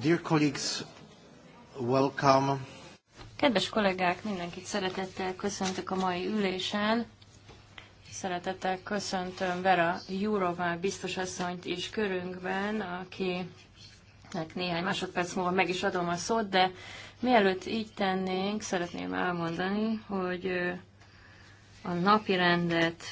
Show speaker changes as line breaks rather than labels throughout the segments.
Dear colleagues, welcome.
Kedves kollégák, mindenkit szeretettel köszöntök a mai ülésen. Szeretettel köszöntöm Vera Jurová biztos is körünkben, akinek néhány másodperc múlva meg is adom a szót, de mielőtt így tennénk, szeretném elmondani, hogy a napi rendet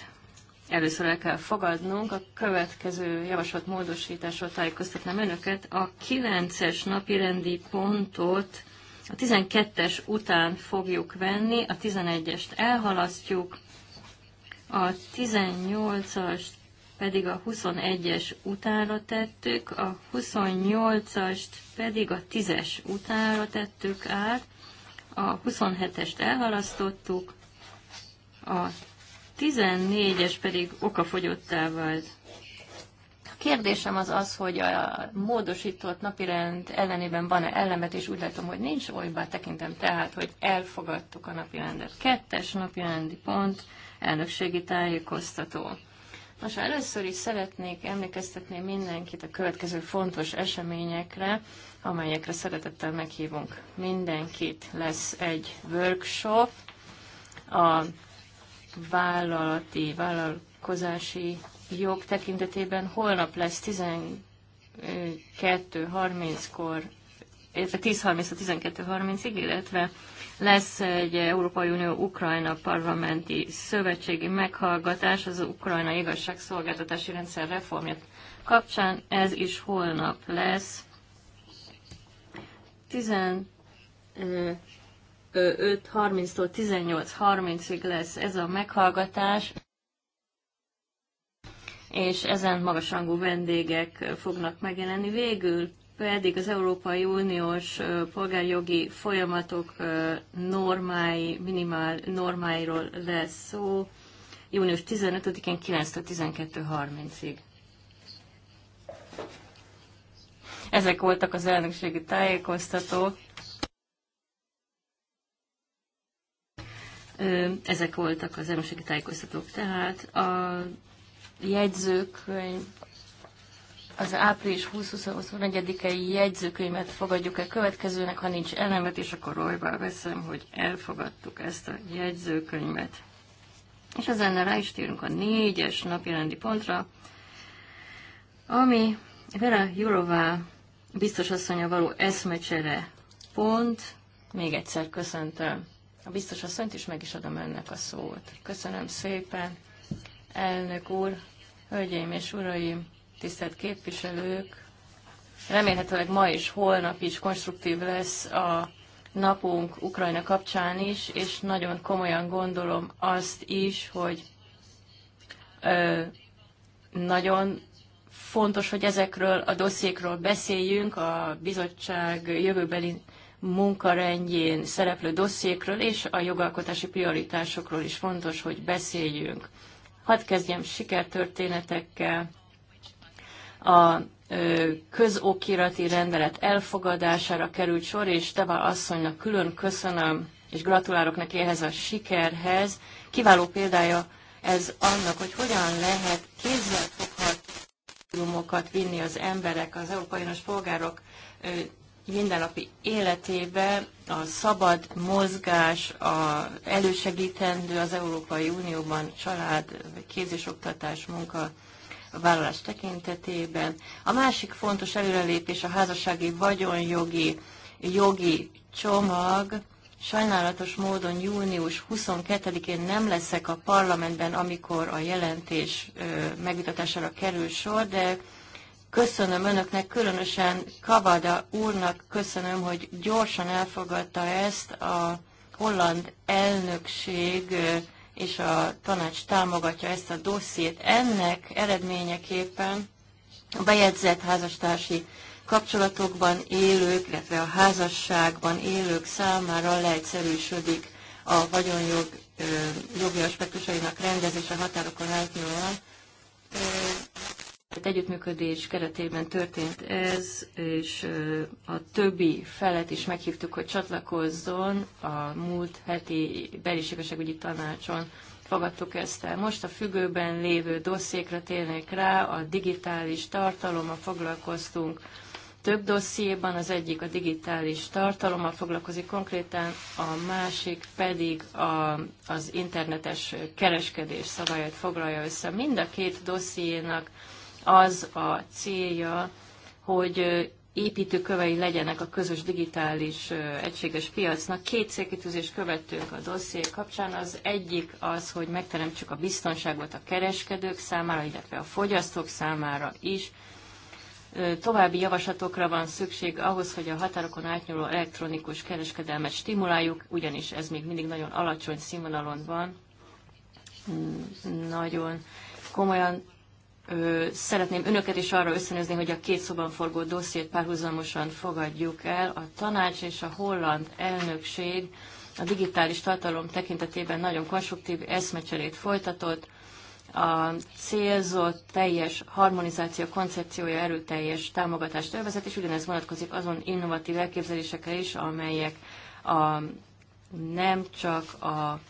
először el kell fogadnunk. A következő javasolt módosításról tájékoztatnám önöket. A 9-es napi rendi pontot a 12-es után fogjuk venni, a 11-est elhalasztjuk, a 18-as pedig a 21-es utánra tettük, a 28-ast pedig a 10-es utánra tettük át, a 27-est elhalasztottuk, a 14-es pedig okafogyottá vált. A kérdésem az az, hogy a módosított napirend ellenében van-e ellemet, és úgy látom, hogy nincs olybá tekintem tehát, hogy elfogadtuk a napirendet. Kettes napirendi pont, elnökségi tájékoztató. Most először is szeretnék emlékeztetni mindenkit a következő fontos eseményekre, amelyekre szeretettel meghívunk mindenkit. Lesz egy workshop a vállalati, vállalkozási jog tekintetében holnap lesz 12.30-kor, illetve 10.30-12.30-ig, illetve lesz egy Európai Unió-Ukrajna parlamenti szövetségi meghallgatás az Ukrajna igazságszolgáltatási rendszer reformját kapcsán. Ez is holnap lesz. 10, 5.30-tól 18.30-ig lesz ez a meghallgatás, és ezen magasrangú vendégek fognak megjelenni. Végül pedig az Európai Uniós polgárjogi folyamatok normái, minimál normáiról lesz szó június 15-én 9-12.30-ig. Ezek voltak az elnökségi tájékoztatók. Ezek voltak az emlőségi tájékoztatók. Tehát a jegyzőkönyv, az április 20 24 i jegyzőkönyvet fogadjuk el következőnek, ha nincs ellenvetés, akkor rajba veszem, hogy elfogadtuk ezt a jegyzőkönyvet. És ezennel rá is térünk a négyes napirendi pontra, ami Vera Jurová biztos asszonya való eszmecsere pont. Még egyszer köszöntöm a biztos asszonyt is meg is adom önnek a szót. Köszönöm szépen, elnök úr, hölgyeim és uraim, tisztelt képviselők. Remélhetőleg ma és holnap is konstruktív lesz a napunk Ukrajna kapcsán is, és nagyon komolyan gondolom azt is, hogy ö, nagyon fontos, hogy ezekről a dossziékról beszéljünk a bizottság jövőbeli munkarendjén szereplő dossziékről és a jogalkotási prioritásokról is fontos, hogy beszéljünk. Hadd kezdjem sikertörténetekkel. A közokirati rendelet elfogadására került sor, és Teva asszonynak külön köszönöm, és gratulálok neki ehhez a sikerhez. Kiváló példája ez annak, hogy hogyan lehet kézzelfoghatókat vinni az emberek, az európai polgárok mindennapi életébe a szabad mozgás a elősegítendő az Európai Unióban család, kéz és oktatás, munka, vállalás tekintetében. A másik fontos előrelépés a házassági vagyonjogi jogi csomag. Sajnálatos módon június 22-én nem leszek a parlamentben, amikor a jelentés megvitatására kerül sor, de Köszönöm önöknek, különösen Kavada úrnak köszönöm, hogy gyorsan elfogadta ezt a holland elnökség és a tanács támogatja ezt a dossziét. Ennek eredményeképpen a bejegyzett házastársi kapcsolatokban élők, illetve a házasságban élők számára leegyszerűsödik a vagyonjog jogi aspektusainak rendezése határokon átnyúlóan egy együttműködés keretében történt ez, és a többi felet is meghívtuk, hogy csatlakozzon a múlt heti belisigasságügyi tanácson fogadtuk ezt el. Most a függőben lévő dossziékra térnék rá, a digitális tartalommal foglalkoztunk több dossziéban, az egyik a digitális tartalommal foglalkozik konkrétan, a másik pedig a, az internetes kereskedés szabályát foglalja össze. Mind a két dossziénak az a célja, hogy építőkövei legyenek a közös digitális egységes piacnak. Két célkitűzést követtünk a dosszié kapcsán. Az egyik az, hogy megteremtsük a biztonságot a kereskedők számára, illetve a fogyasztók számára is. További javaslatokra van szükség ahhoz, hogy a határokon átnyúló elektronikus kereskedelmet stimuláljuk, ugyanis ez még mindig nagyon alacsony színvonalon van. Mm, nagyon komolyan szeretném önöket is arra összenőzni, hogy a két szoban forgó dossziét párhuzamosan fogadjuk el. A tanács és a holland elnökség a digitális tartalom tekintetében nagyon konstruktív eszmecserét folytatott. A célzott teljes harmonizáció koncepciója erőteljes támogatást élvezett, és ugyanez vonatkozik azon innovatív elképzelésekre is, amelyek a, nem csak a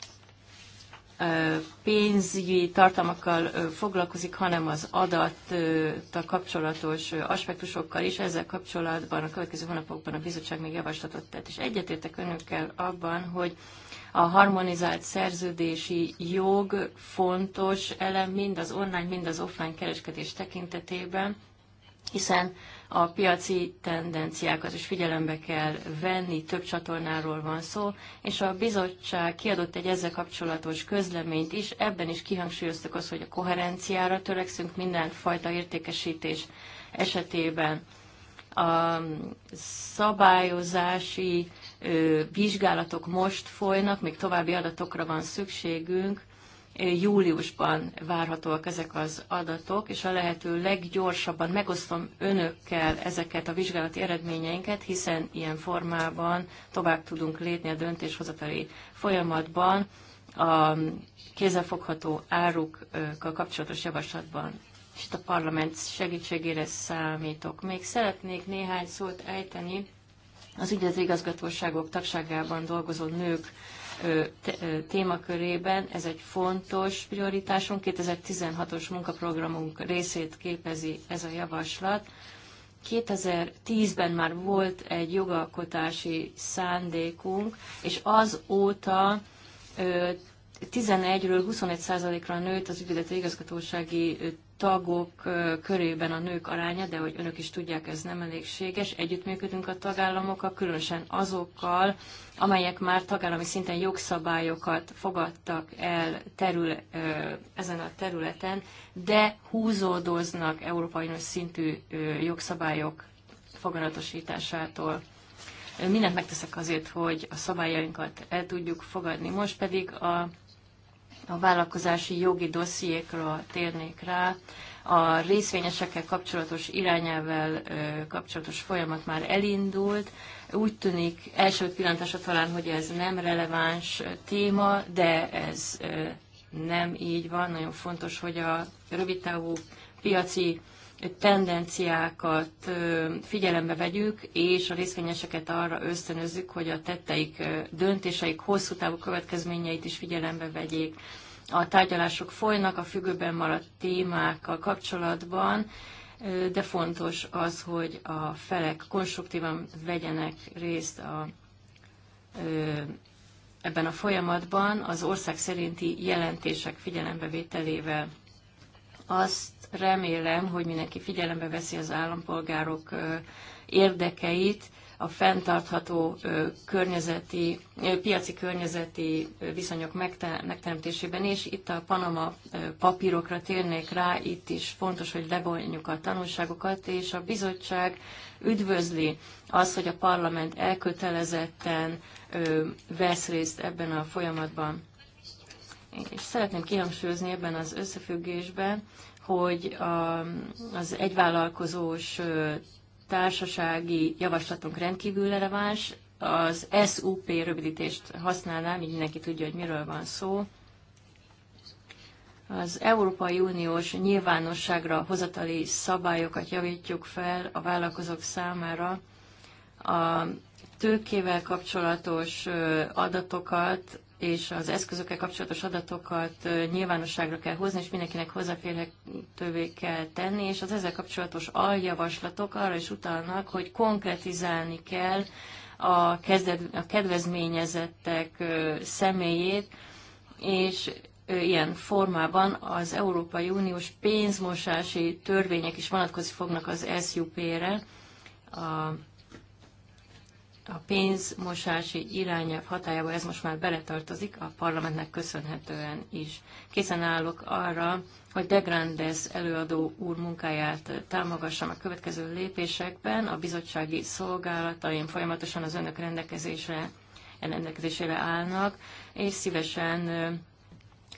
pénzügyi tartalmakkal foglalkozik, hanem az adattal kapcsolatos aspektusokkal is. Ezzel kapcsolatban a következő hónapokban a bizottság még javaslatot tett, és egyetértek önökkel abban, hogy a harmonizált szerződési jog fontos elem mind az online, mind az offline kereskedés tekintetében, hiszen a piaci tendenciákat is figyelembe kell venni, több csatornáról van szó, és a bizottság kiadott egy ezzel kapcsolatos közleményt is, ebben is kihangsúlyoztuk azt, hogy a koherenciára törekszünk mindenfajta értékesítés esetében. A szabályozási vizsgálatok most folynak, még további adatokra van szükségünk, júliusban várhatóak ezek az adatok, és a lehető leggyorsabban megosztom önökkel ezeket a vizsgálati eredményeinket, hiszen ilyen formában tovább tudunk lépni a döntéshozatali folyamatban a kézzelfogható árukkal kapcsolatos javaslatban és itt a parlament segítségére számítok. Még szeretnék néhány szót ejteni az ügyvetigazgatóságok tagságában dolgozó nők témakörében ez egy fontos prioritásunk. 2016-os munkaprogramunk részét képezi ez a javaslat. 2010-ben már volt egy jogalkotási szándékunk, és azóta 11-ről 21%-ra nőtt az ügyvezető igazgatósági tagok körében a nők aránya, de hogy önök is tudják, ez nem elégséges. Együttműködünk a tagállamokkal, különösen azokkal, amelyek már tagállami szinten jogszabályokat fogadtak el terül, ezen a területen, de húzódoznak európai szintű jogszabályok foganatosításától mindent megteszek azért, hogy a szabályainkat el tudjuk fogadni. Most pedig a a vállalkozási jogi dossziékra térnék rá. A részvényesekkel kapcsolatos irányával kapcsolatos folyamat már elindult. Úgy tűnik első pillantásra talán, hogy ez nem releváns téma, de ez nem így van. Nagyon fontos, hogy a rövidtávú piaci tendenciákat figyelembe vegyük, és a részvényeseket arra ösztönözzük, hogy a tetteik, döntéseik hosszú távú következményeit is figyelembe vegyék. A tárgyalások folynak a függőben maradt témákkal kapcsolatban, de fontos az, hogy a felek konstruktívan vegyenek részt a, ebben a folyamatban az ország szerinti jelentések figyelembevételével. Azt Remélem, hogy mindenki figyelembe veszi az állampolgárok érdekeit, a fenntartható környezeti, piaci környezeti viszonyok megteremtésében, és itt a Panama papírokra térnék rá, itt is fontos, hogy levonjuk a tanulságokat, és a bizottság üdvözli az, hogy a parlament elkötelezetten vesz részt ebben a folyamatban. És szeretném kihangsúlyozni ebben az összefüggésben, hogy a, az egyvállalkozós társasági javaslatunk rendkívül releváns. Az SUP rövidítést használnám, így mindenki tudja, hogy miről van szó. Az Európai Uniós nyilvánosságra hozatali szabályokat javítjuk fel a vállalkozók számára. A tőkével kapcsolatos adatokat és az eszközökkel kapcsolatos adatokat nyilvánosságra kell hozni, és mindenkinek hozzáférhetővé kell tenni, és az ezzel kapcsolatos aljavaslatok arra is utalnak, hogy konkretizálni kell a, kezded, a kedvezményezettek személyét, és ilyen formában az Európai Uniós pénzmosási törvények is vonatkozni fognak az SUP-re, a a pénzmosási irányelv hatájába ez most már beletartozik, a parlamentnek köszönhetően is. Készen állok arra, hogy De Grandes előadó úr munkáját támogassam a következő lépésekben. A bizottsági szolgálataim folyamatosan az önök rendelkezésre, rendelkezésére állnak, és szívesen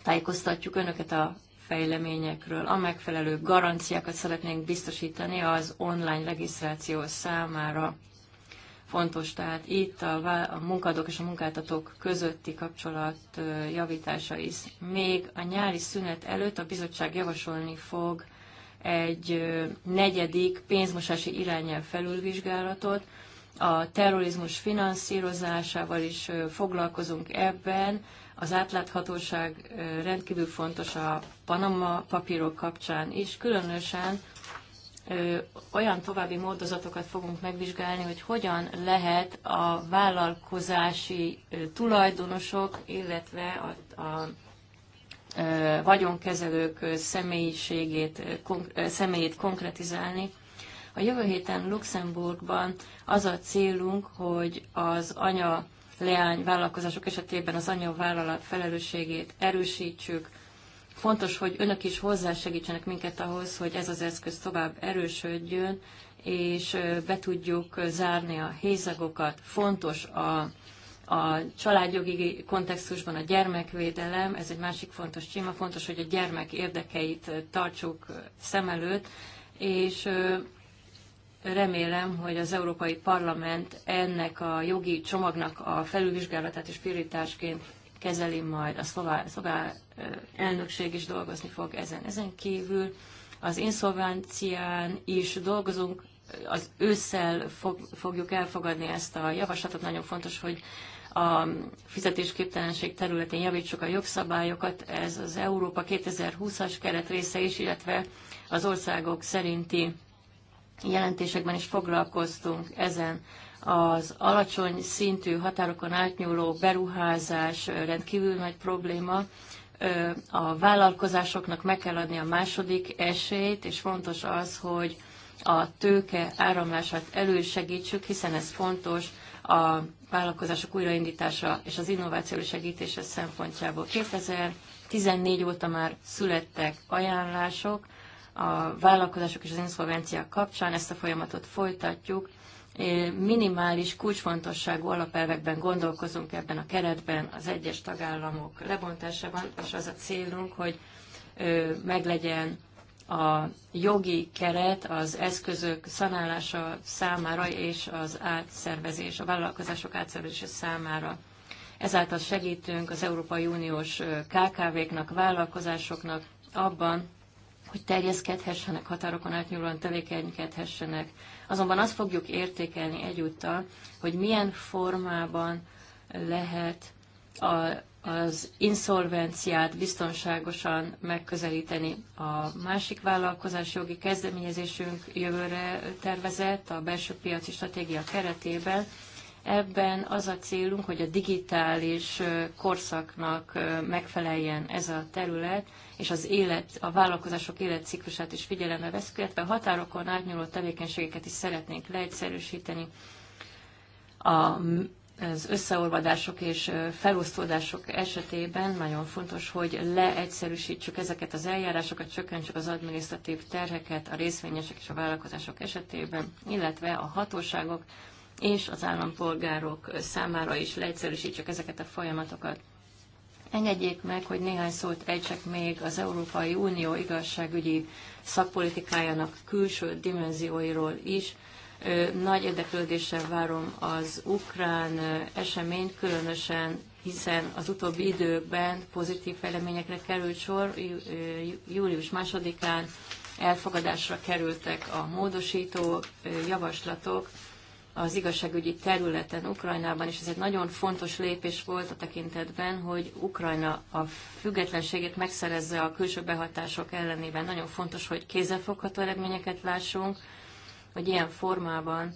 tájékoztatjuk önöket a fejleményekről. A megfelelő garanciákat szeretnénk biztosítani az online regisztráció számára Fontos tehát itt a, a munkadók és a munkáltatók közötti kapcsolat javítása is. Még a nyári szünet előtt a bizottság javasolni fog egy negyedik pénzmosási irányel felülvizsgálatot. A terrorizmus finanszírozásával is foglalkozunk ebben. Az átláthatóság rendkívül fontos a Panama papírok kapcsán is, különösen olyan további módozatokat fogunk megvizsgálni, hogy hogyan lehet a vállalkozási tulajdonosok, illetve a, a vagyonkezelők személyiségét, személyét konkretizálni. A jövő héten Luxemburgban az a célunk, hogy az anya leány vállalkozások esetében az anya vállalat felelősségét erősítsük, Fontos, hogy önök is hozzásegítsenek minket ahhoz, hogy ez az eszköz tovább erősödjön, és be tudjuk zárni a hézagokat. Fontos a, a családjogi kontextusban a gyermekvédelem, ez egy másik fontos csíma, fontos, hogy a gyermek érdekeit tartsuk szem előtt, és remélem, hogy az Európai Parlament ennek a jogi csomagnak a felülvizsgálatát és prioritásként kezeli majd, a szlová elnökség is dolgozni fog ezen. Ezen kívül az inszolvencián is dolgozunk, az ősszel fog, fogjuk elfogadni ezt a javaslatot. Nagyon fontos, hogy a fizetésképtelenség területén javítsuk a jogszabályokat. Ez az Európa 2020-as keret része is, illetve az országok szerinti jelentésekben is foglalkoztunk ezen az alacsony szintű határokon átnyúló beruházás rendkívül nagy probléma. A vállalkozásoknak meg kell adni a második esélyt, és fontos az, hogy a tőke áramlását elősegítsük, hiszen ez fontos a vállalkozások újraindítása és az innováció segítése szempontjából. 2014 óta már születtek ajánlások a vállalkozások és az inszolvenciák kapcsán, ezt a folyamatot folytatjuk, minimális kulcsfontosságú alapelvekben gondolkozunk ebben a keretben, az egyes tagállamok lebontásában, és az a célunk, hogy meglegyen a jogi keret az eszközök szanálása számára és az átszervezés, a vállalkozások átszervezése számára. Ezáltal segítünk az Európai Uniós KKV-knak, vállalkozásoknak abban, hogy terjeszkedhessenek, határokon átnyúlóan tevékenykedhessenek, Azonban azt fogjuk értékelni egyúttal, hogy milyen formában lehet a, az inszolvenciát biztonságosan megközelíteni. A másik vállalkozás jogi kezdeményezésünk jövőre tervezett a belső piaci stratégia keretében Ebben az a célunk, hogy a digitális korszaknak megfeleljen ez a terület, és az élet, a vállalkozások életciklusát is figyelembe veszük, illetve a határokon átnyúló tevékenységeket is szeretnénk leegyszerűsíteni. A az összeolvadások és felosztódások esetében nagyon fontos, hogy leegyszerűsítsük ezeket az eljárásokat, csökkentsük az adminisztratív terheket a részvényesek és a vállalkozások esetében, illetve a hatóságok és az állampolgárok számára is leegyszerűsítsük ezeket a folyamatokat. Engedjék meg, hogy néhány szót ejtsek még az Európai Unió igazságügyi szakpolitikájának külső dimenzióiról is. Nagy érdeklődéssel várom az ukrán eseményt, különösen hiszen az utóbbi időkben pozitív fejleményekre került sor. Július másodikán elfogadásra kerültek a módosító javaslatok, az igazságügyi területen Ukrajnában, és ez egy nagyon fontos lépés volt a tekintetben, hogy Ukrajna a függetlenségét megszerezze a külső behatások ellenében. Nagyon fontos, hogy kézzelfogható eredményeket lássunk, hogy ilyen formában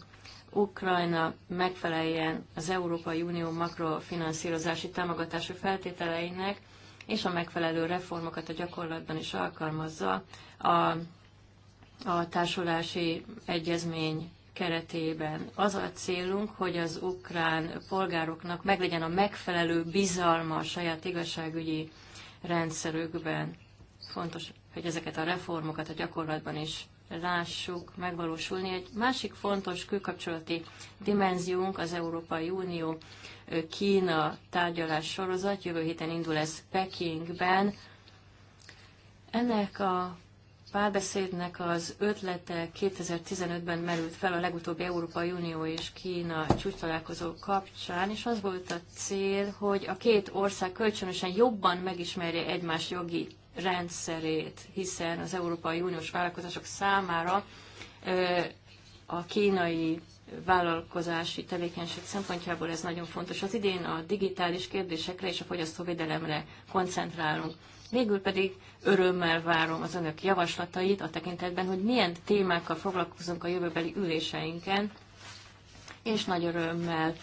Ukrajna megfeleljen az Európai Unió makrofinanszírozási támogatási feltételeinek, és a megfelelő reformokat a gyakorlatban is alkalmazza a, a társulási egyezmény keretében. Az a célunk, hogy az ukrán polgároknak meglegyen a megfelelő bizalma a saját igazságügyi rendszerükben. Fontos, hogy ezeket a reformokat a gyakorlatban is lássuk megvalósulni. Egy másik fontos külkapcsolati dimenziónk az Európai Unió Kína tárgyalás sorozat. Jövő héten indul ez Pekingben. Ennek a párbeszédnek az ötlete 2015-ben merült fel a legutóbbi Európai Unió és Kína csúcstalálkozó kapcsán, és az volt a cél, hogy a két ország kölcsönösen jobban megismerje egymás jogi rendszerét, hiszen az Európai Uniós vállalkozások számára a kínai vállalkozási tevékenység szempontjából ez nagyon fontos. Az idén a digitális kérdésekre és a fogyasztóvédelemre koncentrálunk. Végül pedig örömmel várom az önök javaslatait a tekintetben, hogy milyen témákkal foglalkozunk a jövőbeli üléseinken, és nagy örömmel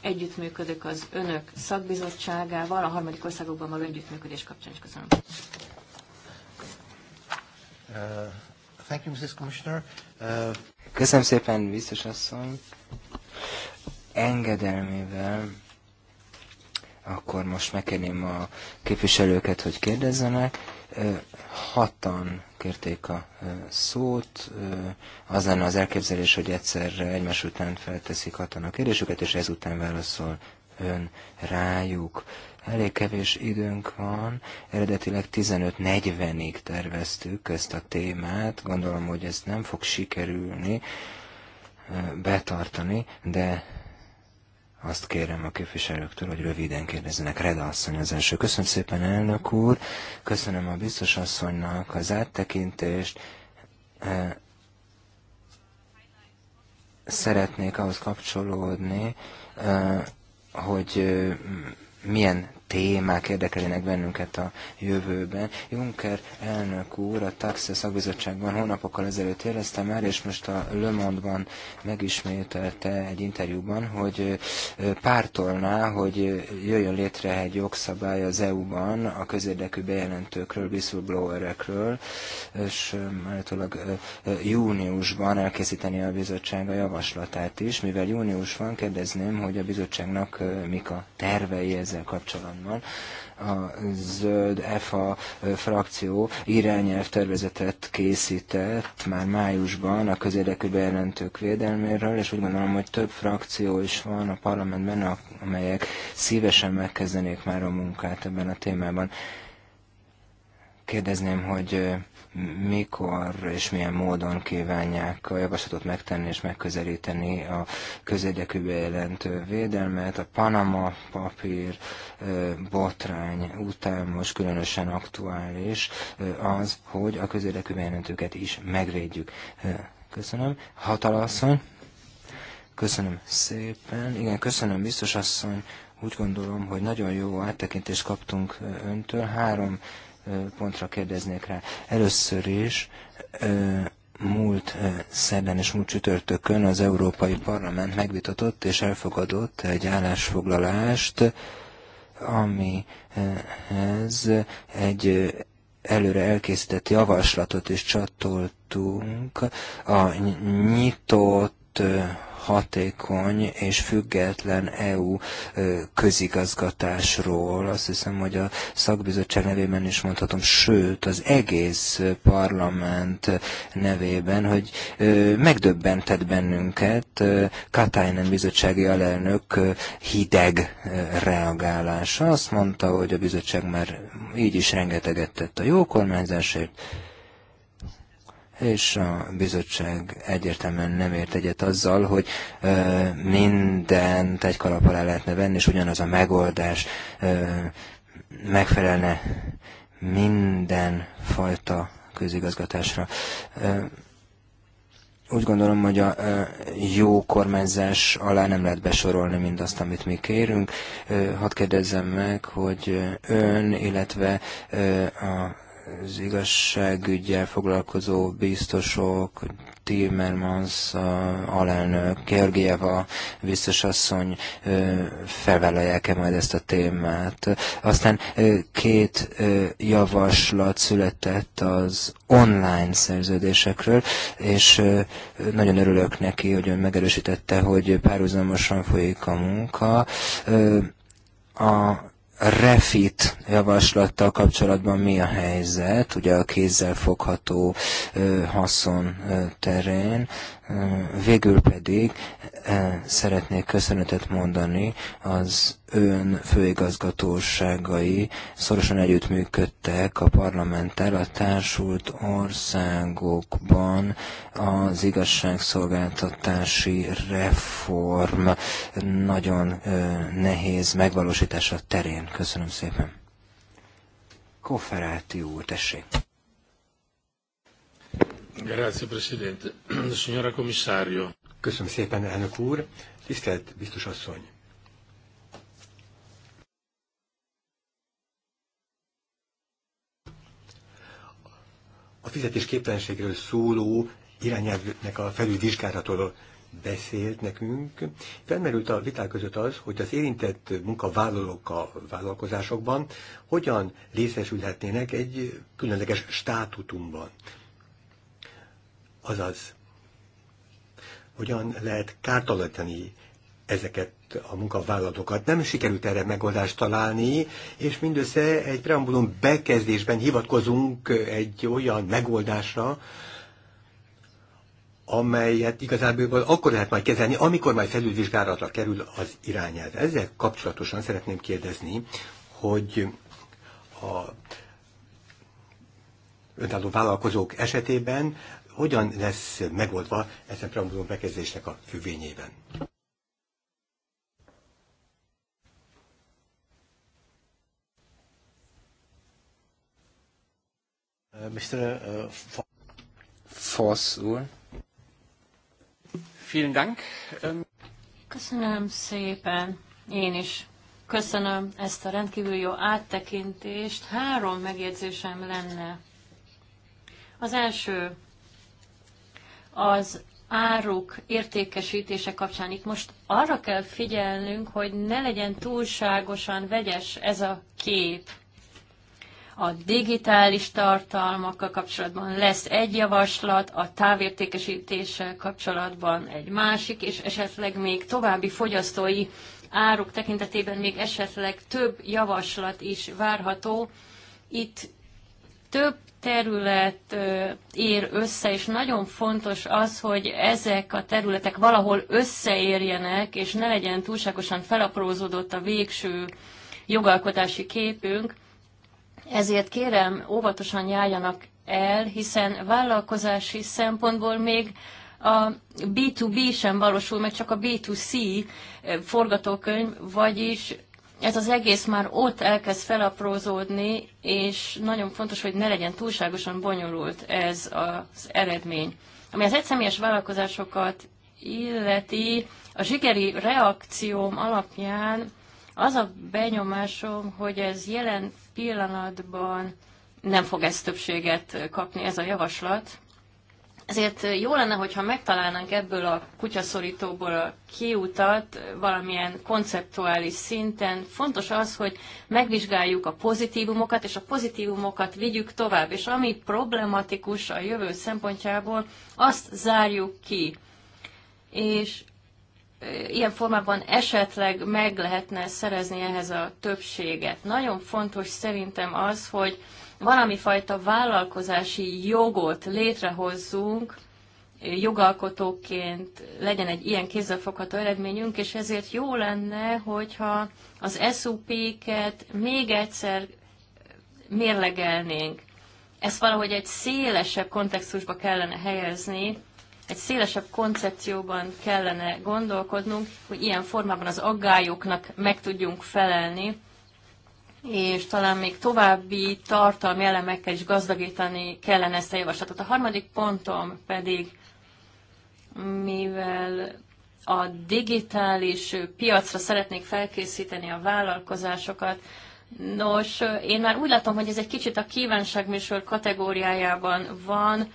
együttműködök az önök szakbizottságával, a harmadik országokban való együttműködés kapcsán is köszönöm.
Uh, thank you, Mrs. Commissioner. Uh...
Köszönöm szépen, biztos asszony. Engedelmével akkor most megkérném a képviselőket, hogy kérdezzenek. Hatan kérték a szót. Az lenne az elképzelés, hogy egyszerre egymás után felteszik hatan a kérdésüket, és ezután válaszol ön rájuk. Elég kevés időnk van, eredetileg 15-40-ig terveztük ezt a témát, gondolom, hogy ez nem fog sikerülni betartani, de azt kérem a képviselőktől, hogy röviden kérdezzenek. Reda asszony az első. Köszönöm szépen, elnök úr. Köszönöm a biztos asszonynak az áttekintést. Szeretnék ahhoz kapcsolódni, hogy milyen témák érdekeljenek bennünket a jövőben. Juncker elnök úr a Taxi szakbizottságban hónapokkal ezelőtt jelezte már, és most a Le Monde-ban megismételte egy interjúban, hogy pártolná, hogy jöjjön létre egy jogszabály az EU-ban a közérdekű bejelentőkről, whistleblowerekről, és állítólag júniusban elkészíteni a bizottság a javaslatát is. Mivel június van, kérdezném, hogy a bizottságnak mik a tervei ezzel kapcsolatban programmal a zöld EFA frakció tervezetet készített már májusban a közérdekű bejelentők védelméről, és úgy gondolom, hogy több frakció is van a parlamentben, amelyek szívesen megkezdenék már a munkát ebben a témában. Kérdezném, hogy mikor és milyen módon kívánják a javaslatot megtenni és megközelíteni a közérdekű bejelentő védelmet. A Panama papír botrány után most különösen aktuális az, hogy a közérdekű bejelentőket is megvédjük. Köszönöm. Hatalasszony. Köszönöm szépen. Igen, köszönöm, biztos asszony. Úgy gondolom, hogy nagyon jó áttekintést kaptunk öntől. Három pontra kérdeznék rá. Először is múlt szerdán és múlt csütörtökön az Európai Parlament megvitatott és elfogadott egy állásfoglalást, amihez egy előre elkészített javaslatot is csatoltunk a nyitott hatékony és független EU közigazgatásról. Azt hiszem, hogy a szakbizottság nevében is mondhatom, sőt az egész parlament nevében, hogy megdöbbentett bennünket Katainen bizottsági alelnök hideg reagálása. Azt mondta, hogy a bizottság már így is rengeteget tett a jó kormányzásért, és a bizottság egyértelműen nem ért egyet azzal, hogy ö, mindent egy kalap alá lehetne venni, és ugyanaz a megoldás ö, megfelelne minden fajta közigazgatásra. Ö, úgy gondolom, hogy a jó kormányzás alá nem lehet besorolni mindazt, amit mi kérünk. Hadd kérdezzem meg, hogy ön, illetve a az igazságügyel foglalkozó biztosok, Timmermans alelnök, Kergieva biztosasszony felvállalják-e majd ezt a témát. Aztán két javaslat született az online szerződésekről, és nagyon örülök neki, hogy ön megerősítette, hogy párhuzamosan folyik a munka. A refit javaslattal kapcsolatban mi a helyzet, ugye a kézzel fogható haszon terén. Végül pedig szeretnék köszönetet mondani az ön főigazgatóságai szorosan együttműködtek a parlamenttel a társult országokban az igazságszolgáltatási reform nagyon nehéz megvalósítása terén. Köszönöm szépen. Kofferáti úr, tessék.
Grazie, Presidente. Signora Commissario. Köszönöm szépen, elnök úr. Tisztelt biztos asszony. A fizetésképtelenségről szóló irányelvnek a felülvizsgálatról beszélt nekünk. Felmerült a viták között az, hogy az érintett munkavállalók a vállalkozásokban hogyan részesülhetnének egy különleges státutumban. Azaz, hogyan lehet kártalatani ezeket a munkavállalatokat. Nem sikerült erre megoldást találni, és mindössze egy preambulum bekezdésben hivatkozunk egy olyan megoldásra, amelyet igazából akkor lehet majd kezelni, amikor majd felülvizsgálatra kerül az irányelv. Ezzel kapcsolatosan szeretném kérdezni, hogy a önálló vállalkozók esetében hogyan lesz megoldva ezen preambulum bekezdésnek a függvényében. Uh, Mr. Uh, Foss úr. Vielen Dank. Ähm,
köszönöm szépen. Én is köszönöm ezt a rendkívül jó áttekintést. Három megjegyzésem lenne. Az első az áruk értékesítése kapcsán itt most arra kell figyelnünk, hogy ne legyen túlságosan vegyes ez a kép. A digitális tartalmakkal kapcsolatban lesz egy javaslat, a távértékesítéssel kapcsolatban egy másik, és esetleg még további fogyasztói áruk tekintetében még esetleg több javaslat is várható. Itt több terület ér össze, és nagyon fontos az, hogy ezek a területek valahol összeérjenek, és ne legyen túlságosan felaprózódott a végső jogalkotási képünk. Ezért kérem, óvatosan járjanak el, hiszen vállalkozási szempontból még a B2B sem valósul, meg csak a B2C forgatókönyv, vagyis ez az egész már ott elkezd felaprózódni, és nagyon fontos, hogy ne legyen túlságosan bonyolult ez az eredmény. Ami az egyszemélyes vállalkozásokat illeti, a zsigeri reakcióm alapján az a benyomásom, hogy ez jelen pillanatban nem fog ezt többséget kapni, ez a javaslat, ezért jó lenne, hogyha megtalálnánk ebből a kutyaszorítóból a kiutat valamilyen konceptuális szinten. Fontos az, hogy megvizsgáljuk a pozitívumokat, és a pozitívumokat vigyük tovább. És ami problematikus a jövő szempontjából, azt zárjuk ki. És ilyen formában esetleg meg lehetne szerezni ehhez a többséget. Nagyon fontos szerintem az, hogy valami fajta vállalkozási jogot létrehozzunk, jogalkotóként legyen egy ilyen kézzelfogható eredményünk, és ezért jó lenne, hogyha az SUP-ket még egyszer mérlegelnénk. Ezt valahogy egy szélesebb kontextusba kellene helyezni, egy szélesebb koncepcióban kellene gondolkodnunk, hogy ilyen formában az aggályoknak meg tudjunk felelni, és talán még további tartalmi elemekkel is gazdagítani kellene ezt a javaslatot. A harmadik pontom pedig, mivel a digitális piacra szeretnék felkészíteni a vállalkozásokat, Nos, én már úgy látom, hogy ez egy kicsit a kívánságműsor kategóriájában van,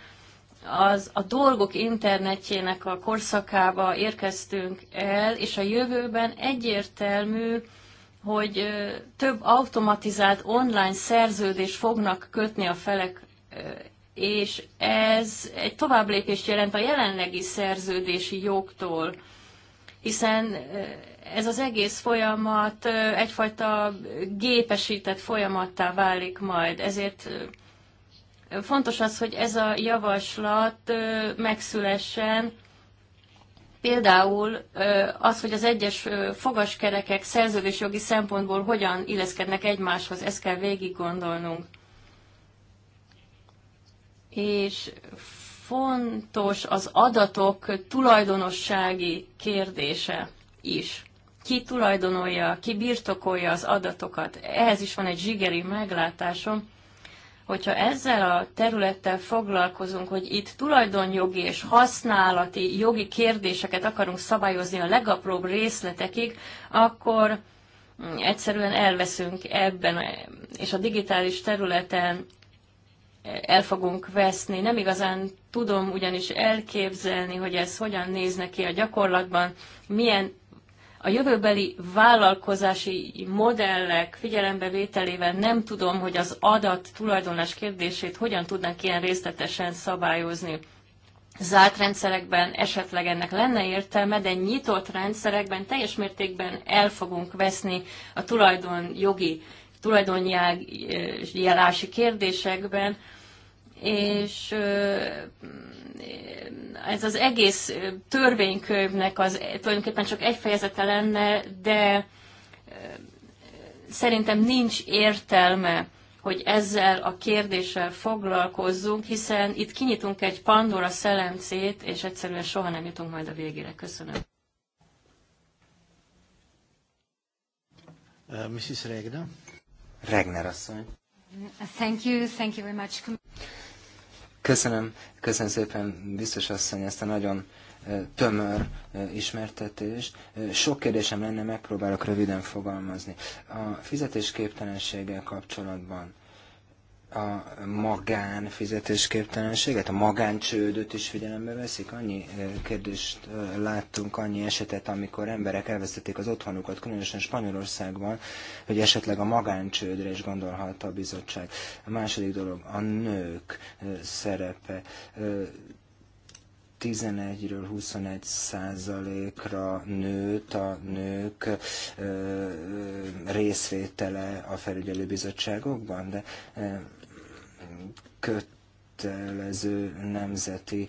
az a dolgok internetjének a korszakába érkeztünk el, és a jövőben egyértelmű hogy több automatizált online szerződést fognak kötni a felek, és ez egy továbblépést jelent a jelenlegi szerződési jogtól, hiszen ez az egész folyamat egyfajta gépesített folyamattá válik majd. Ezért fontos az, hogy ez a javaslat megszülessen, Például az, hogy az egyes fogaskerekek szerződésjogi szempontból hogyan illeszkednek egymáshoz, ezt kell végig gondolnunk. És fontos az adatok tulajdonossági kérdése is. Ki tulajdonolja, ki birtokolja az adatokat. Ehhez is van egy zsigeri meglátásom, hogyha ezzel a területtel foglalkozunk, hogy itt tulajdonjogi és használati jogi kérdéseket akarunk szabályozni a legapróbb részletekig, akkor mm, egyszerűen elveszünk ebben, és a digitális területen el fogunk veszni. Nem igazán tudom ugyanis elképzelni, hogy ez hogyan nézne ki a gyakorlatban, milyen a jövőbeli vállalkozási modellek figyelembevételével nem tudom, hogy az adat tulajdonlás kérdését hogyan tudnánk ilyen részletesen szabályozni zárt rendszerekben esetleg ennek lenne értelme, de nyitott rendszerekben teljes mértékben el fogunk veszni a tulajdonjogi, tulajdonjelási kérdésekben, és ez az egész törvénykönyvnek az tulajdonképpen csak egy fejezete lenne, de szerintem nincs értelme, hogy ezzel a kérdéssel foglalkozzunk, hiszen itt kinyitunk egy Pandora szelencét, és egyszerűen soha nem jutunk majd a végére. Köszönöm.
Uh, Mrs. Regner. Regner asszony.
Thank you, thank you very much.
Köszönöm, köszönöm szépen, biztos asszony, ezt a nagyon tömör ismertetést. Sok kérdésem lenne, megpróbálok röviden fogalmazni. A fizetésképtelenséggel kapcsolatban a magán fizetésképtelenséget, a magáncsődöt is figyelembe veszik? Annyi eh, kérdést eh, láttunk, annyi esetet, amikor emberek elvesztették az otthonukat, különösen Spanyolországban, hogy esetleg a magáncsődre is gondolhat a bizottság. A második dolog a nők eh, szerepe. 11-ről 21 százalékra nőtt a nők részvétele a felügyelőbizottságokban, de kötelező nemzeti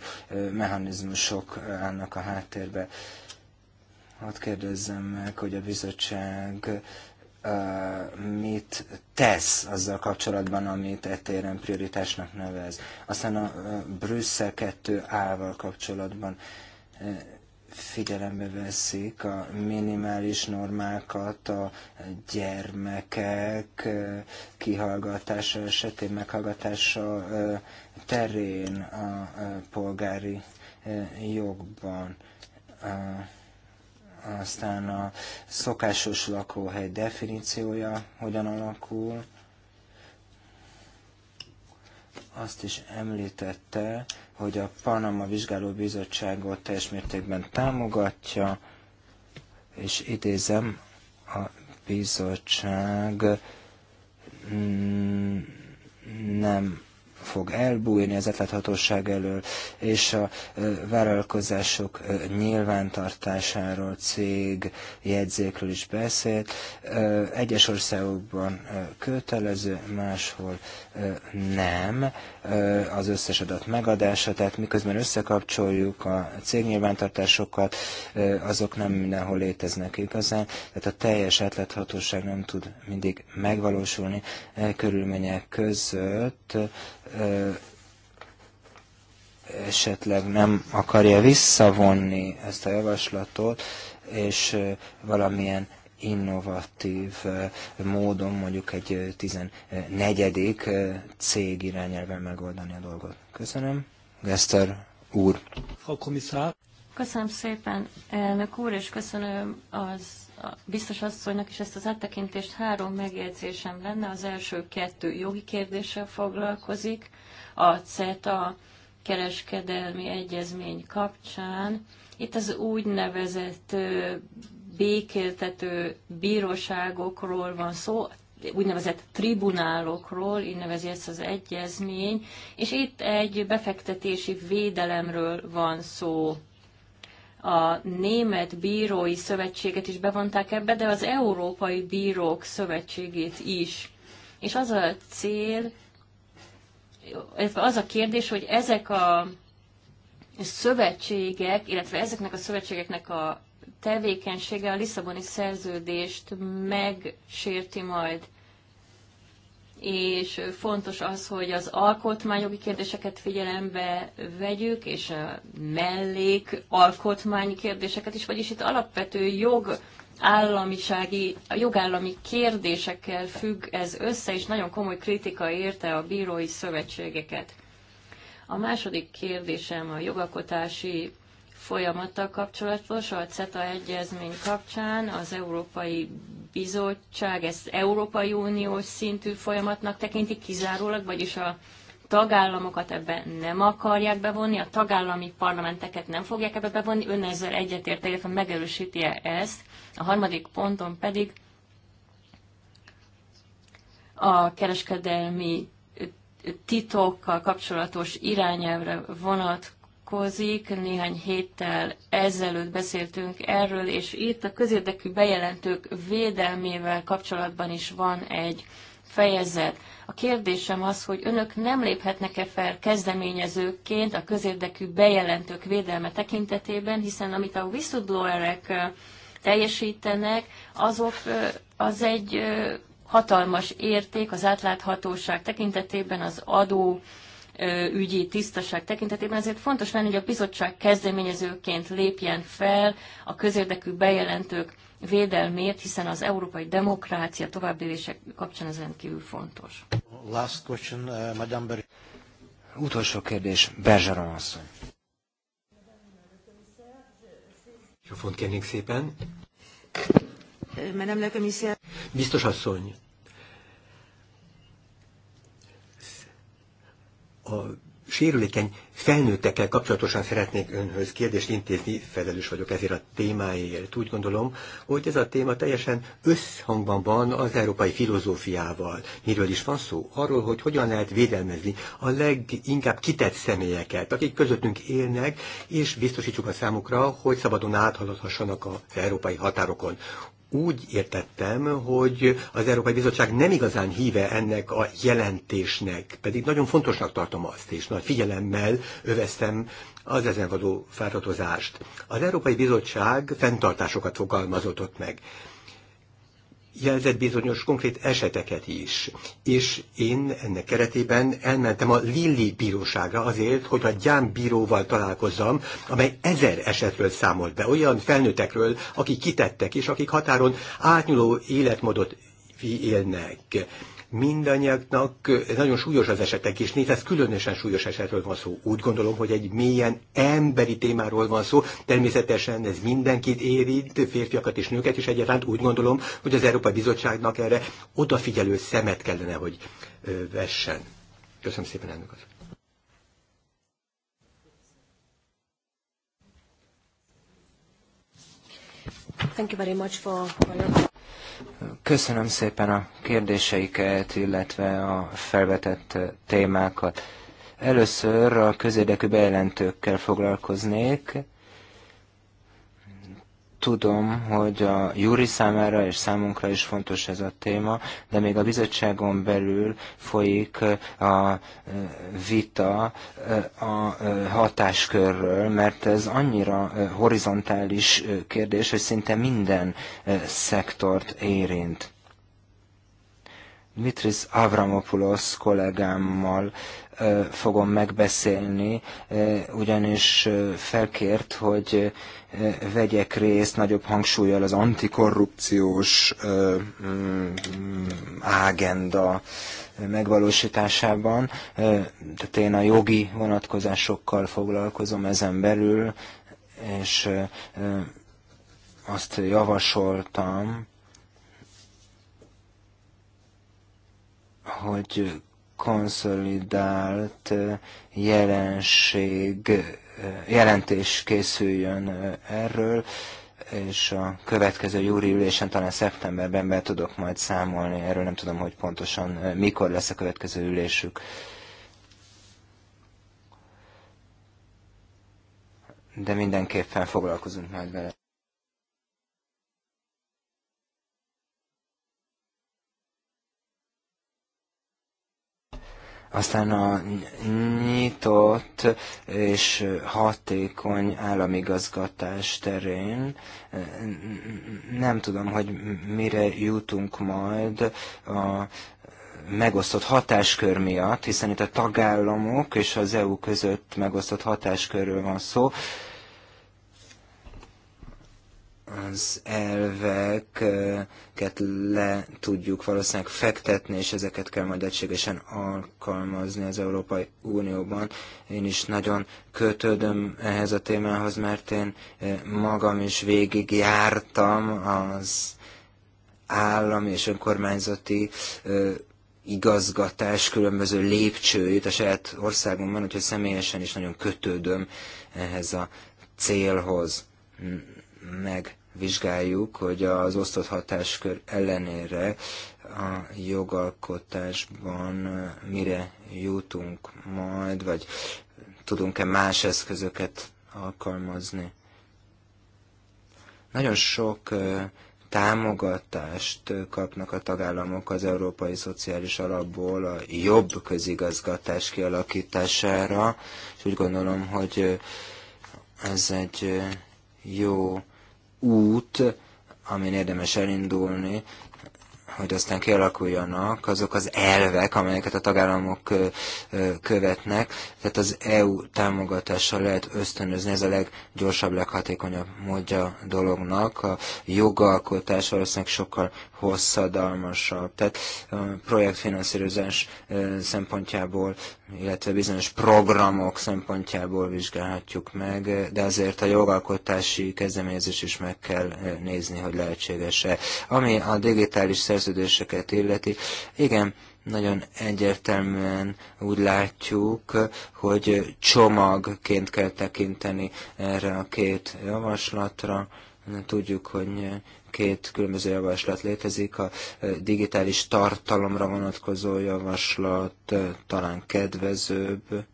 mechanizmusok állnak a háttérbe. Hadd kérdezzem meg, hogy a bizottság mit tesz azzal kapcsolatban, amit etéren prioritásnak nevez. Aztán a Brüsszel 2 ával kapcsolatban figyelembe veszik a minimális normákat a gyermekek kihallgatása esetén, meghallgatása terén a polgári jogban aztán a szokásos lakóhely definíciója hogyan alakul. Azt is említette, hogy a Panama Vizsgáló Bizottságot teljes mértékben támogatja, és idézem, a bizottság mm, nem fog elbújni az átláthatóság elől, és a vállalkozások nyilvántartásáról, cég jegyzékről is beszélt. Egyes országokban kötelező, máshol nem az összes adat megadása, tehát miközben összekapcsoljuk a cégnyilvántartásokat, azok nem mindenhol léteznek igazán, tehát a teljes átláthatóság nem tud mindig megvalósulni. E körülmények között esetleg nem akarja visszavonni ezt a javaslatot, és valamilyen innovatív módon mondjuk egy 14. cég irányelve megoldani a dolgot. Köszönöm. Geszter úr. Frau Köszönöm szépen,
elnök úr, és köszönöm az a biztos asszonynak is ezt az áttekintést három megjegyzésem lenne. Az első kettő jogi kérdéssel foglalkozik. A CETA kereskedelmi egyezmény kapcsán. Itt az úgynevezett békéltető bíróságokról van szó, úgynevezett tribunálokról, így nevezi ezt az egyezmény, és itt egy befektetési védelemről van szó a Német Bírói Szövetséget is bevonták ebbe, de az Európai Bírók Szövetségét is. És az a cél, az a kérdés, hogy ezek a szövetségek, illetve ezeknek a szövetségeknek a tevékenysége a Lisszaboni szerződést megsérti majd és fontos az, hogy az alkotmányjogi kérdéseket figyelembe vegyük, és a mellék alkotmányi kérdéseket is, vagyis itt alapvető jog államisági, a jogállami kérdésekkel függ ez össze, és nagyon komoly kritika érte a bírói szövetségeket. A második kérdésem a jogalkotási folyamattal kapcsolatos, a CETA egyezmény kapcsán az Európai bizottság ezt Európai Uniós szintű folyamatnak tekinti kizárólag, vagyis a tagállamokat ebbe nem akarják bevonni, a tagállami parlamenteket nem fogják ebbe bevonni, ön ezzel egyetért, illetve megerősíti -e ezt. A harmadik ponton pedig a kereskedelmi titokkal kapcsolatos irányelvre vonat vonatkozik. Néhány héttel ezelőtt beszéltünk erről, és itt a közérdekű bejelentők védelmével kapcsolatban is van egy fejezet. A kérdésem az, hogy önök nem léphetnek-e fel kezdeményezőként a közérdekű bejelentők védelme tekintetében, hiszen amit a whistleblowerek teljesítenek, azok az egy hatalmas érték az átláthatóság tekintetében az adó ügyi tisztaság tekintetében, ezért fontos lenne, hogy a bizottság kezdeményezőként lépjen fel a közérdekű bejelentők védelmét, hiszen az európai demokrácia továbbélése kapcsán ez rendkívül fontos.
Last question, uh, Madame Ber
Utolsó kérdés, Berzsaron asszony. Mikrofont kérnék szépen.
Madame la commissaire.
Biztos asszony, a sérülékeny felnőttekkel kapcsolatosan szeretnék önhöz kérdést intézni, felelős vagyok ezért a témáért. Úgy gondolom, hogy ez a téma teljesen összhangban van az európai filozófiával. Miről is van szó? Arról, hogy hogyan lehet védelmezni a leginkább kitett személyeket, akik közöttünk élnek, és biztosítsuk a számukra, hogy szabadon áthaladhassanak az európai határokon úgy értettem, hogy az Európai Bizottság nem igazán híve ennek a jelentésnek, pedig nagyon fontosnak tartom azt, és nagy figyelemmel öveztem az ezen való fáradozást. Az Európai Bizottság fenntartásokat fogalmazott ott meg jelzett bizonyos konkrét eseteket is. És én ennek keretében elmentem a Lilli bíróságra azért, hogy a Gyám bíróval találkozzam, amely ezer esetről számolt be, olyan felnőttekről, akik kitettek és akik határon átnyúló életmódot élnek mindannyiaknak eh, nagyon súlyos az esetek, és ez különösen súlyos esetről van szó. Úgy gondolom, hogy egy mélyen emberi témáról van szó, természetesen ez mindenkit érint, férfiakat és nőket, is egyaránt úgy gondolom, hogy az Európai Bizottságnak erre odafigyelő szemet kellene, hogy eh, vessen. Köszönöm szépen, elnök
Thank you very much for, for your
Köszönöm szépen a kérdéseiket, illetve a felvetett témákat. Először a közérdekű bejelentőkkel foglalkoznék. Tudom, hogy a Júri számára és számunkra is fontos ez a téma, de még a bizottságon belül folyik a vita a hatáskörről, mert ez annyira horizontális kérdés, hogy szinte minden szektort érint. Dmitris Avramopoulos kollégámmal fogom megbeszélni, ugyanis felkért, hogy vegyek részt nagyobb hangsúlyjal az antikorrupciós mm, ágenda megvalósításában. Tehát én a jogi vonatkozásokkal foglalkozom ezen belül, és azt javasoltam, hogy konszolidált jelenség, jelentés készüljön erről, és a következő júri ülésen talán szeptemberben be tudok majd számolni, erről nem tudom, hogy pontosan mikor lesz a következő ülésük. De mindenképpen foglalkozunk majd vele. Aztán a nyitott és hatékony államigazgatás terén nem tudom, hogy mire jutunk majd a megosztott hatáskör miatt, hiszen itt a tagállamok és az EU között megosztott hatáskörről van szó, az elveket le tudjuk valószínűleg fektetni, és ezeket kell majd egységesen alkalmazni az Európai Unióban. Én is nagyon kötődöm ehhez a témához, mert én eh, magam is végigjártam az állami és önkormányzati eh, igazgatás különböző lépcsőjét a saját országomban, úgyhogy személyesen is nagyon kötődöm ehhez a célhoz meg vizsgáljuk, hogy az osztott hatáskör ellenére a jogalkotásban mire jutunk majd, vagy tudunk-e más eszközöket alkalmazni. Nagyon sok támogatást kapnak a tagállamok az Európai Szociális Alapból a jobb közigazgatás kialakítására, és úgy gondolom, hogy ez egy jó út, amin érdemes elindulni, hogy aztán kialakuljanak azok az elvek, amelyeket a tagállamok követnek. Tehát az EU támogatással lehet ösztönözni, ez a leggyorsabb, leghatékonyabb módja a dolognak. A jogalkotás valószínűleg sokkal hosszadalmasabb. Tehát a projektfinanszírozás szempontjából, illetve bizonyos programok szempontjából vizsgálhatjuk meg, de azért a jogalkotási kezdeményezés is meg kell nézni, hogy lehetséges-e. Ami a digitális szerződéseket illeti, igen, nagyon egyértelműen úgy látjuk, hogy csomagként kell tekinteni erre a két javaslatra. Tudjuk, hogy Két különböző javaslat létezik, a digitális tartalomra vonatkozó javaslat talán kedvezőbb,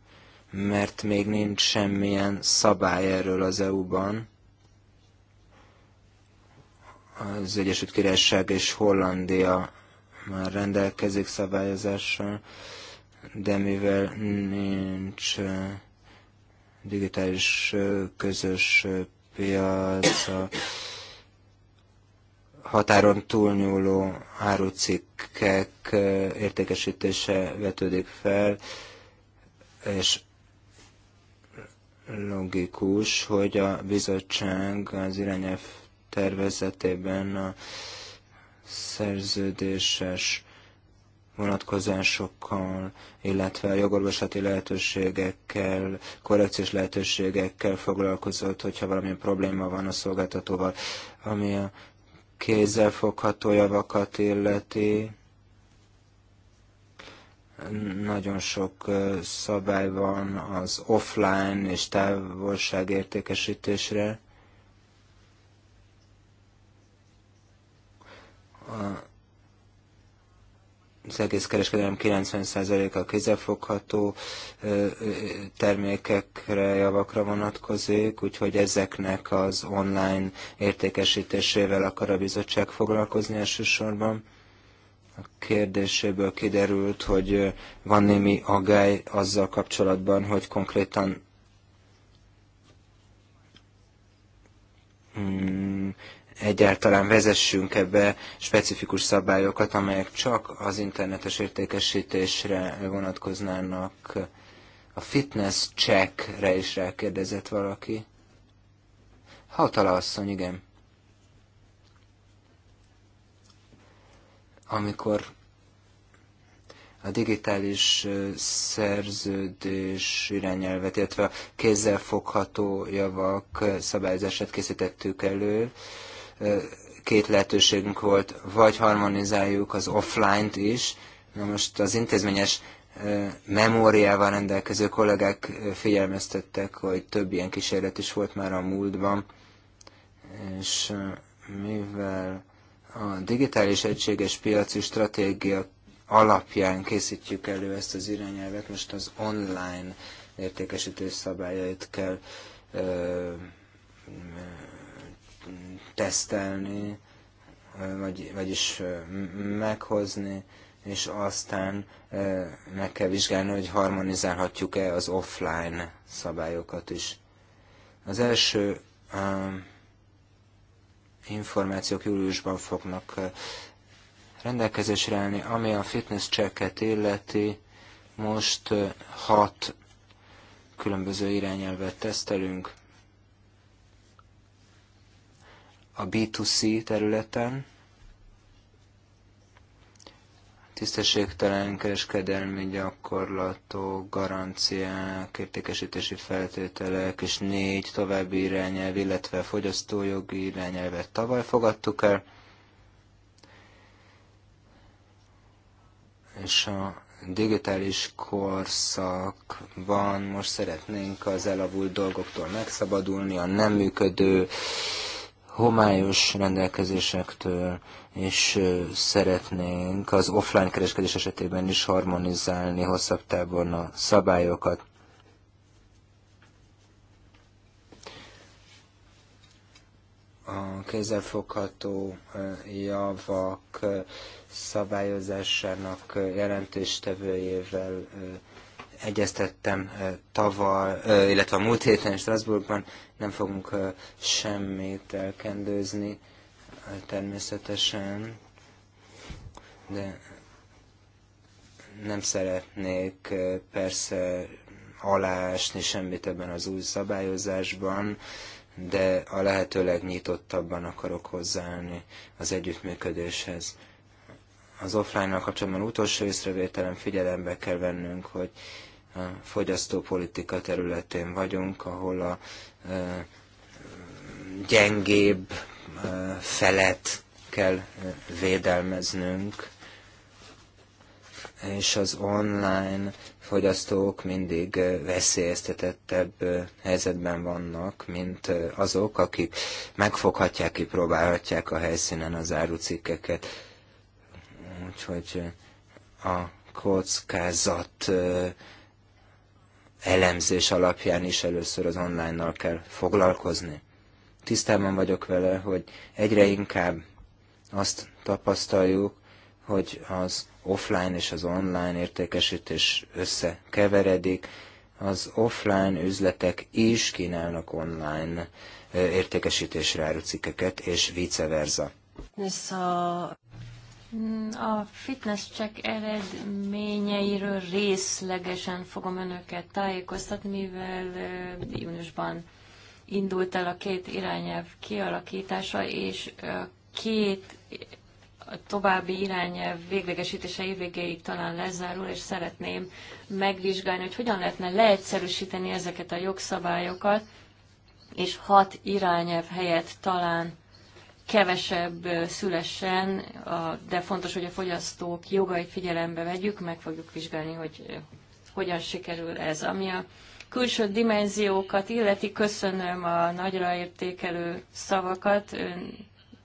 mert még nincs semmilyen szabály erről az EU-ban. Az Egyesült Királyság és Hollandia már rendelkezik szabályozással, de mivel nincs digitális közös piac, a határon túlnyúló árucikkek értékesítése vetődik fel, és logikus, hogy a bizottság az irányelv tervezetében a szerződéses vonatkozásokkal, illetve a jogorvosati lehetőségekkel, korrekciós lehetőségekkel foglalkozott, hogyha valamilyen probléma van a szolgáltatóval, ami a kézzelfogható javakat illeti, nagyon sok szabály van az offline és távolságértékesítésre. A az egész kereskedelem 90%-a kézefogható termékekre, javakra vonatkozik, úgyhogy ezeknek az online értékesítésével akar a bizottság foglalkozni elsősorban. A kérdéséből kiderült, hogy van némi agály azzal kapcsolatban, hogy konkrétan mm, egyáltalán vezessünk ebbe specifikus szabályokat, amelyek csak az internetes értékesítésre vonatkoznának. A fitness checkre is rákérdezett valaki. Hatala asszony, igen. Amikor a digitális szerződés irányelvet, illetve a kézzelfogható javak szabályozását készítettük elő, Két lehetőségünk volt, vagy harmonizáljuk az offline-t is. Na most az intézményes memóriával rendelkező kollégák figyelmeztettek, hogy több ilyen kísérlet is volt már a múltban, és mivel a digitális egységes piaci stratégia alapján készítjük elő ezt az irányelvet, most az online értékesítés szabályait kell tesztelni, vagy, vagyis meghozni, és aztán meg kell vizsgálni, hogy harmonizálhatjuk-e az offline szabályokat is. Az első információk júliusban fognak rendelkezésre állni, ami a fitness checket illeti, most hat különböző irányelvet tesztelünk, a B2C területen, tisztességtelen kereskedelmi gyakorlatok, garanciák, értékesítési feltételek és négy további irányelv, illetve fogyasztójogi irányelvet tavaly fogadtuk el. És a digitális korszakban most szeretnénk az elavult dolgoktól megszabadulni, a nem működő homályos rendelkezésektől, és szeretnénk az offline kereskedés esetében is harmonizálni hosszabb távon a szabályokat. A kézzelfogható javak szabályozásának jelentéstevőjével egyeztettem tavaly, illetve a múlt héten Strasbourgban, nem fogunk semmit elkendőzni természetesen, de nem szeretnék persze alásni semmit ebben az új szabályozásban, de a lehető legnyitottabban akarok hozzáállni az együttműködéshez. Az offline-nal kapcsolatban utolsó észrevételem figyelembe kell vennünk, hogy fogyasztópolitika területén vagyunk, ahol a e, gyengébb e, felet kell e, védelmeznünk, és az online fogyasztók mindig veszélyeztetettebb helyzetben vannak, mint azok, akik megfoghatják, kipróbálhatják a helyszínen az árucikkeket. Úgyhogy a kockázat elemzés alapján is először az online-nal kell foglalkozni. Tisztában vagyok vele, hogy egyre inkább azt tapasztaljuk, hogy az offline és az online értékesítés összekeveredik, az offline üzletek is kínálnak online értékesítésre árucikkeket, és vice versa.
A fitness check eredményeiről részlegesen fogom önöket tájékoztatni, mivel júniusban indult el a két irányelv kialakítása, és két további irányelv véglegesítése évvégéig talán lezárul, és szeretném megvizsgálni, hogy hogyan lehetne leegyszerűsíteni ezeket a jogszabályokat, és hat irányelv helyett talán kevesebb szülessen, de fontos, hogy a fogyasztók jogait figyelembe vegyük, meg fogjuk vizsgálni, hogy hogyan sikerül ez. Ami a külső dimenziókat illeti, köszönöm a nagyra értékelő szavakat, ön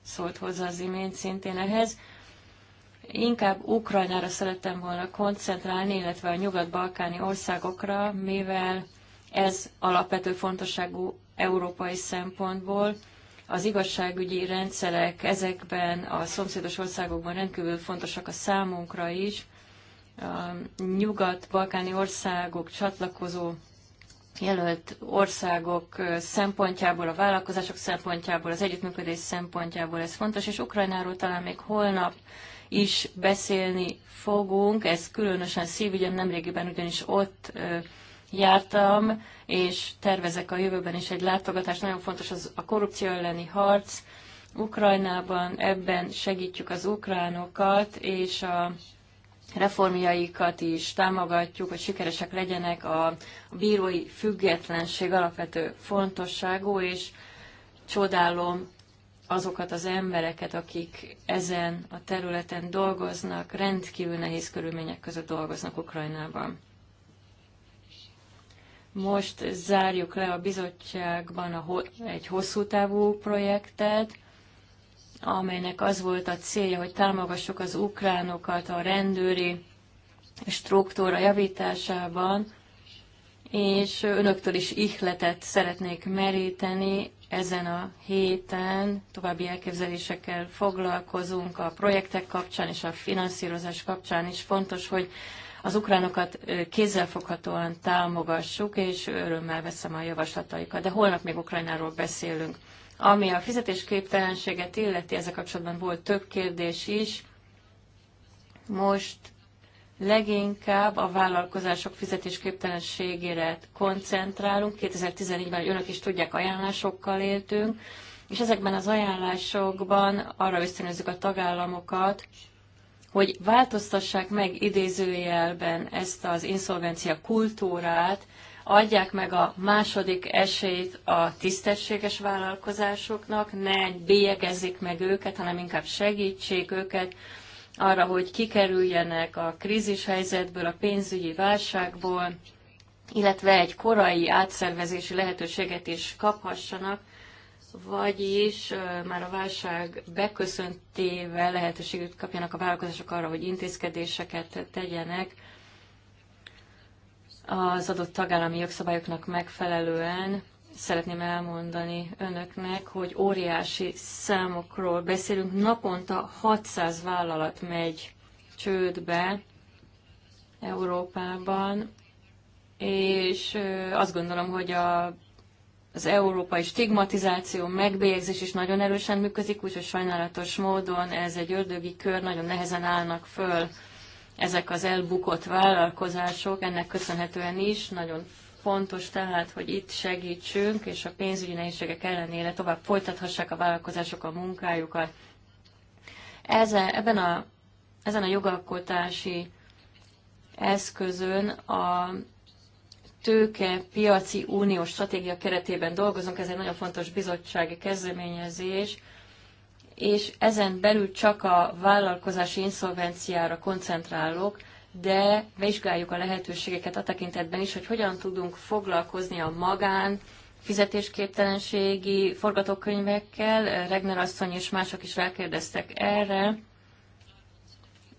szólt hozzá az imént szintén ehhez. Inkább Ukrajnára szerettem volna koncentrálni, illetve a nyugat-balkáni országokra, mivel ez alapvető fontosságú európai szempontból, az igazságügyi rendszerek ezekben a szomszédos országokban rendkívül fontosak a számunkra is. A nyugat-balkáni országok csatlakozó jelölt országok szempontjából, a vállalkozások szempontjából, az együttműködés szempontjából ez fontos, és Ukrajnáról talán még holnap is beszélni fogunk. Ez különösen szívügyem nemrégiben ugyanis ott jártam, és tervezek a jövőben is egy látogatást. Nagyon fontos az a korrupció elleni harc Ukrajnában, ebben segítjük az ukránokat, és a reformjaikat is támogatjuk, hogy sikeresek legyenek a, a bírói függetlenség alapvető fontosságú, és csodálom azokat az embereket, akik ezen a területen dolgoznak, rendkívül nehéz körülmények között dolgoznak Ukrajnában. Most zárjuk le a bizottságban a ho- egy hosszú távú projektet, amelynek az volt a célja, hogy támogassuk az ukránokat a rendőri struktúra javításában, és önöktől is ihletet szeretnék meríteni. Ezen a héten további elképzelésekkel foglalkozunk a projektek kapcsán és a finanszírozás kapcsán is. Fontos, hogy az ukránokat kézzelfoghatóan támogassuk, és örömmel veszem a javaslataikat. De holnap még Ukrajnáról beszélünk. Ami a fizetésképtelenséget illeti, ezzel kapcsolatban volt több kérdés is. Most leginkább a vállalkozások fizetésképtelenségére koncentrálunk. 2014-ben önök is tudják, ajánlásokkal éltünk, és ezekben az ajánlásokban arra ösztönözzük a tagállamokat, hogy változtassák meg idézőjelben ezt az inszolvencia kultúrát, adják meg a második esélyt a tisztességes vállalkozásoknak, ne bélyegezzék meg őket, hanem inkább segítsék őket arra, hogy kikerüljenek a krízis helyzetből, a pénzügyi válságból, illetve egy korai átszervezési lehetőséget is kaphassanak, vagyis már a válság beköszöntével lehetőséget kapjanak a vállalkozások arra, hogy intézkedéseket tegyenek az adott tagállami jogszabályoknak megfelelően. Szeretném elmondani önöknek, hogy óriási számokról beszélünk. Naponta 600 vállalat megy csődbe Európában, és azt gondolom, hogy a az európai stigmatizáció, megbélyegzés is nagyon erősen működik, úgyhogy sajnálatos módon ez egy ördögi kör, nagyon nehezen állnak föl ezek az elbukott vállalkozások, ennek köszönhetően is nagyon fontos tehát, hogy itt segítsünk, és a pénzügyi nehézségek ellenére tovább folytathassák a vállalkozások a munkájukat. Ezen, ebben a, ezen a jogalkotási eszközön a piaci uniós stratégia keretében dolgozunk, ez egy nagyon fontos bizottsági kezdeményezés, és ezen belül csak a vállalkozási inszolvenciára koncentrálok, de vizsgáljuk a lehetőségeket a tekintetben is, hogy hogyan tudunk foglalkozni a magán, fizetésképtelenségi forgatókönyvekkel. Regner asszony és mások is rákérdeztek erre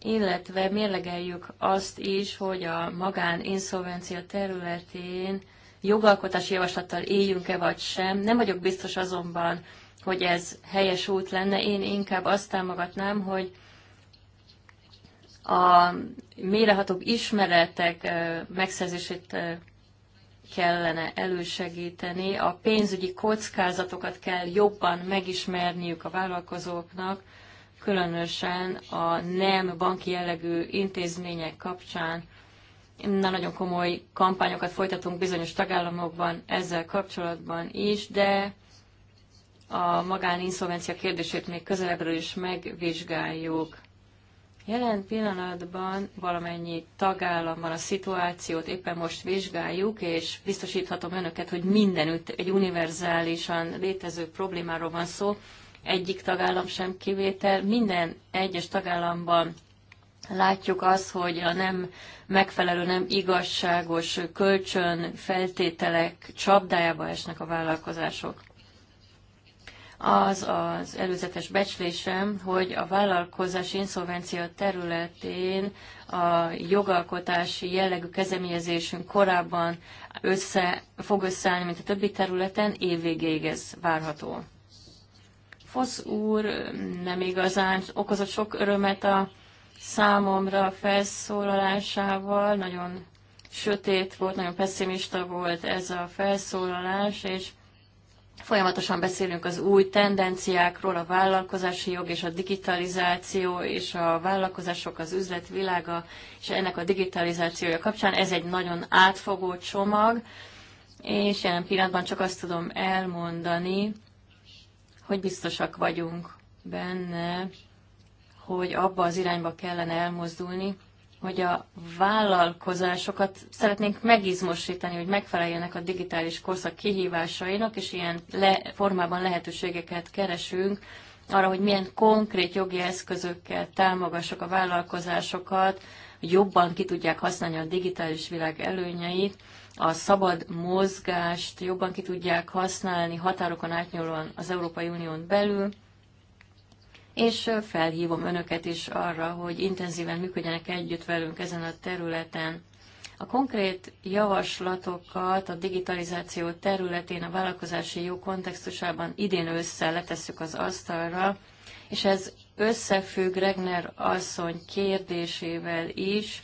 illetve mérlegeljük azt is, hogy a magán inszolvencia területén jogalkotási javaslattal éljünk-e vagy sem. Nem vagyok biztos azonban, hogy ez helyes út lenne. Én inkább azt támogatnám, hogy a mérehatóbb ismeretek megszerzését kellene elősegíteni, a pénzügyi kockázatokat kell jobban megismerniük a vállalkozóknak, különösen a nem banki jellegű intézmények kapcsán. Na, nagyon komoly kampányokat folytatunk bizonyos tagállamokban ezzel kapcsolatban is, de a magáninszolvencia kérdését még közelebbről is megvizsgáljuk. Jelen pillanatban valamennyi tagállamban a szituációt éppen most vizsgáljuk, és biztosíthatom önöket, hogy mindenütt egy univerzálisan létező problémáról van szó, egyik tagállam sem kivétel. Minden egyes tagállamban látjuk azt, hogy a nem megfelelő, nem igazságos kölcsön feltételek csapdájába esnek a vállalkozások. Az az előzetes becslésem, hogy a vállalkozás inszolvencia területén a jogalkotási jellegű kezdeményezésünk korábban össze, fog összeállni, mint a többi területen, évvégéig ez várható. Fosz úr nem igazán okozott sok örömet a számomra a felszólalásával, nagyon sötét volt, nagyon pessimista volt ez a felszólalás, és folyamatosan beszélünk az új tendenciákról, a vállalkozási jog és a digitalizáció és a vállalkozások, az üzletvilága és ennek a digitalizációja kapcsán. Ez egy nagyon átfogó csomag, és jelen pillanatban csak azt tudom elmondani, hogy biztosak vagyunk benne, hogy abba az irányba kellene elmozdulni, hogy a vállalkozásokat szeretnénk megizmosítani, hogy megfeleljenek a digitális korszak kihívásainak, és ilyen le, formában lehetőségeket keresünk arra, hogy milyen konkrét jogi eszközökkel támogassuk a vállalkozásokat, hogy jobban ki tudják használni a digitális világ előnyeit, a szabad mozgást jobban ki tudják használni határokon átnyúlóan az Európai Unión belül, és felhívom önöket is arra, hogy intenzíven működjenek együtt velünk ezen a területen. A konkrét javaslatokat a digitalizáció területén a vállalkozási jó kontextusában idén össze letesszük az asztalra, és ez összefügg Regner asszony kérdésével is,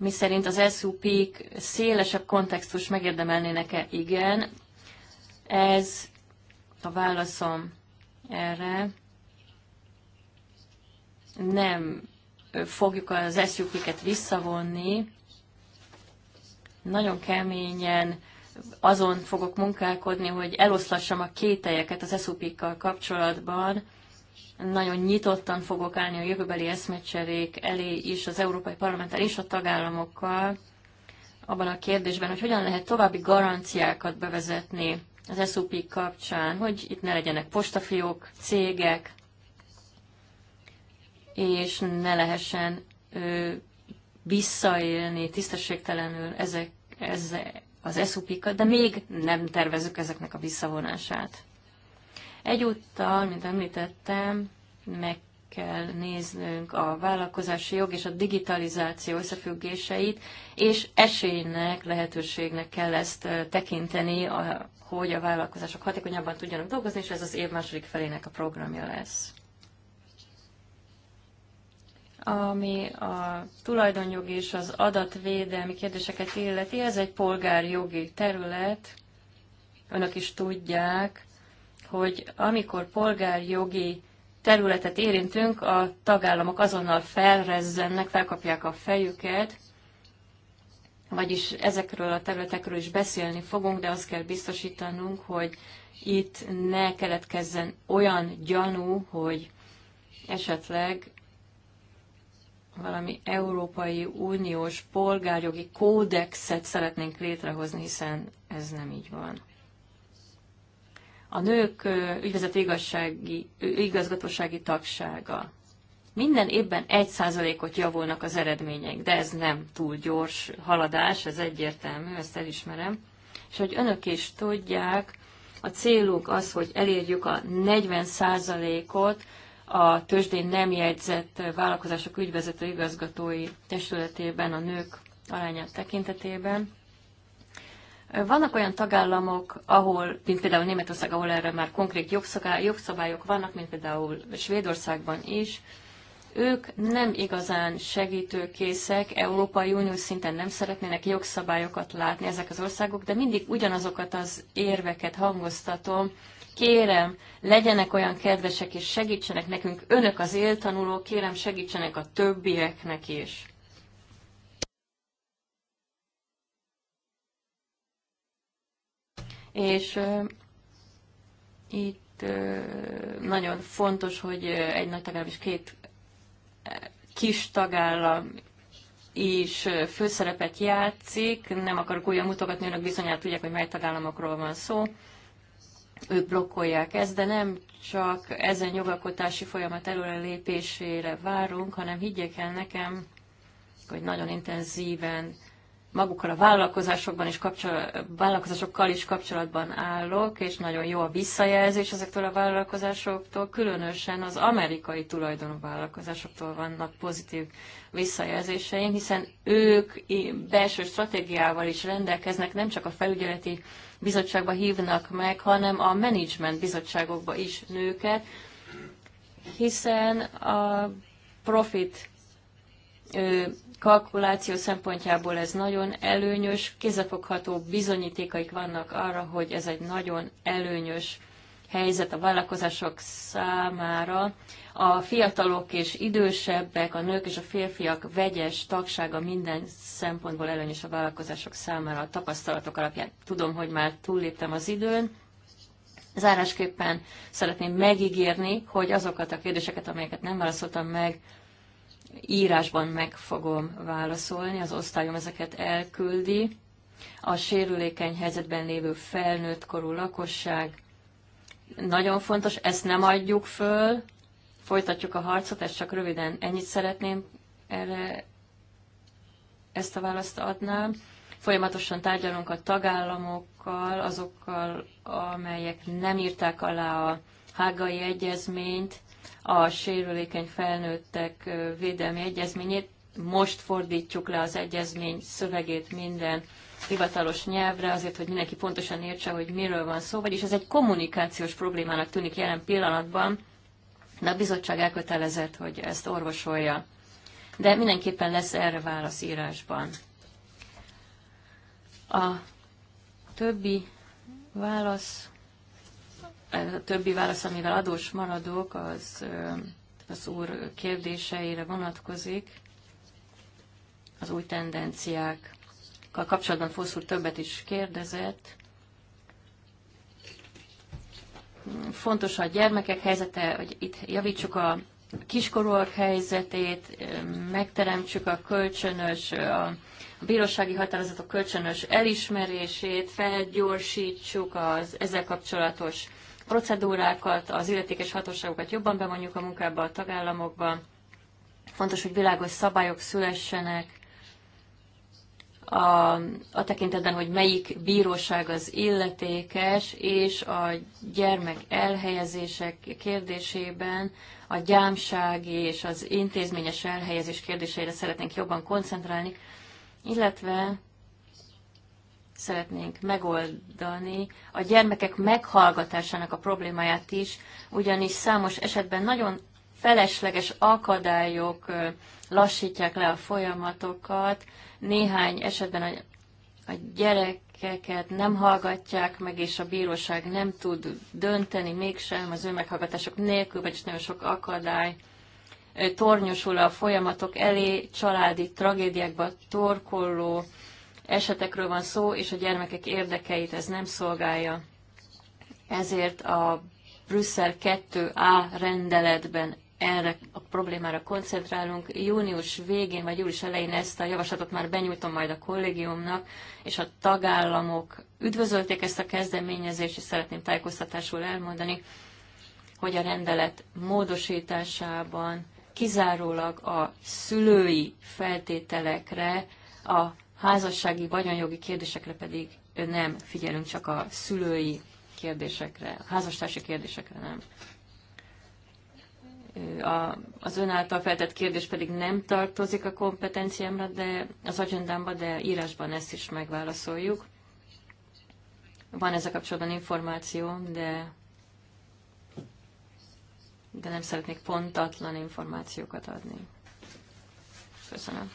mi szerint az SUP-k szélesebb kontextus megérdemelnének-e? Igen. Ez a válaszom erre. Nem fogjuk az SUP-ket visszavonni. Nagyon keményen azon fogok munkálkodni, hogy eloszlassam a kételyeket az SUP-kkal kapcsolatban, nagyon nyitottan fogok állni a jövőbeli eszmecserék elé is az Európai Parlamenttel és a tagállamokkal, abban a kérdésben, hogy hogyan lehet további garanciákat bevezetni az SUP kapcsán, hogy itt ne legyenek postafiók, cégek, és ne lehessen ö, visszaélni tisztességtelenül ezek, ezek az SUP-kat, de még nem tervezük ezeknek a visszavonását. Egyúttal, mint említettem, meg kell néznünk a vállalkozási jog és a digitalizáció összefüggéseit, és esélynek, lehetőségnek kell ezt tekinteni, hogy a vállalkozások hatékonyabban tudjanak dolgozni, és ez az év második felének a programja lesz. Ami a tulajdonjogi és az adatvédelmi kérdéseket illeti, ez egy polgárjogi terület, önök is tudják, hogy amikor polgárjogi területet érintünk, a tagállamok azonnal felrezzennek, felkapják a fejüket, vagyis ezekről a területekről is beszélni fogunk, de azt kell biztosítanunk, hogy itt ne keletkezzen olyan gyanú, hogy esetleg valami Európai Uniós polgárjogi kódexet szeretnénk létrehozni, hiszen ez nem így van a nők ügyvezető igazsági, igazgatósági tagsága. Minden évben 1%-ot javulnak az eredmények, de ez nem túl gyors haladás, ez egyértelmű, ezt elismerem. És hogy önök is tudják, a célunk az, hogy elérjük a 40%-ot a tőzsdén nem jegyzett vállalkozások ügyvezető igazgatói testületében a nők arányát tekintetében. Vannak olyan tagállamok, ahol, mint például Németország, ahol erre már konkrét jogszabályok vannak, mint például Svédországban is, ők nem igazán segítőkészek, Európai Unió szinten nem szeretnének jogszabályokat látni ezek az országok, de mindig ugyanazokat az érveket hangoztatom, kérem, legyenek olyan kedvesek és segítsenek nekünk, önök az éltanulók, kérem segítsenek a többieknek is. és itt nagyon fontos, hogy egy nagy tagállam és két kis tagállam is főszerepet játszik. Nem akarok újra mutogatni, önök bizonyára tudják, hogy mely tagállamokról van szó. Ők blokkolják ezt, de nem csak ezen jogalkotási folyamat előrelépésére várunk, hanem higgyék el nekem, hogy nagyon intenzíven magukkal a vállalkozásokban is vállalkozásokkal is kapcsolatban állok, és nagyon jó a visszajelzés ezektől a vállalkozásoktól, különösen az amerikai tulajdonú vállalkozásoktól vannak pozitív visszajelzéseim, hiszen ők belső stratégiával is rendelkeznek, nem csak a felügyeleti bizottságba hívnak meg, hanem a menedzsment bizottságokba is nőket, hiszen a profit kalkuláció szempontjából ez nagyon előnyös, kézefogható bizonyítékaik vannak arra, hogy ez egy nagyon előnyös helyzet a vállalkozások számára. A fiatalok és idősebbek, a nők és a férfiak vegyes tagsága minden szempontból előnyös a vállalkozások számára a tapasztalatok alapján. Tudom, hogy már túlléptem az időn. Zárásképpen szeretném megígérni, hogy azokat a kérdéseket, amelyeket nem válaszoltam meg, írásban meg fogom válaszolni, az osztályom ezeket elküldi. A sérülékeny helyzetben lévő felnőtt korú lakosság nagyon fontos, ezt nem adjuk föl, folytatjuk a harcot, ezt csak röviden ennyit szeretném erre ezt a választ adnám. Folyamatosan tárgyalunk a tagállamokkal, azokkal, amelyek nem írták alá a hágai egyezményt, a sérülékeny felnőttek védelmi egyezményét. Most fordítjuk le az egyezmény szövegét minden hivatalos nyelvre, azért, hogy mindenki pontosan értse, hogy miről van szó, vagyis ez egy kommunikációs problémának tűnik jelen pillanatban, de a bizottság elkötelezett, hogy ezt orvosolja. De mindenképpen lesz erre válasz írásban. A többi válasz a többi válasz, amivel adós maradok, az az úr kérdéseire vonatkozik. Az új tendenciákkal kapcsolatban Fosz úr többet is kérdezett. Fontos a gyermekek helyzete, hogy itt javítsuk a kiskorúak helyzetét, megteremtsük a kölcsönös, a a bírósági határozatok kölcsönös elismerését, felgyorsítsuk az ezzel kapcsolatos procedúrákat, az illetékes hatóságokat jobban bevonjuk a munkába a tagállamokba. Fontos, hogy világos szabályok szülessenek a, a tekintetben, hogy melyik bíróság az illetékes, és a gyermek elhelyezések kérdésében a gyámsági és az intézményes elhelyezés kérdéseire szeretnénk jobban koncentrálni, illetve szeretnénk megoldani a gyermekek meghallgatásának a problémáját is, ugyanis számos esetben nagyon felesleges akadályok lassítják le a folyamatokat, néhány esetben a, a gyerekeket nem hallgatják meg, és a bíróság nem tud dönteni mégsem az ő meghallgatások nélkül, vagyis nagyon sok akadály tornyosul a folyamatok elé, családi tragédiákba torkolló esetekről van szó, és a gyermekek érdekeit ez nem szolgálja. Ezért a Brüsszel 2A rendeletben erre a problémára koncentrálunk. Június végén vagy július elején ezt a javaslatot már benyújtom majd a kollégiumnak, és a tagállamok üdvözölték ezt a kezdeményezést, és szeretném tájékoztatásul elmondani, hogy a rendelet módosításában kizárólag a szülői feltételekre, a házassági, vagyonjogi kérdésekre pedig nem figyelünk, csak a szülői kérdésekre, a házastársi kérdésekre nem. A, az ön által feltett kérdés pedig nem tartozik a kompetenciámra, de az agendámba, de írásban ezt is megválaszoljuk. Van ezzel kapcsolatban információ, de, de nem szeretnék pontatlan információkat adni.
Köszönöm.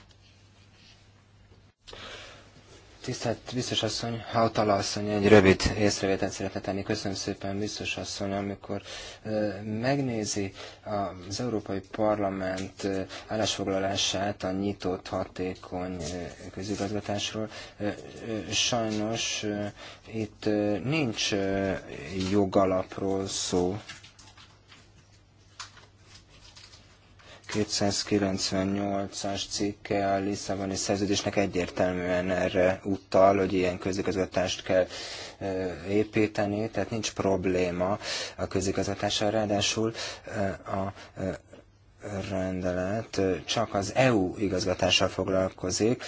Tisztelt biztos asszony, Hautala asszony, egy rövid észrevételt szeretne tenni. Köszönöm szépen, biztos asszony, amikor megnézi az Európai Parlament állásfoglalását a nyitott hatékony közigazgatásról, sajnos itt nincs jogalapról szó, 298-as cikke a Lisszaboni szerződésnek egyértelműen erre utal, hogy ilyen közigazgatást kell építeni, tehát nincs probléma a közigazgatással, ráadásul a rendelet csak az EU igazgatással foglalkozik,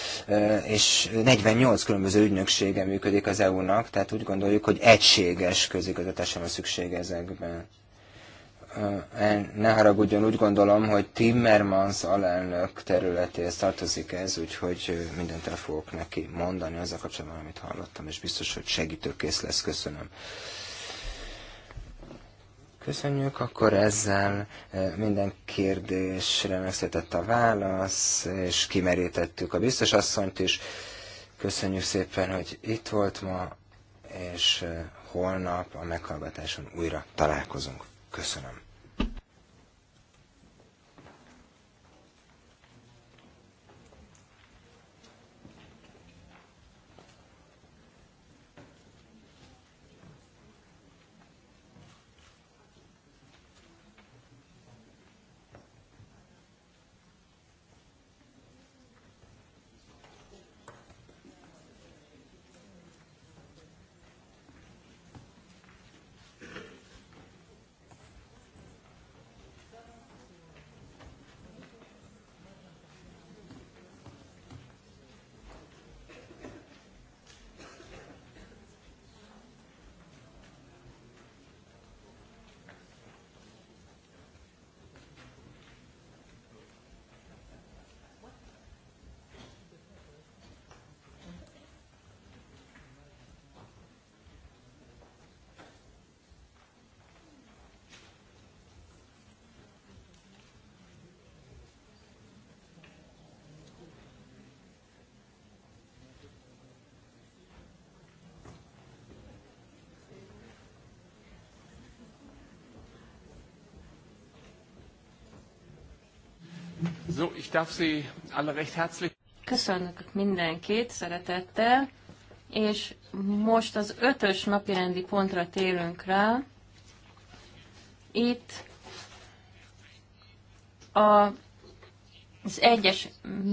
és 48 különböző ügynöksége működik az EU-nak, tehát úgy gondoljuk, hogy egységes közigazgatásra van szüksége ezekben ne haragudjon, úgy gondolom, hogy Timmermans alelnök területéhez tartozik ez, úgyhogy mindent el fogok neki mondani a kapcsolatban, amit hallottam, és biztos, hogy segítőkész lesz. Köszönöm. Köszönjük, akkor ezzel minden kérdésre megszületett a válasz, és kimerítettük a biztos asszonyt is. Köszönjük szépen, hogy itt volt ma, és holnap a meghallgatáson újra találkozunk. Köszönöm.
So, ich darf Sie alle recht herzlich.
Köszönök mindenkit szeretettel, és most az ötös napirendi pontra térünk rá. Itt a az egyes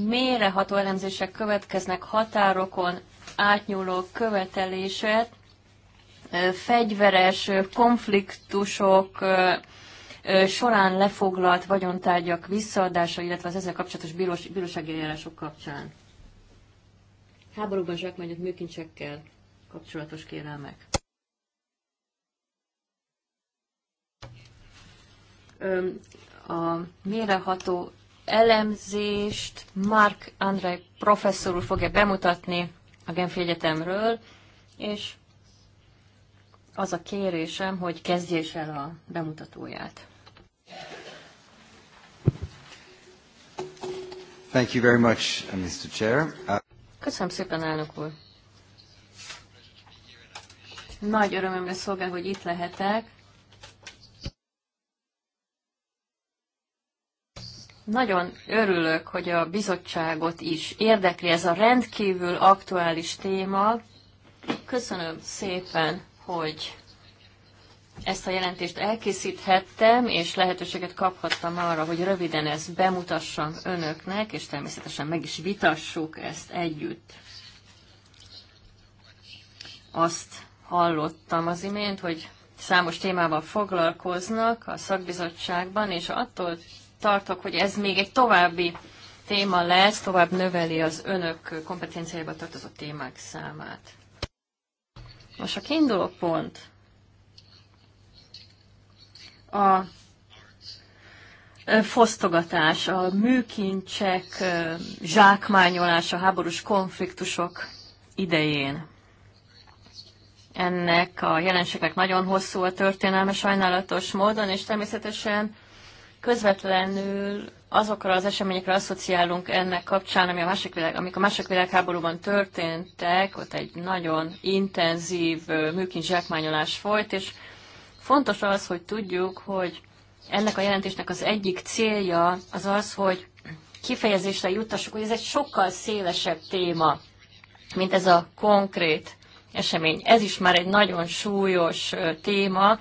méreható elemzések következnek határokon átnyúló követelések, fegyveres konfliktusok során lefoglalt vagyontárgyak visszaadása, illetve az ezzel kapcsolatos bírós, bírósági eljárások kapcsán. Háborúban zsákmányok műkincsekkel kapcsolatos kérelmek. A méreható elemzést Mark Andrei professzor úr fogja bemutatni a Genfi Egyetemről, és az a kérésem, hogy kezdjés el a bemutatóját.
Thank you very much, uh, Mr. Chair. Uh,
Köszönöm szépen, elnök úr. Nagy örömömre szolgál, hogy itt lehetek. Nagyon örülök, hogy a bizottságot is érdekli ez a rendkívül aktuális téma. Köszönöm szépen, hogy ezt a jelentést elkészíthettem, és lehetőséget kaphattam arra, hogy röviden ezt bemutassam önöknek, és természetesen meg is vitassuk ezt együtt. Azt hallottam az imént, hogy számos témával foglalkoznak a szakbizottságban, és attól tartok, hogy ez még egy további téma lesz, tovább növeli az önök kompetenciájába tartozó témák számát. Most a kiinduló pont a fosztogatás, a műkincsek zsákmányolása háborús konfliktusok idején. Ennek a jelenségek nagyon hosszú a történelme sajnálatos módon, és természetesen közvetlenül azokra az eseményekre asszociálunk ennek kapcsán, ami a másik világ, amik a második világháborúban történtek, ott egy nagyon intenzív műkincs zsákmányolás folyt, és Fontos az, hogy tudjuk, hogy ennek a jelentésnek az egyik célja az az, hogy kifejezésre juttassuk, hogy ez egy sokkal szélesebb téma, mint ez a konkrét esemény. Ez is már egy nagyon súlyos téma,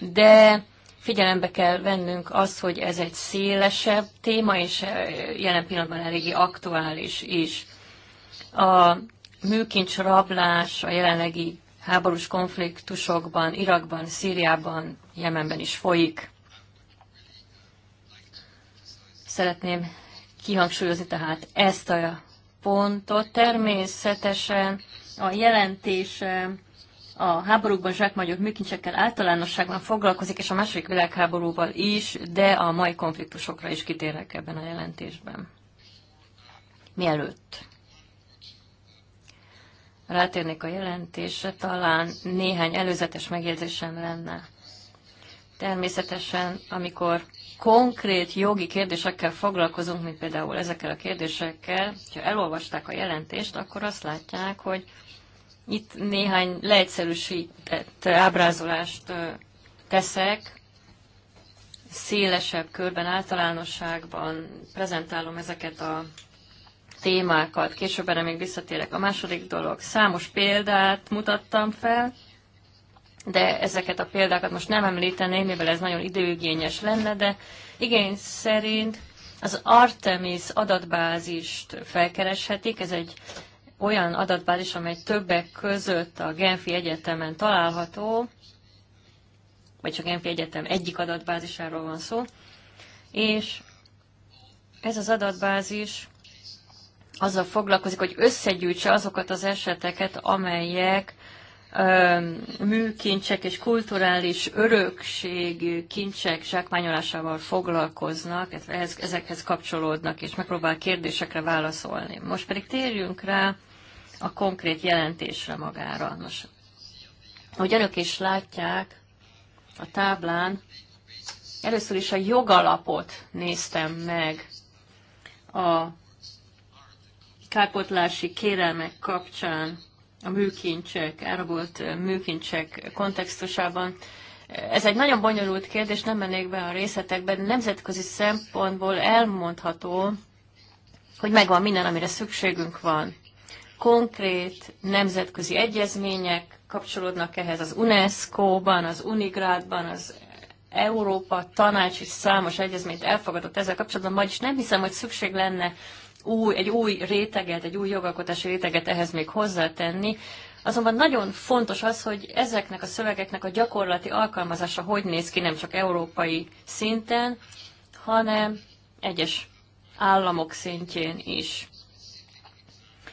de figyelembe kell vennünk azt, hogy ez egy szélesebb téma, és jelen pillanatban eléggé aktuális is. A műkincs rablás a jelenlegi háborús konfliktusokban, Irakban, Szíriában, Jemenben is folyik. Szeretném kihangsúlyozni tehát ezt a pontot. Természetesen a jelentés a háborúkban zsákmagyok műkincsekkel általánosságban foglalkozik, és a második világháborúval is, de a mai konfliktusokra is kitérek ebben a jelentésben. Mielőtt rátérnék a jelentésre, talán néhány előzetes megjegyzésem lenne. Természetesen, amikor konkrét jogi kérdésekkel foglalkozunk, mint például ezekkel a kérdésekkel, ha elolvasták a jelentést, akkor azt látják, hogy itt néhány leegyszerűsített ábrázolást teszek, szélesebb körben, általánosságban prezentálom ezeket a témákat. Később erre még visszatérek. A második dolog, számos példát mutattam fel, de ezeket a példákat most nem említeném, mivel ez nagyon időigényes lenne, de igény szerint az Artemis adatbázist felkereshetik. Ez egy olyan adatbázis, amely többek között a Genfi Egyetemen található, vagy csak Genfi Egyetem egyik adatbázisáról van szó, és ez az adatbázis azzal foglalkozik, hogy összegyűjtse azokat az eseteket, amelyek műkincsek és kulturális örökség kincsek zsákmányolásával foglalkoznak, ezekhez kapcsolódnak, és megpróbál kérdésekre válaszolni. Most pedig térjünk rá a konkrét jelentésre magára. Nos, ahogy önök is látják a táblán, először is a jogalapot néztem meg a kárpotlási kérelmek kapcsán a műkincsek, elrabolt eh, műkincsek kontextusában. Eh, ez egy nagyon bonyolult kérdés, nem mennék be a részletekbe, de nemzetközi szempontból elmondható, hogy megvan minden, amire szükségünk van. Konkrét nemzetközi egyezmények kapcsolódnak ehhez az UNESCO-ban, az Unigrádban, az Európa tanács is számos egyezményt elfogadott ezzel kapcsolatban, is nem hiszem, hogy szükség lenne új, egy új réteget, egy új jogalkotási réteget ehhez még hozzátenni. Azonban nagyon fontos az, hogy ezeknek a szövegeknek a gyakorlati alkalmazása hogy néz ki nem csak európai szinten, hanem egyes államok szintjén is.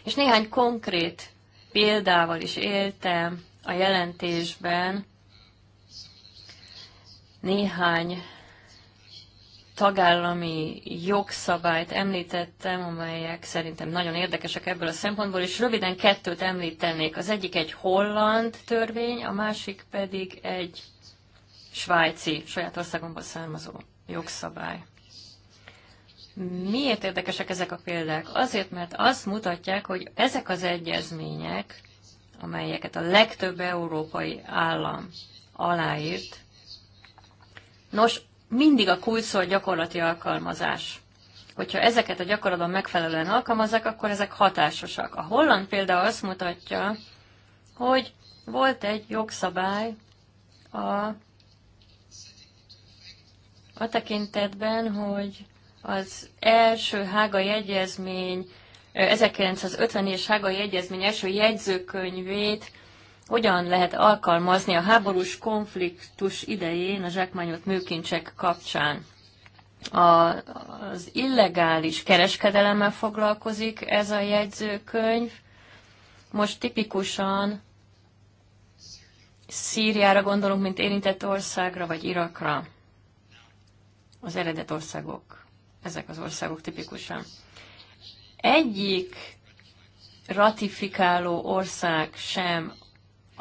És néhány konkrét példával is éltem a jelentésben, néhány tagállami jogszabályt említettem, amelyek szerintem nagyon érdekesek ebből a szempontból, és röviden kettőt említenék. Az egyik egy holland törvény, a másik pedig egy svájci, saját országomból származó jogszabály. Miért érdekesek ezek a példák? Azért, mert azt mutatják, hogy ezek az egyezmények, amelyeket a legtöbb európai állam aláírt, nos, mindig a kulcs a gyakorlati alkalmazás. Hogyha ezeket a gyakorlatban megfelelően alkalmazzák, akkor ezek hatásosak. A holland példa azt mutatja, hogy volt egy jogszabály a, a tekintetben, hogy az első hágai egyezmény, 1950 es hágai egyezmény első jegyzőkönyvét hogyan lehet alkalmazni a háborús konfliktus idején a zsákmányolt műkincsek kapcsán. A, az illegális kereskedelemmel foglalkozik ez a jegyzőkönyv. Most tipikusan Szíriára gondolunk, mint érintett országra, vagy Irakra. Az eredet országok, ezek az országok tipikusan. Egyik ratifikáló ország sem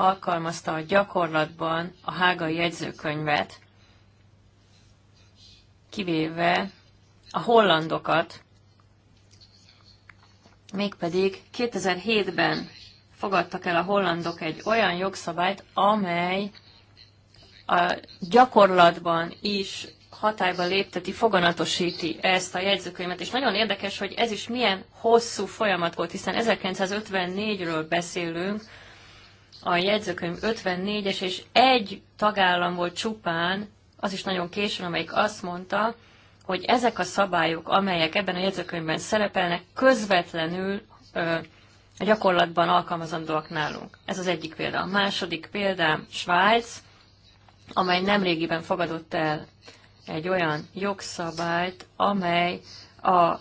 alkalmazta a gyakorlatban a hágai jegyzőkönyvet, kivéve a hollandokat, mégpedig 2007-ben fogadtak el a hollandok egy olyan jogszabályt, amely a gyakorlatban is hatályba lépteti, foganatosíti ezt a jegyzőkönyvet. És nagyon érdekes, hogy ez is milyen hosszú folyamat volt, hiszen 1954-ről beszélünk, a jegyzőkönyv 54-es, és egy tagállam volt csupán, az is nagyon későn, amelyik azt mondta, hogy ezek a szabályok, amelyek ebben a jegyzőkönyvben szerepelnek, közvetlenül ö, gyakorlatban alkalmazandóak nálunk. Ez az egyik példa. A második példám Svájc, amely nemrégiben fogadott el egy olyan jogszabályt, amely a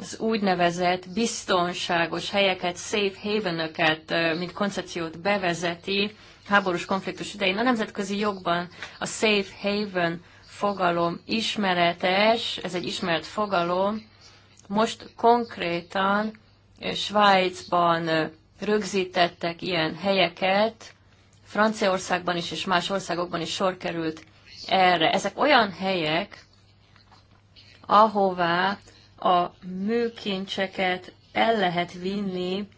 az úgynevezett biztonságos helyeket, safe havenöket, mint koncepciót bevezeti háborús konfliktus idején. A nemzetközi jogban a safe haven fogalom ismeretes, ez egy ismert fogalom, most konkrétan Svájcban rögzítettek ilyen helyeket, Franciaországban is és más országokban is sor került erre. Ezek olyan helyek, ahová a műkincseket el lehet vinni,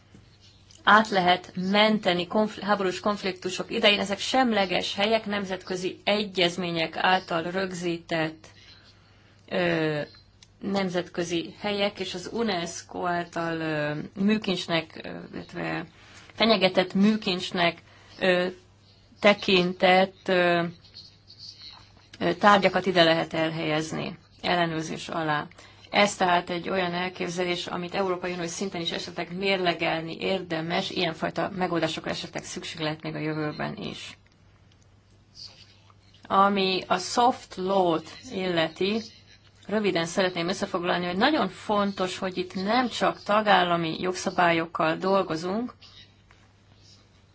át lehet menteni konfl- háborús konfliktusok idején. Ezek semleges helyek, nemzetközi egyezmények által rögzített ö, nemzetközi helyek, és az UNESCO által ö, műkincsnek, illetve fenyegetett műkincsnek ö, tekintett ö, tárgyakat ide lehet elhelyezni ellenőrzés alá. Ez tehát egy olyan elképzelés, amit Európai Unió szinten is esetleg mérlegelni érdemes, ilyenfajta megoldások esetleg szükség lehet még a jövőben is. Ami a soft law-t illeti, röviden szeretném összefoglalni, hogy nagyon fontos, hogy itt nem csak tagállami jogszabályokkal dolgozunk,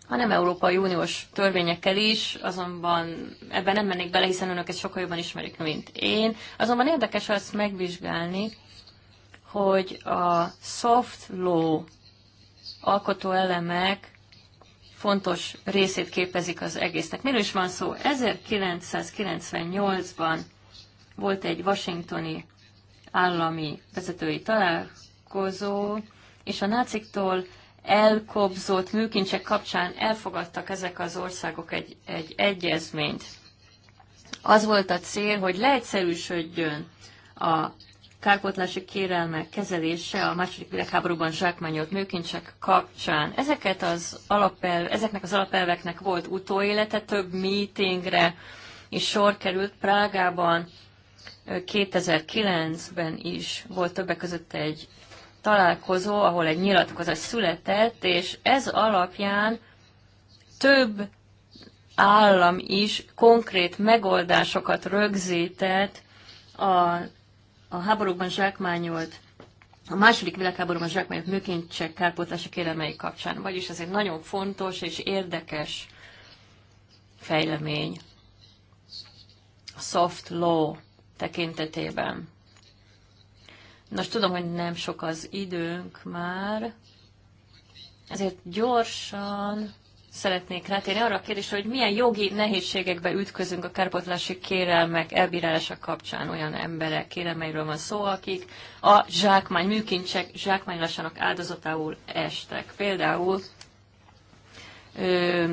hanem Európai Uniós törvényekkel is, azonban ebben nem mennék bele, hiszen önök ezt sokkal jobban ismerik, mint én. Azonban érdekes azt megvizsgálni, hogy a soft law alkotó elemek fontos részét képezik az egésznek. Miről is van szó? 1998-ban volt egy washingtoni állami vezetői találkozó, és a náciktól elkobzott műkincsek kapcsán elfogadtak ezek az országok egy, egy egyezményt. Az volt a cél, hogy leegyszerűsödjön a kárpótlási kérelmek kezelése a második világháborúban zsákmányolt műkincsek kapcsán. Ezeket az alapelv, ezeknek az alapelveknek volt utóélete, több meetingre is sor került Prágában, 2009-ben is volt többek között egy találkozó, ahol egy nyilatkozat született, és ez alapján több állam is konkrét megoldásokat rögzített a, a háborúban zsákmányolt a második világháborúban zsákmányolt műkincsek kárpótlása kérelmei kapcsán. Vagyis ez egy nagyon fontos és érdekes fejlemény a soft law tekintetében. Nos, tudom, hogy nem sok az időnk már, ezért gyorsan szeretnék rátérni arra a kérdésre, hogy milyen jogi nehézségekbe ütközünk a kárpotlási kérelmek elbírálása kapcsán olyan emberek kérelmeiről van szó, akik a zsákmány, műkincsek zsákmánylásának áldozatául estek. Például ö,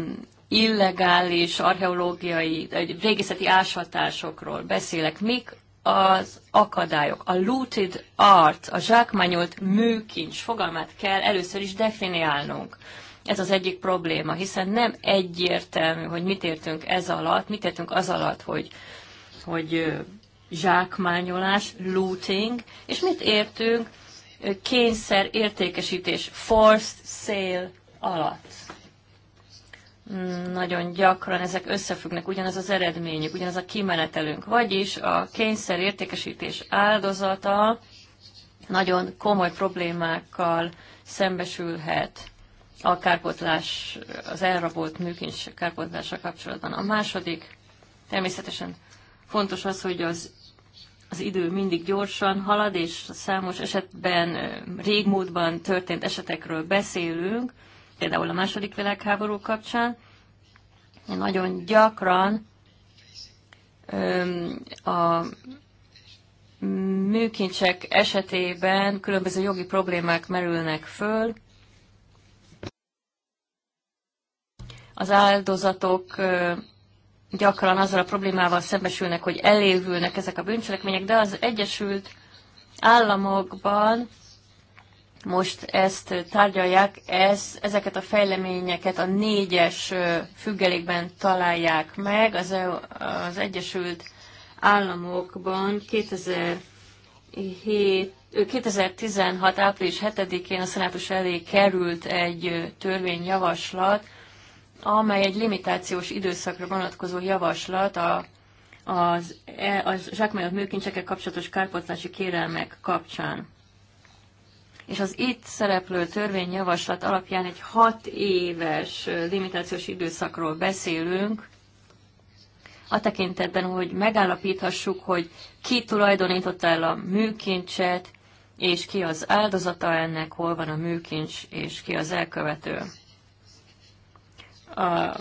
illegális archeológiai, régészeti ásatásokról beszélek. Mik az akadályok. A looted art, a zsákmányolt műkincs fogalmát kell először is definiálnunk. Ez az egyik probléma, hiszen nem egyértelmű, hogy mit értünk ez alatt, mit értünk az alatt, hogy, hogy zsákmányolás, looting, és mit értünk kényszer értékesítés, forced sale alatt nagyon gyakran ezek összefüggnek, ugyanaz az eredményük, ugyanaz a kimenetelünk. Vagyis a kényszer értékesítés áldozata nagyon komoly problémákkal szembesülhet a kárpotlás, az elrabolt műkincs kárpotlása kapcsolatban. A második, természetesen fontos az, hogy az, az idő mindig gyorsan halad, és számos esetben régmúltban történt esetekről beszélünk, például a második világháború kapcsán. Nagyon gyakran a műkincsek esetében különböző jogi problémák merülnek föl. Az áldozatok gyakran azzal a problémával szembesülnek, hogy elévülnek ezek a bűncselekmények, de az Egyesült Államokban most ezt tárgyalják, ez, ezeket a fejleményeket a négyes függelékben találják meg. Az, e az Egyesült Államokban 2007 2016. április 7-én a szenátus elé került egy törvényjavaslat, amely egy limitációs időszakra vonatkozó javaslat a, az, e, a zsákmányok műkincsekkel kapcsolatos kárpótlási kérelmek kapcsán és az itt szereplő törvényjavaslat alapján egy hat éves limitációs időszakról beszélünk, a tekintetben, hogy megállapíthassuk, hogy ki tulajdonította el a műkincset, és ki az áldozata ennek, hol van a műkincs, és ki az elkövető. A,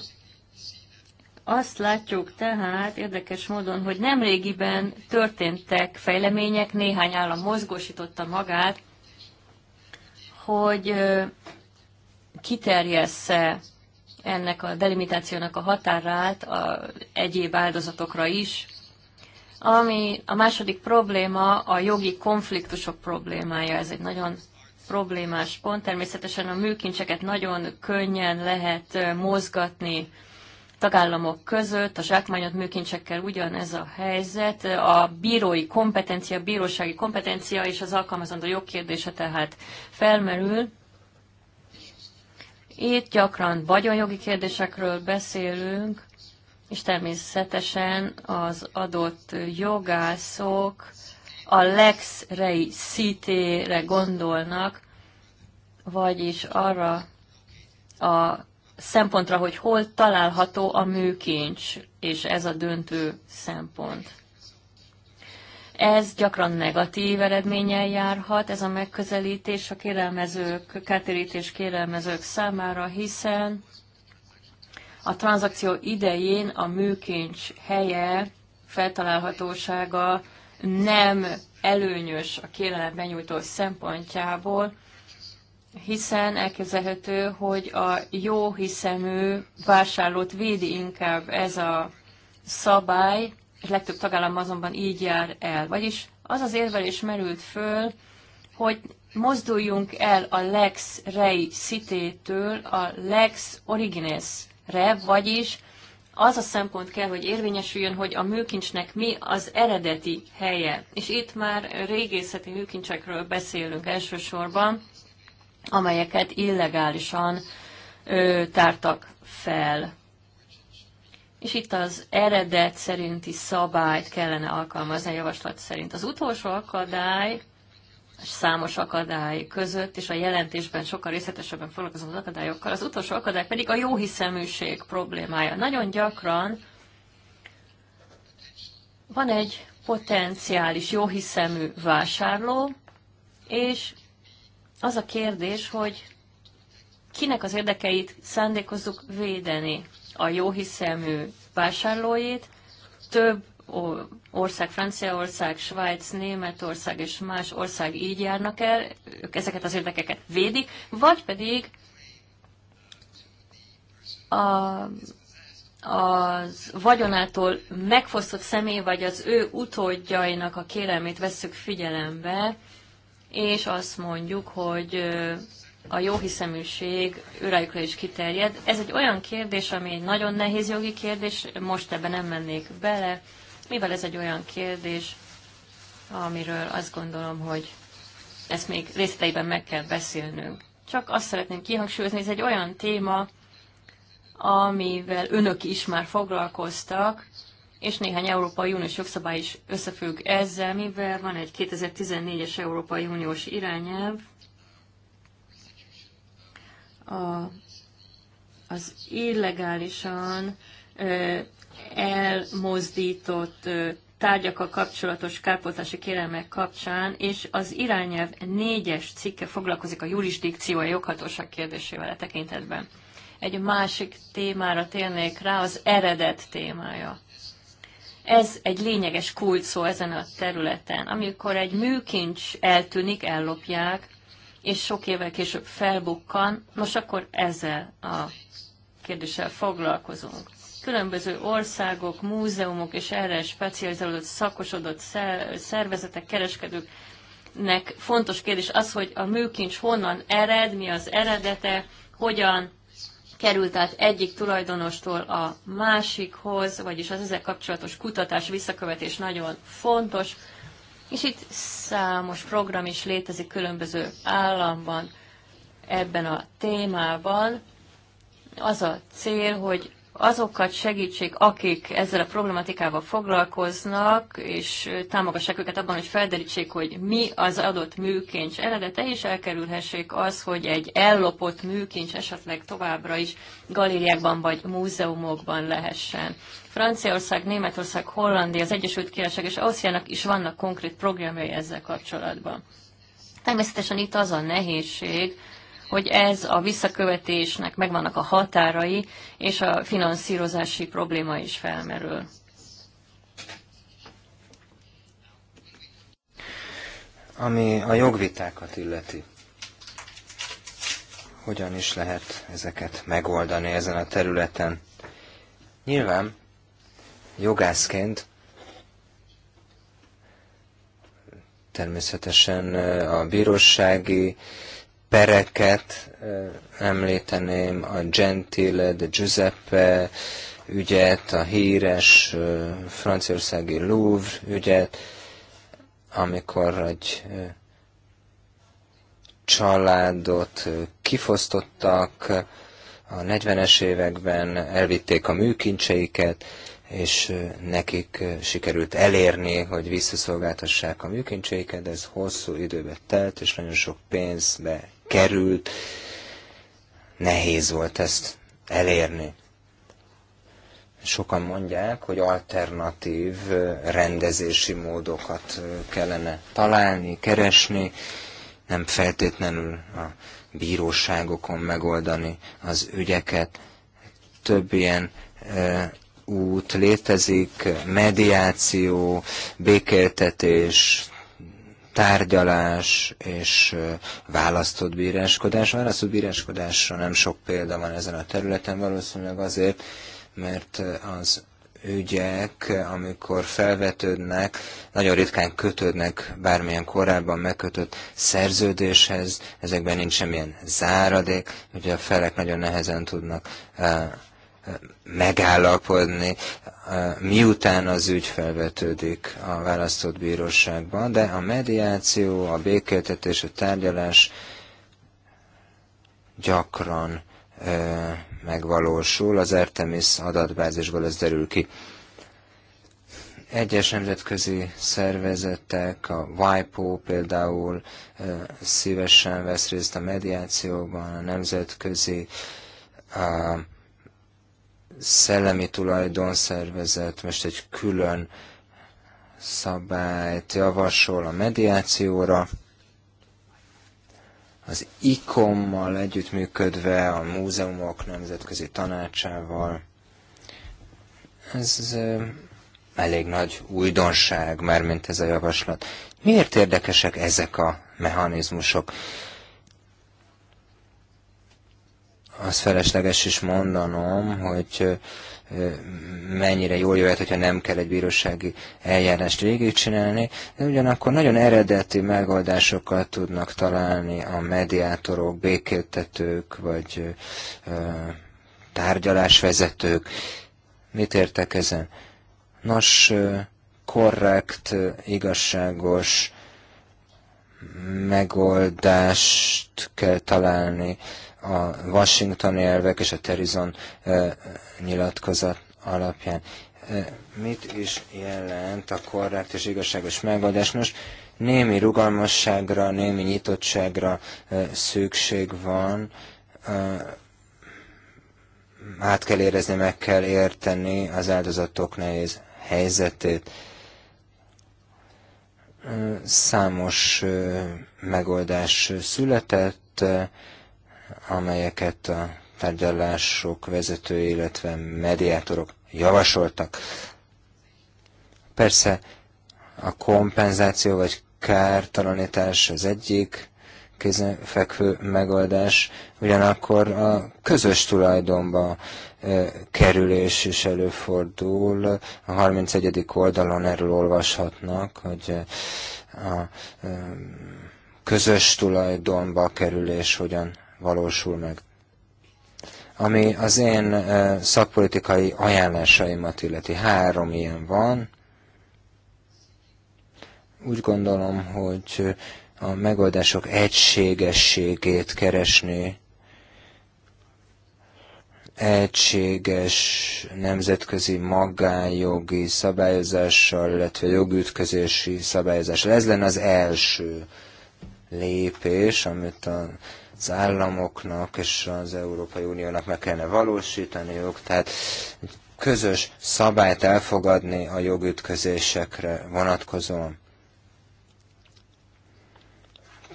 azt látjuk tehát érdekes módon, hogy nemrégiben történtek fejlemények, néhány állam mozgósította magát hogy kiterjessze ennek a delimitációnak a határát a egyéb áldozatokra is, ami a második probléma a jogi konfliktusok problémája. Ez egy nagyon problémás pont. Természetesen a műkincseket nagyon könnyen lehet mozgatni tagállamok között, a zsákmányolt műkincsekkel ugyanez a helyzet, a bírói kompetencia, a bírósági kompetencia és az alkalmazandó jogkérdése tehát felmerül. Itt gyakran vagyonjogi kérdésekről beszélünk, és természetesen az adott jogászok a lex rei szítére gondolnak, vagyis arra a szempontra, hogy hol található a műkincs, és ez a döntő szempont. Ez gyakran negatív eredménnyel járhat, ez a megközelítés a kérelmezők, kártérítés kérelmezők számára, hiszen a tranzakció idején a műkincs helye, feltalálhatósága nem előnyös a kérelem benyújtó szempontjából, hiszen elképzelhető, hogy a jó hiszemű vásárlót védi inkább ez a szabály, és legtöbb tagállam azonban így jár el. Vagyis az az érvelés merült föl, hogy mozduljunk el a lex rei szitétől a lex re, vagyis az a szempont kell, hogy érvényesüljön, hogy a műkincsnek mi az eredeti helye. És itt már régészeti műkincsekről beszélünk elsősorban, amelyeket illegálisan ö, tártak fel. És itt az eredet szerinti szabályt kellene alkalmazni a javaslat szerint. Az utolsó akadály, számos akadály között, és a jelentésben sokkal részletesebben foglalkozom az akadályokkal, az utolsó akadály pedig a jóhiszeműség problémája. Nagyon gyakran van egy potenciális jóhiszemű vásárló, és az a kérdés, hogy kinek az érdekeit szándékozzuk védeni a jóhiszemű vásárlóit, több ország, Franciaország, Svájc, Németország és más ország így járnak el, ők ezeket az érdekeket védik, vagy pedig a, az vagyonától megfosztott személy, vagy az ő utódjainak a kérelmét vesszük figyelembe, és azt mondjuk, hogy a hiszeműség őrájukra is kiterjed. Ez egy olyan kérdés, ami egy nagyon nehéz jogi kérdés, most ebben nem mennék bele, mivel ez egy olyan kérdés, amiről azt gondolom, hogy ezt még részleteiben meg kell beszélnünk. Csak azt szeretném kihangsúlyozni, ez egy olyan téma, amivel önök is már foglalkoztak, és néhány Európai Uniós jogszabály is összefügg ezzel, mivel van egy 2014-es Európai Uniós irányelv, a, az illegálisan ö, elmozdított ö, tárgyakkal kapcsolatos kárpótási kérelmek kapcsán, és az irányelv négyes cikke foglalkozik a jurisdikció a joghatóság kérdésével a e tekintetben. Egy másik témára térnék rá, az eredet témája ez egy lényeges kult szó ezen a területen. Amikor egy műkincs eltűnik, ellopják, és sok évvel később felbukkan, most akkor ezzel a kérdéssel foglalkozunk. Különböző országok, múzeumok és erre specializálódott, szakosodott szervezetek, kereskedőknek fontos kérdés az, hogy a műkincs honnan ered, mi az eredete, hogyan került át egyik tulajdonostól a másikhoz, vagyis az ezzel kapcsolatos kutatás, visszakövetés nagyon fontos, és itt számos program is létezik különböző államban ebben a témában. Az a cél, hogy azokat segítsék, akik ezzel a problematikával foglalkoznak, és támogassák őket abban, hogy felderítsék, hogy mi az adott műkincs eredete, és elkerülhessék az, hogy egy ellopott műkincs esetleg továbbra is galériákban vagy múzeumokban lehessen. Franciaország, Németország, Hollandia, az Egyesült Királyság és Ausztriának is vannak konkrét programjai ezzel kapcsolatban. Természetesen itt az a nehézség, hogy ez a visszakövetésnek megvannak a határai, és a finanszírozási probléma is felmerül.
Ami a jogvitákat illeti, hogyan is lehet ezeket megoldani ezen a területen? Nyilván jogászként természetesen a bírósági pereket említeném, a Gentile, de Giuseppe ügyet, a híres franciaországi Louvre ügyet, amikor egy családot kifosztottak, a 40-es években elvitték a műkincseiket, és nekik sikerült elérni, hogy visszaszolgáltassák a műkincseiket, ez hosszú időbe telt, és nagyon sok pénzbe került. Nehéz volt ezt elérni. Sokan mondják, hogy alternatív rendezési módokat kellene találni, keresni, nem feltétlenül a bíróságokon megoldani az ügyeket. Több ilyen út létezik, mediáció, békéltetés, tárgyalás és választott bíráskodás. Választott bíráskodásra nem sok példa van ezen a területen, valószínűleg azért, mert az ügyek, amikor felvetődnek, nagyon ritkán kötődnek bármilyen korábban megkötött szerződéshez, ezekben nincs semmilyen záradék, ugye a felek nagyon nehezen tudnak megállapodni, eh, miután az ügy felvetődik a választott bíróságban, de a mediáció, a békéltetés, a tárgyalás gyakran eh, megvalósul, az Artemis adatbázisból ez derül ki. Egyes nemzetközi szervezetek, a WIPO például eh, szívesen vesz részt a mediációban, a nemzetközi a szellemi tulajdonszervezet most egy külön szabályt javasol a mediációra. Az ICOM-mal együttműködve, a múzeumok nemzetközi tanácsával. Ez elég nagy újdonság, mármint ez a javaslat. Miért érdekesek ezek a mechanizmusok? az felesleges is mondanom, hogy mennyire jól jöhet, hogyha nem kell egy bírósági eljárást végigcsinálni, de ugyanakkor nagyon eredeti megoldásokat tudnak találni a mediátorok, békéltetők, vagy tárgyalásvezetők. Mit értek ezen? Nos, korrekt, igazságos megoldást kell találni a washingtoni elvek és a Terizon nyilatkozat alapján. Mit is jelent a korrekt és igazságos megoldás? Nos, némi rugalmasságra, némi nyitottságra szükség van, át kell érezni, meg kell érteni az áldozatok nehéz helyzetét. Számos megoldás született, amelyeket a tárgyalások vezetői, illetve mediátorok javasoltak. Persze a kompenzáció vagy kártalanítás az egyik kézenfekvő megoldás, ugyanakkor a közös tulajdonba kerülés is előfordul. A 31. oldalon erről olvashatnak, hogy a közös tulajdonba kerülés hogyan valósul meg. Ami az én szakpolitikai ajánlásaimat illeti, három ilyen van. Úgy gondolom, hogy a megoldások egységességét keresni, egységes nemzetközi magánjogi szabályozással, illetve jogütközési szabályozással. Ez lenne az első lépés, amit a az államoknak és az Európai Uniónak meg kellene valósítaniuk, tehát közös szabályt elfogadni a jogütközésekre vonatkozóan.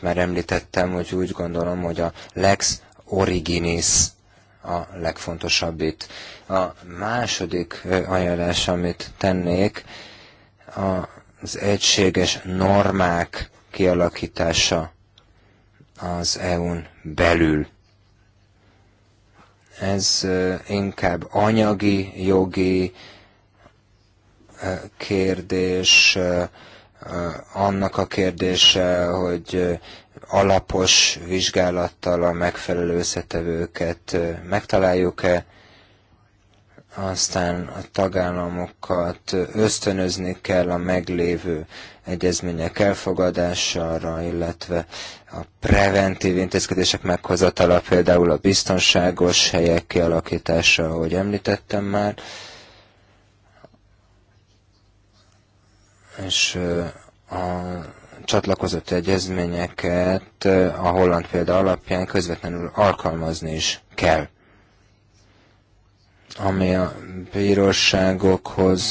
mert említettem, hogy úgy gondolom, hogy a lex originis a legfontosabb itt. A második ajánlás, amit tennék, az egységes normák kialakítása az EU-n belül. Ez inkább anyagi, jogi kérdés, annak a kérdése, hogy alapos vizsgálattal a megfelelő összetevőket megtaláljuk-e, aztán a tagállamokat ösztönözni kell a meglévő egyezmények elfogadására, illetve a preventív intézkedések meghozatala, például a biztonságos helyek kialakítása, ahogy említettem már, és a csatlakozott egyezményeket a holland példa alapján közvetlenül alkalmazni is kell ami a bíróságokhoz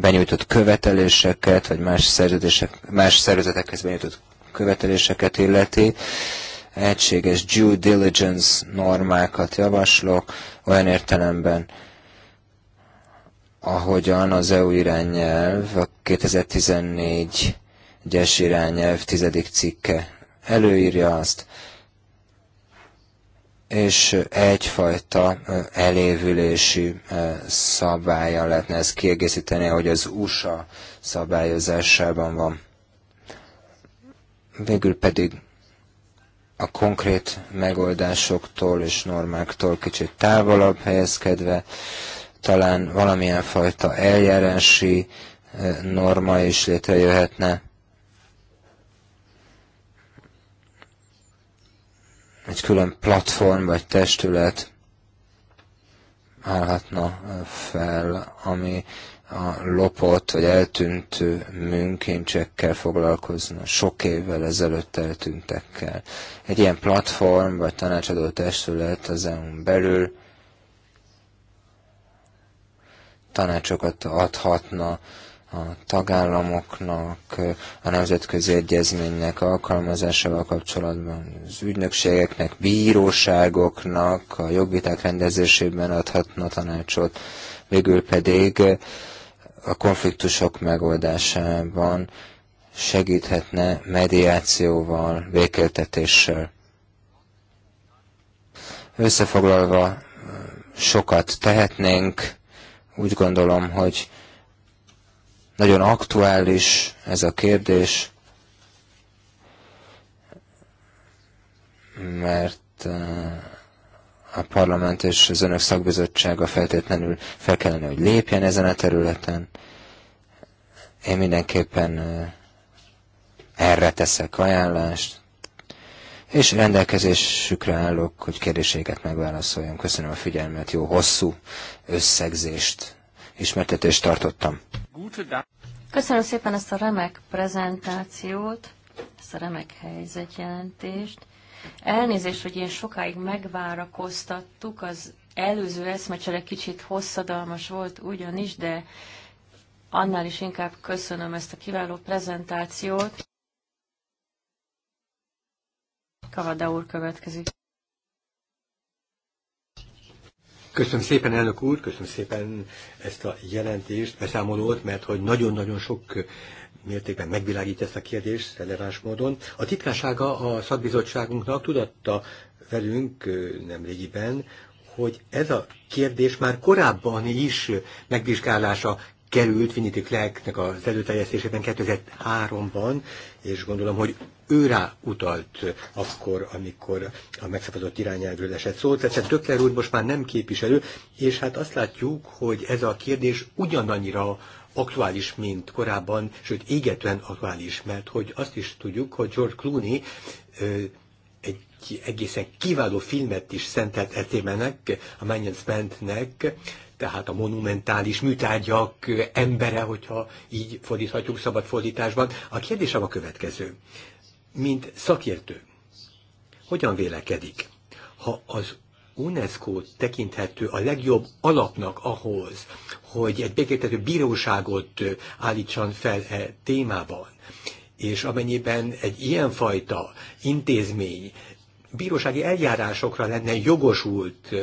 benyújtott követeléseket, vagy más, szerződések, más szervezetekhez benyújtott követeléseket illeti. Egységes due diligence normákat javaslok, olyan értelemben, ahogyan az EU irányelv, a 2014-es irányelv tizedik cikke előírja azt, és egyfajta elévülési szabálya lehetne ezt kiegészíteni, hogy az USA szabályozásában van. Végül pedig a konkrét megoldásoktól és normáktól kicsit távolabb helyezkedve, talán valamilyen fajta eljárási norma is létrejöhetne, egy külön platform vagy testület állhatna fel, ami a lopott vagy eltűnt műkincsekkel foglalkozna, sok évvel ezelőtt eltűntekkel. Egy ilyen platform vagy tanácsadó testület az eu belül tanácsokat adhatna a tagállamoknak, a nemzetközi egyezménynek alkalmazásával kapcsolatban az ügynökségeknek, bíróságoknak a jogviták rendezésében adhatna tanácsot, végül pedig a konfliktusok megoldásában segíthetne mediációval, békéltetéssel. Összefoglalva sokat tehetnénk, úgy gondolom, hogy nagyon aktuális ez a kérdés, mert eh, a parlament és az önök szakbizottsága feltétlenül fel kellene, hogy lépjen ezen a területen. Én mindenképpen eh, erre teszek ajánlást, és rendelkezésükre állok, hogy kérdéseiket megválaszoljam. Köszönöm a figyelmet, jó hosszú összegzést ismertetést tartottam.
Köszönöm szépen ezt a remek prezentációt, ezt a remek helyzetjelentést. Elnézést, hogy ilyen sokáig megvárakoztattuk, az előző eszmecsere kicsit hosszadalmas volt ugyanis, de annál is inkább köszönöm ezt a kiváló prezentációt. Kavada úr következik.
Köszönöm szépen, elnök úr, köszönöm szépen ezt a jelentést, beszámolót, mert hogy nagyon-nagyon sok mértékben megvilágít ezt a kérdést releváns módon. A titkársága a szakbizottságunknak tudatta velünk nemrégiben, hogy ez a kérdés már korábban is megvizsgálása került Vinity Clarknek az előterjesztésében 2003-ban, és gondolom, hogy ő rá utalt akkor, amikor a megszabadott irányelvről esett szó. Tehát Dökler úr most már nem képviselő, és hát azt látjuk, hogy ez a kérdés ugyanannyira aktuális, mint korábban, sőt égetően aktuális, mert hogy azt is tudjuk, hogy George Clooney ö, egy egészen kiváló filmet is szentelt etémenek, a Manion's Bandnek, tehát a monumentális műtárgyak embere, hogyha így fordíthatjuk szabad fordításban. A kérdésem a következő. Mint szakértő, hogyan vélekedik, ha az UNESCO tekinthető a legjobb alapnak ahhoz, hogy egy békéltető bíróságot állítson fel e témában, és amennyiben egy ilyenfajta intézmény bírósági eljárásokra lenne jogosult,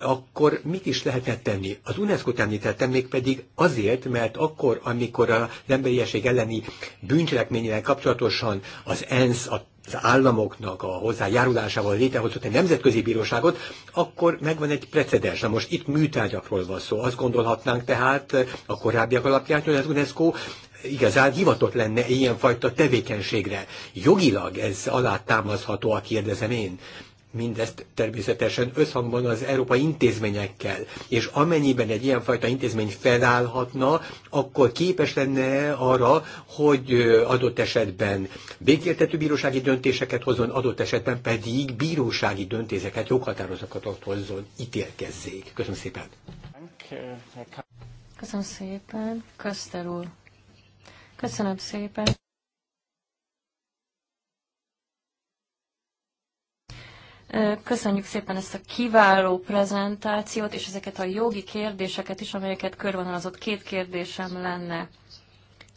akkor mit is lehetne tenni? Az UNESCO-t említettem mégpedig azért, mert akkor, amikor az emberiesség elleni bűncselekményével kapcsolatosan az ENSZ, a az államoknak a hozzájárulásával létrehozott egy nemzetközi bíróságot, akkor megvan egy precedens. Na most itt műtárgyakról van szó. Azt gondolhatnánk tehát a korábbiak alapján, hogy az UNESCO igazán hivatott lenne ilyenfajta tevékenységre. Jogilag ez alá támaszható, kérdezem én mindezt természetesen összhangban az európai intézményekkel. És amennyiben egy ilyenfajta intézmény felállhatna, akkor képes lenne arra, hogy adott esetben végértető bírósági döntéseket hozzon, adott esetben pedig bírósági döntéseket, joghatározatokat hozzon, ítélkezzék. Köszönöm szépen.
Köszönöm szépen. Köszter úr. Köszönöm szépen. Köszönjük szépen ezt a kiváló prezentációt, és ezeket a jogi kérdéseket is, amelyeket körvonalazott. Két kérdésem lenne.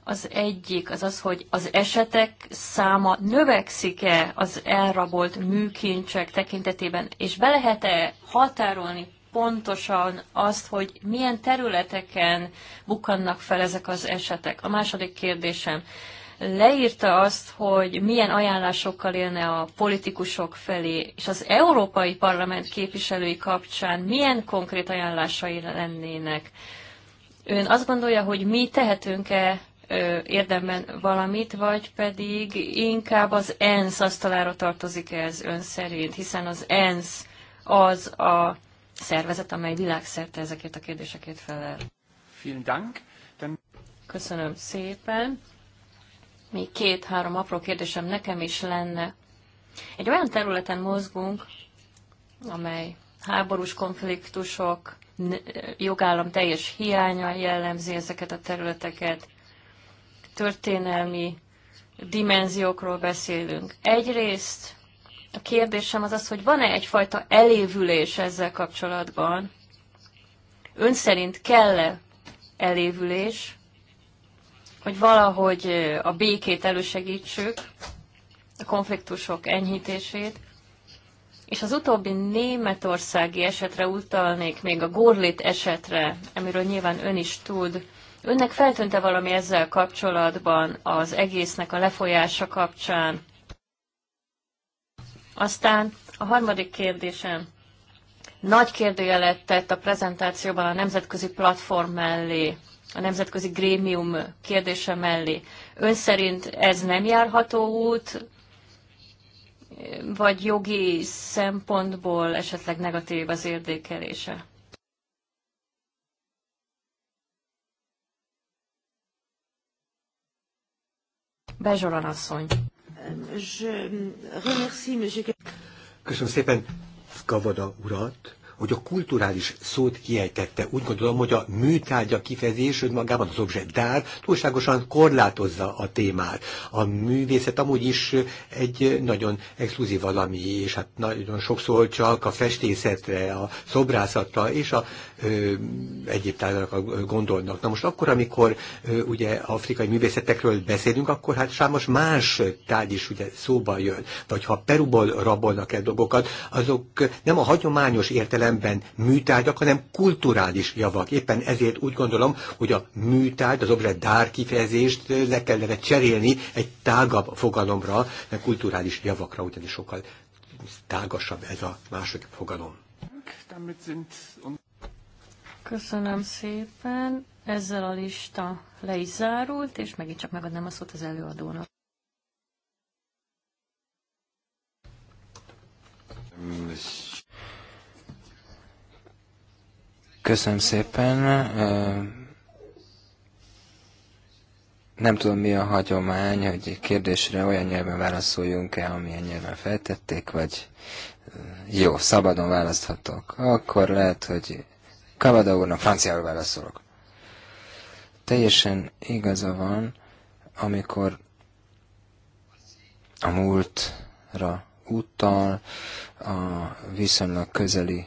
Az egyik az az, hogy az esetek száma növekszik-e az elrabolt műkincsek tekintetében, és be lehet-e határolni pontosan azt, hogy milyen területeken bukannak fel ezek az esetek? A második kérdésem leírta azt, hogy milyen ajánlásokkal élne a politikusok felé, és az Európai Parlament képviselői kapcsán milyen konkrét ajánlásai lennének. Ön azt gondolja, hogy mi tehetünk-e érdemben valamit, vagy pedig inkább az ENSZ asztalára tartozik -e ez ön szerint, hiszen az ENSZ az a szervezet, amely világszerte ezekért a kérdéseket felel. Köszönöm szépen még két-három apró kérdésem nekem is lenne. Egy olyan területen mozgunk, amely háborús konfliktusok, jogállam teljes hiánya jellemzi ezeket a területeket, történelmi dimenziókról beszélünk. Egyrészt a kérdésem az az, hogy van-e egyfajta elévülés ezzel kapcsolatban? Ön szerint kell-e elévülés? hogy valahogy a békét elősegítsük, a konfliktusok enyhítését, és az utóbbi németországi esetre utalnék még a Gorlit esetre, amiről nyilván ön is tud. Önnek feltűnte valami ezzel kapcsolatban az egésznek a lefolyása kapcsán? Aztán a harmadik kérdésem. Nagy kérdőjelet tett a prezentációban a nemzetközi platform mellé a nemzetközi grémium kérdése mellé. Ön szerint ez nem járható út, vagy jogi szempontból esetleg negatív az érdékelése? Bezsoran asszony.
Köszönöm szépen Kavada urat hogy a kulturális szót kiejtette. Úgy gondolom, hogy a műtárgya kifejezés önmagában az objekt dár túlságosan korlátozza a témát. A művészet amúgy is egy nagyon exkluzív valami, és hát nagyon sokszor csak a festészetre, a szobrászatra és a ö, egyéb tárgyakra gondolnak. Na most akkor, amikor ö, ugye afrikai művészetekről beszélünk, akkor hát számos más tárgy is ugye szóba jön. Vagy ha Peruból rabolnak el dolgokat, azok nem a hagyományos értelem, értelemben műtárgyak, hanem kulturális javak. Éppen ezért úgy gondolom, hogy a műtárgy, az objet dár kifejezést le kellene cserélni egy tágabb fogalomra, mert kulturális javakra, ugyanis sokkal tágasabb ez a második fogalom.
Köszönöm szépen. Ezzel a lista le is zárult, és megint csak megadnám a szót az előadónak.
Monsieur Köszönöm szépen. Nem tudom, mi a hagyomány, hogy kérdésre olyan nyelven válaszoljunk-e, amilyen nyelven feltették, vagy jó, szabadon választhatok. Akkor lehet, hogy Kavada úrnak franciául válaszolok. Teljesen igaza van, amikor a múltra utal, a viszonylag közeli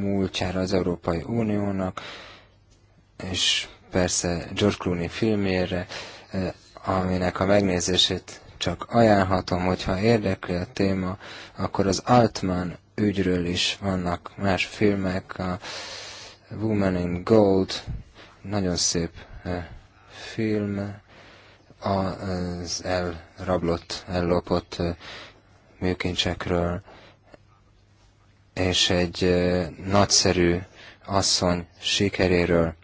múltjára az Európai Uniónak, és persze George Clooney filmjére, eh, aminek a megnézését csak ajánlhatom, hogyha érdekli a téma, akkor az Altman ügyről is vannak más filmek, a Woman in Gold, nagyon szép eh, film, az elrablott, ellopott eh, műkincsekről és egy nagyszerű asszony sikeréről.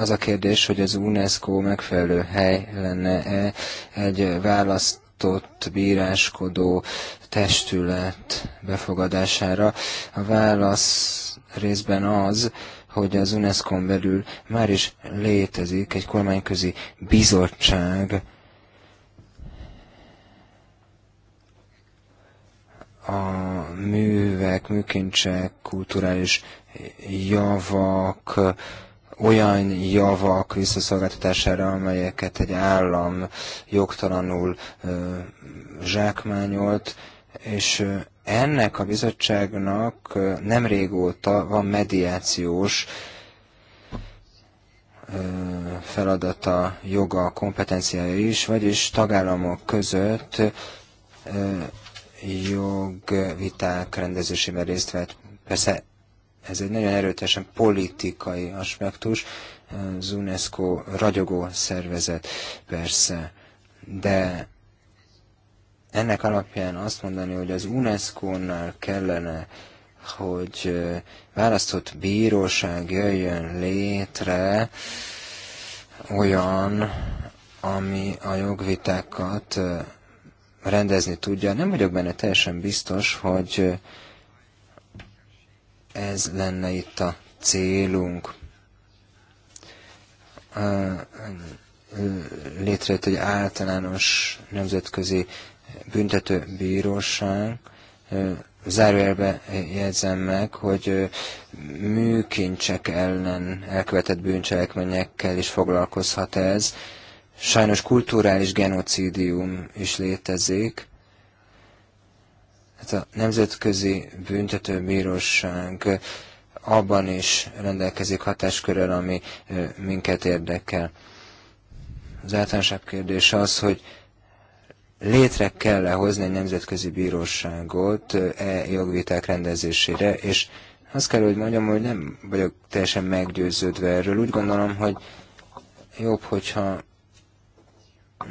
Az a kérdés, hogy az UNESCO megfelelő hely lenne-e egy választott bíráskodó testület befogadására. A válasz részben az, hogy az UNESCO-n belül már is létezik egy kormányközi bizottság, a művek, műkincsek, kulturális javak, olyan javak visszaszolgáltatására, amelyeket egy állam jogtalanul zsákmányolt, és ennek a bizottságnak nem régóta van mediációs feladata, joga, kompetenciája is, vagyis tagállamok között jogviták rendezésében részt vett. Persze ez egy nagyon erőteljesen politikai aspektus, az UNESCO ragyogó szervezet persze, de ennek alapján azt mondani, hogy az UNESCO-nál kellene, hogy választott bíróság jöjjön létre olyan, ami a jogvitákat rendezni tudja. Nem vagyok benne teljesen biztos, hogy ez lenne itt a célunk. Létrejött egy általános nemzetközi büntetőbíróság, zárójelbe jegyzem meg, hogy műkincsek ellen elkövetett bűncselekményekkel is foglalkozhat ez, Sajnos kulturális genocidium is létezik. Hát a Nemzetközi Büntetőbíróság abban is rendelkezik hatáskörrel, ami minket érdekel. Az általánosabb kérdés az, hogy létre kell -e hozni egy nemzetközi bíróságot e jogviták rendezésére, és azt kell, hogy mondjam, hogy nem vagyok teljesen meggyőződve erről. Úgy gondolom, hogy jobb, hogyha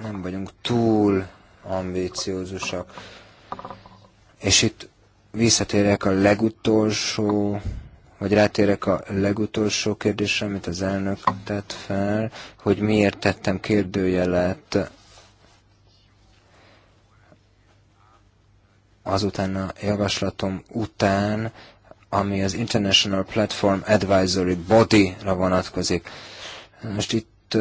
nem vagyunk túl ambíciózusak. És itt visszatérek a legutolsó, vagy rátérek a legutolsó kérdésre, amit az elnök tett fel, hogy miért tettem kérdőjelet azután a javaslatom után, ami az International Platform Advisory Body-ra vonatkozik. Most itt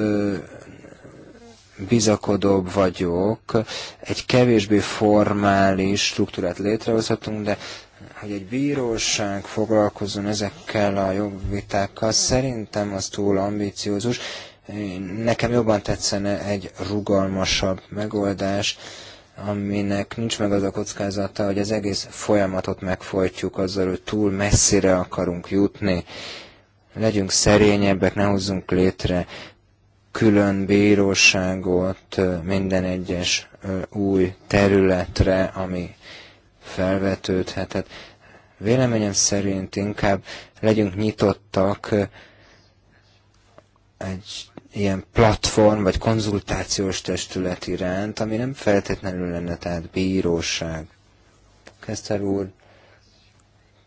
bizakodóbb vagyok, egy kevésbé formális struktúrát létrehozhatunk, de hogy egy bíróság foglalkozzon ezekkel a jogvitákkal, szerintem az túl ambiciózus. Nekem jobban tetszene egy rugalmasabb megoldás, aminek nincs meg az a kockázata, hogy az egész folyamatot megfojtjuk azzal, hogy túl messzire akarunk jutni. Legyünk szerényebbek, ne hozzunk létre külön bíróságot minden egyes új területre, ami felvetődhet. Hát véleményem szerint inkább legyünk nyitottak egy ilyen platform vagy konzultációs testület iránt, ami nem feltétlenül lenne tehát bíróság. Keszter úr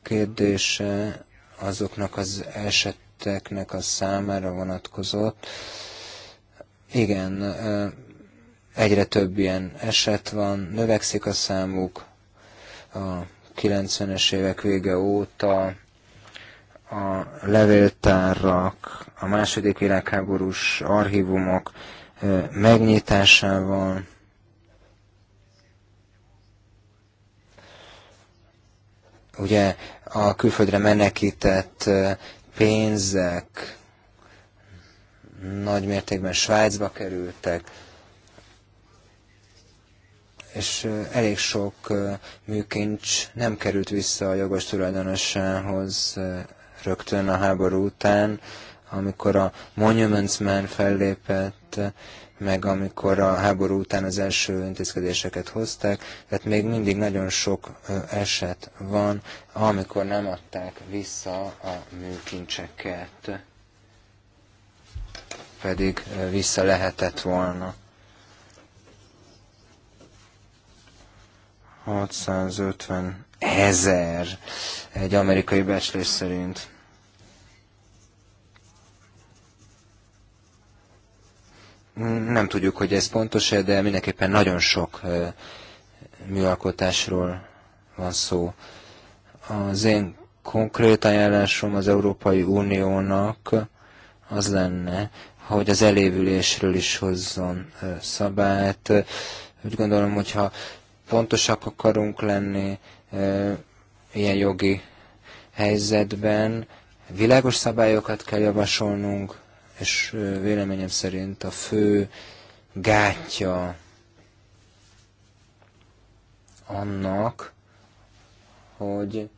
kérdése azoknak az eseteknek a számára vonatkozott, igen, egyre több ilyen eset van, növekszik a számuk a 90-es évek vége óta, a levéltárak, a második világháborús archívumok megnyitásával, ugye a külföldre menekített pénzek nagy mértékben Svájcba kerültek, és elég sok műkincs nem került vissza a jogos tulajdonossához rögtön a háború után, amikor a Monuments Man fellépett, meg amikor a háború után az első intézkedéseket hozták, tehát még mindig nagyon sok eset van, amikor nem adták vissza a műkincseket pedig eh, vissza lehetett volna. 650 ezer egy amerikai becslés szerint. Nem tudjuk, hogy ez pontos-e, de mindenképpen nagyon sok eh, műalkotásról van szó. Az én konkrét ajánlásom az Európai Uniónak, az lenne, hogy az elévülésről is hozzon szabályt. Úgy gondolom, hogyha pontosak akarunk lenni ilyen jogi helyzetben, világos szabályokat kell javasolnunk, és véleményem szerint a fő gátja annak, hogy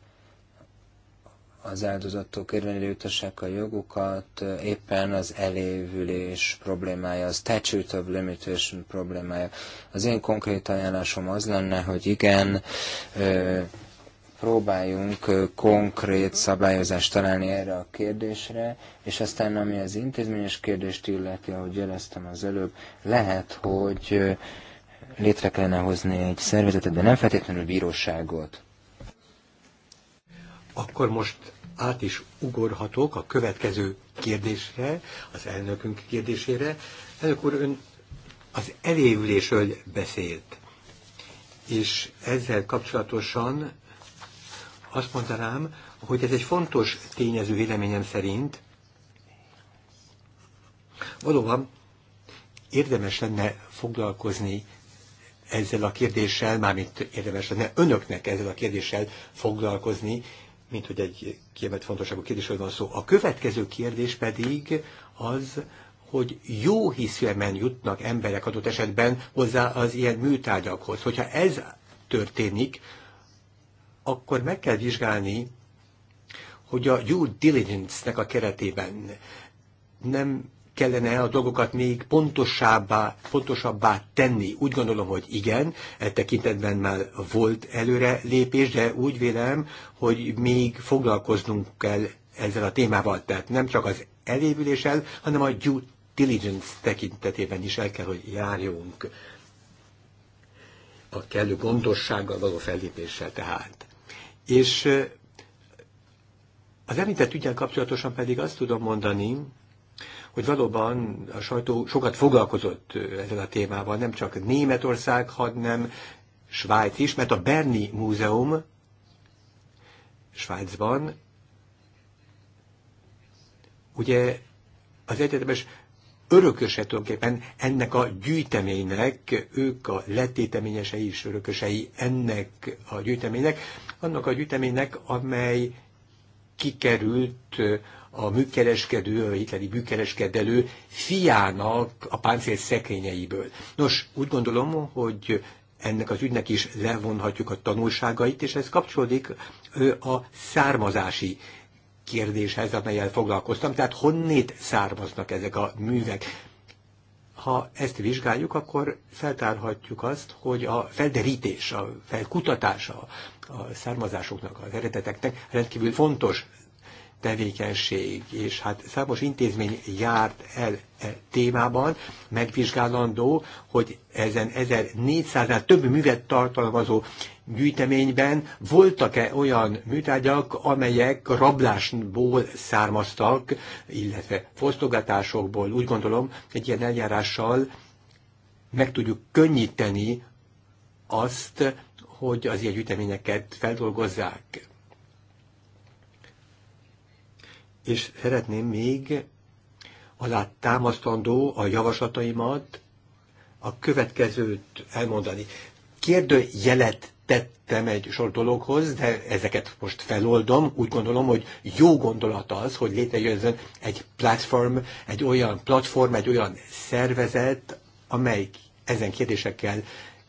az áldozatok érvényre jutassák a jogukat, éppen az elévülés problémája, a statute of limitation problémája. Az én konkrét ajánlásom az lenne, hogy igen, próbáljunk konkrét szabályozást találni erre a kérdésre, és aztán ami az intézményes kérdést illeti, ahogy jeleztem az előbb, lehet, hogy létre kellene hozni egy szervezetet, de nem feltétlenül bíróságot
akkor most át is ugorhatok a következő kérdésre, az elnökünk kérdésére. Elnök úr, ön az elévülésről beszélt, és ezzel kapcsolatosan azt mondanám, hogy ez egy fontos tényező véleményem szerint. Valóban érdemes lenne foglalkozni ezzel a kérdéssel, mármint érdemes lenne önöknek ezzel a kérdéssel foglalkozni, mint hogy egy kiemelt fontosságú kérdésről van szó. A következő kérdés pedig az, hogy jó hiszűen jutnak emberek adott esetben hozzá az ilyen műtárgyakhoz. Hogyha ez történik, akkor meg kell vizsgálni, hogy a due diligence-nek a keretében nem kellene a dolgokat még pontosabbá, pontosabbá tenni. Úgy gondolom, hogy igen, e tekintetben már volt előre lépés, de úgy vélem, hogy még foglalkoznunk kell ezzel a témával. Tehát nem csak az elévüléssel, hanem a due diligence tekintetében is el kell, hogy járjunk a kellő gondossággal való fellépéssel tehát. És az említett ügyen kapcsolatosan pedig azt tudom mondani, hogy valóban a sajtó sokat foglalkozott ezzel a témával, nem csak Németország, hanem Svájc is, mert a Berni Múzeum Svájcban ugye az egyetemes örököse tulajdonképpen ennek a gyűjteménynek, ők a letéteményesei és örökösei ennek a gyűjteménynek, annak a gyűjteménynek, amely kikerült a műkereskedő, a hitleri műkereskedelő fiának a páncél szekrényeiből. Nos, úgy gondolom, hogy ennek az ügynek is levonhatjuk a tanulságait, és ez kapcsolódik a származási kérdéshez, amelyel foglalkoztam. Tehát honnét származnak ezek a művek? Ha ezt vizsgáljuk, akkor feltárhatjuk azt, hogy a felderítés, a felkutatása a származásoknak, az eredeteknek rendkívül fontos tevékenység, és hát számos intézmény járt el e témában, megvizsgálandó, hogy ezen 1400-nál több művet tartalmazó gyűjteményben voltak-e olyan műtárgyak, amelyek rablásból származtak, illetve fosztogatásokból. Úgy gondolom, egy ilyen eljárással meg tudjuk könnyíteni azt, hogy az ilyen gyűjteményeket feldolgozzák. és szeretném még alá támasztandó a javaslataimat a következőt elmondani. Kérdő jelet tettem egy sor dologhoz, de ezeket most feloldom. Úgy gondolom, hogy jó gondolat az, hogy létrejözzön egy platform, egy olyan platform, egy olyan szervezet, amelyik ezen kérdésekkel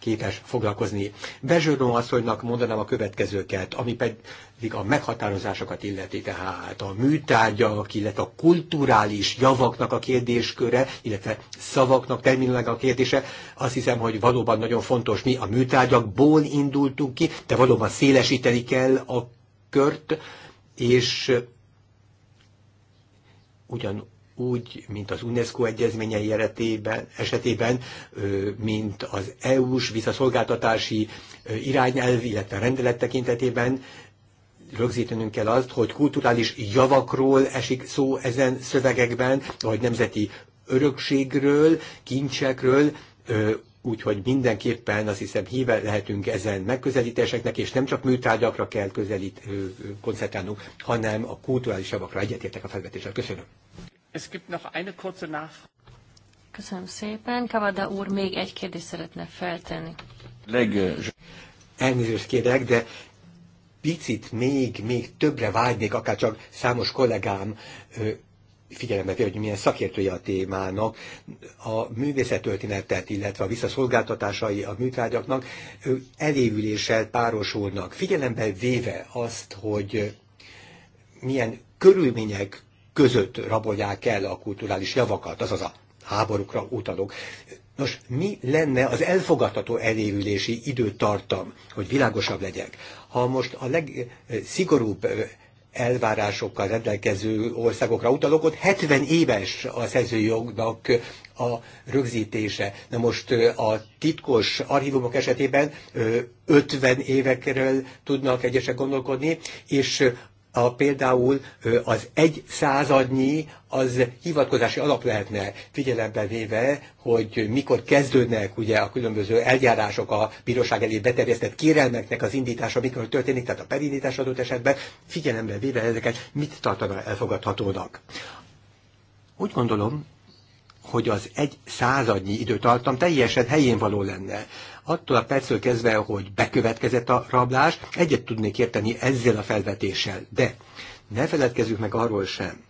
képes foglalkozni. Bezsörnó asszonynak mondanám a következőket, ami pedig a meghatározásokat illeti, tehát a műtárgyak, illetve a kulturális javaknak a kérdésköre, illetve szavaknak, terminleg a kérdése. Azt hiszem, hogy valóban nagyon fontos, mi a műtárgyakból indultunk ki, de valóban szélesíteni kell a kört, és ugyan úgy, mint az UNESCO egyezményei esetében, esetében mint az EU-s visszaszolgáltatási irányelv, illetve rendelet tekintetében rögzítenünk kell azt, hogy kulturális javakról esik szó ezen szövegekben, vagy nemzeti örökségről, kincsekről, úgyhogy mindenképpen azt hiszem híve lehetünk ezen megközelítéseknek, és nem csak műtárgyakra kell közelít, koncentrálnunk, hanem a kulturális javakra egyetértek a felvetésre. Köszönöm. Es gibt noch eine kurze Nachfrage.
Köszönöm szépen. Kavada úr még egy kérdést szeretne feltenni.
Elnézést kérek, de picit még, még többre vágynék, akár csak számos kollégám figyelembe véve, hogy milyen szakértője a témának, a művészettörténetet, illetve a visszaszolgáltatásai a műtrágyaknak elévüléssel párosulnak. Figyelembe véve azt, hogy milyen körülmények között rabolják el a kulturális javakat, azaz a háborúkra utalok. Nos, mi lenne az elfogadható elévülési időtartam, hogy világosabb legyek? Ha most a legszigorúbb eh, eh, elvárásokkal rendelkező országokra utalok, ott 70 éves a szerzőjognak eh, a rögzítése. Na most a titkos archívumok esetében 50 évekről tudnak egyesek gondolkodni, és a például az egy századnyi az hivatkozási alap lehetne figyelembe véve, hogy mikor kezdődnek ugye a különböző eljárások a bíróság elé beterjesztett kérelmeknek az indítása, mikor történik, tehát a perindítás adott esetben figyelembe véve ezeket mit tartana elfogadhatónak. Úgy gondolom, hogy az egy századnyi időtartam teljesen helyén való lenne attól a perctől kezdve, hogy bekövetkezett a rablás, egyet tudnék érteni ezzel a felvetéssel, de ne feledkezzük meg arról sem,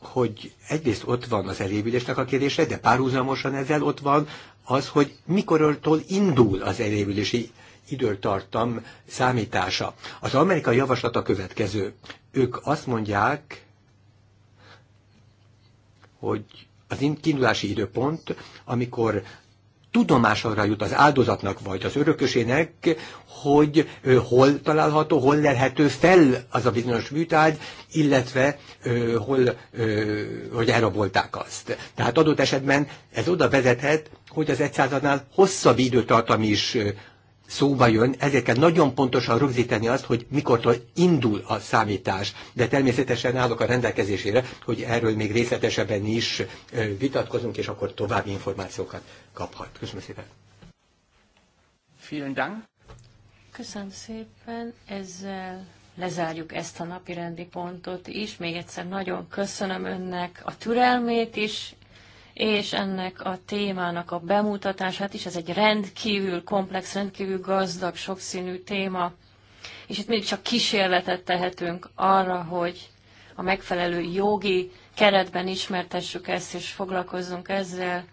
hogy egyrészt ott van az elévülésnek a kérdése, de párhuzamosan ezzel ott van az, hogy mikortól indul az elévülési időtartam számítása. Az amerikai javaslat a következő. Ők azt mondják, hogy az kiindulási időpont, amikor tudomásra jut az áldozatnak vagy az örökösének, hogy hol található, hol lelhető fel az a bizonyos műtárgy, illetve hol, hogy elrabolták azt. Tehát adott esetben ez oda vezethet, hogy az egyszázadnál hosszabb időtartam is szóba jön, ezért kell nagyon pontosan rögzíteni azt, hogy mikortól indul a számítás, de természetesen állok a rendelkezésére, hogy erről még részletesebben is vitatkozunk, és akkor további információkat kaphat. Köszönöm szépen. Vielen Dank.
Köszönöm szépen. Ezzel lezárjuk ezt a napi rendi pontot is. Még egyszer nagyon köszönöm önnek a türelmét is, és ennek a témának a bemutatását is. Ez egy rendkívül komplex, rendkívül gazdag, sokszínű téma, és itt mindig csak kísérletet tehetünk arra, hogy a megfelelő jogi keretben ismertessük ezt, és foglalkozzunk ezzel,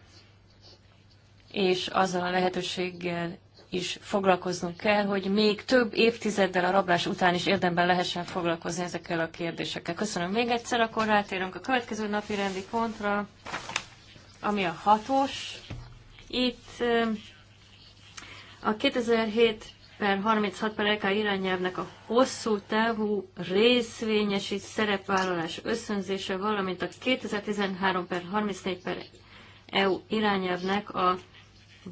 és azzal a lehetőséggel is foglalkoznunk kell, hogy még több évtizeddel a rablás után is érdemben lehessen foglalkozni ezekkel a kérdésekkel. Köszönöm még egyszer, akkor rátérünk a következő napi rendi pontra ami a hatos. Itt a 2007 per 36 per LK irányelvnek a hosszú távú részvényesi szerepvállalás összönzése, valamint a 2013 per 34 per EU irányelvnek a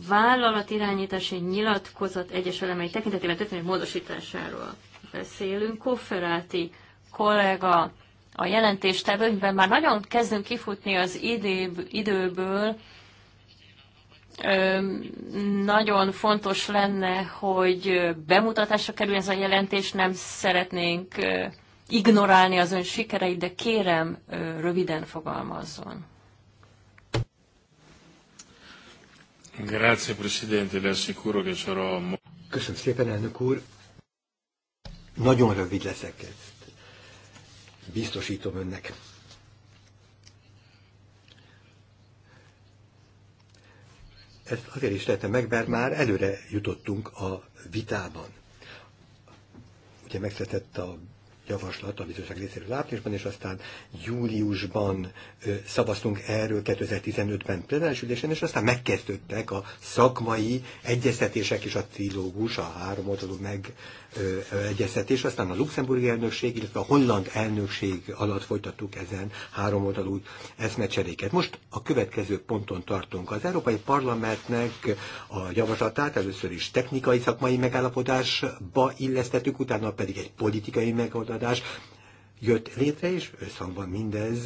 vállalat irányítási nyilatkozat egyes elemei tekintetében történő módosításáról beszélünk. Kofferáti kollega a jelentéstevőnkben már nagyon kezdünk kifutni az idő, időből, nagyon fontos lenne, hogy bemutatásra kerül ez a jelentés, nem szeretnénk ignorálni az ön sikereit, de kérem, röviden fogalmazzon.
Grazie Presidente, le assicuro che sarò... Köszönöm szépen, elnök úr. Nagyon rövid leszek ez biztosítom önnek. Ezt azért is tettem meg, mert már előre jutottunk a vitában. Ugye megszületett a javaslat a bizottság részéről áprilisban, és aztán júliusban szavaztunk erről 2015-ben plenáris ülésen, és aztán megkezdődtek a szakmai egyeztetések és a trilógus, a oldalú meg egyeztetés, aztán a luxemburgi elnökség, illetve a holland elnökség alatt folytattuk ezen három oldalú eszmecseréket. Most a következő ponton tartunk. Az Európai Parlamentnek a javaslatát először is technikai szakmai megállapodásba illesztettük, utána pedig egy politikai megoldás jött létre, és összhangban mindez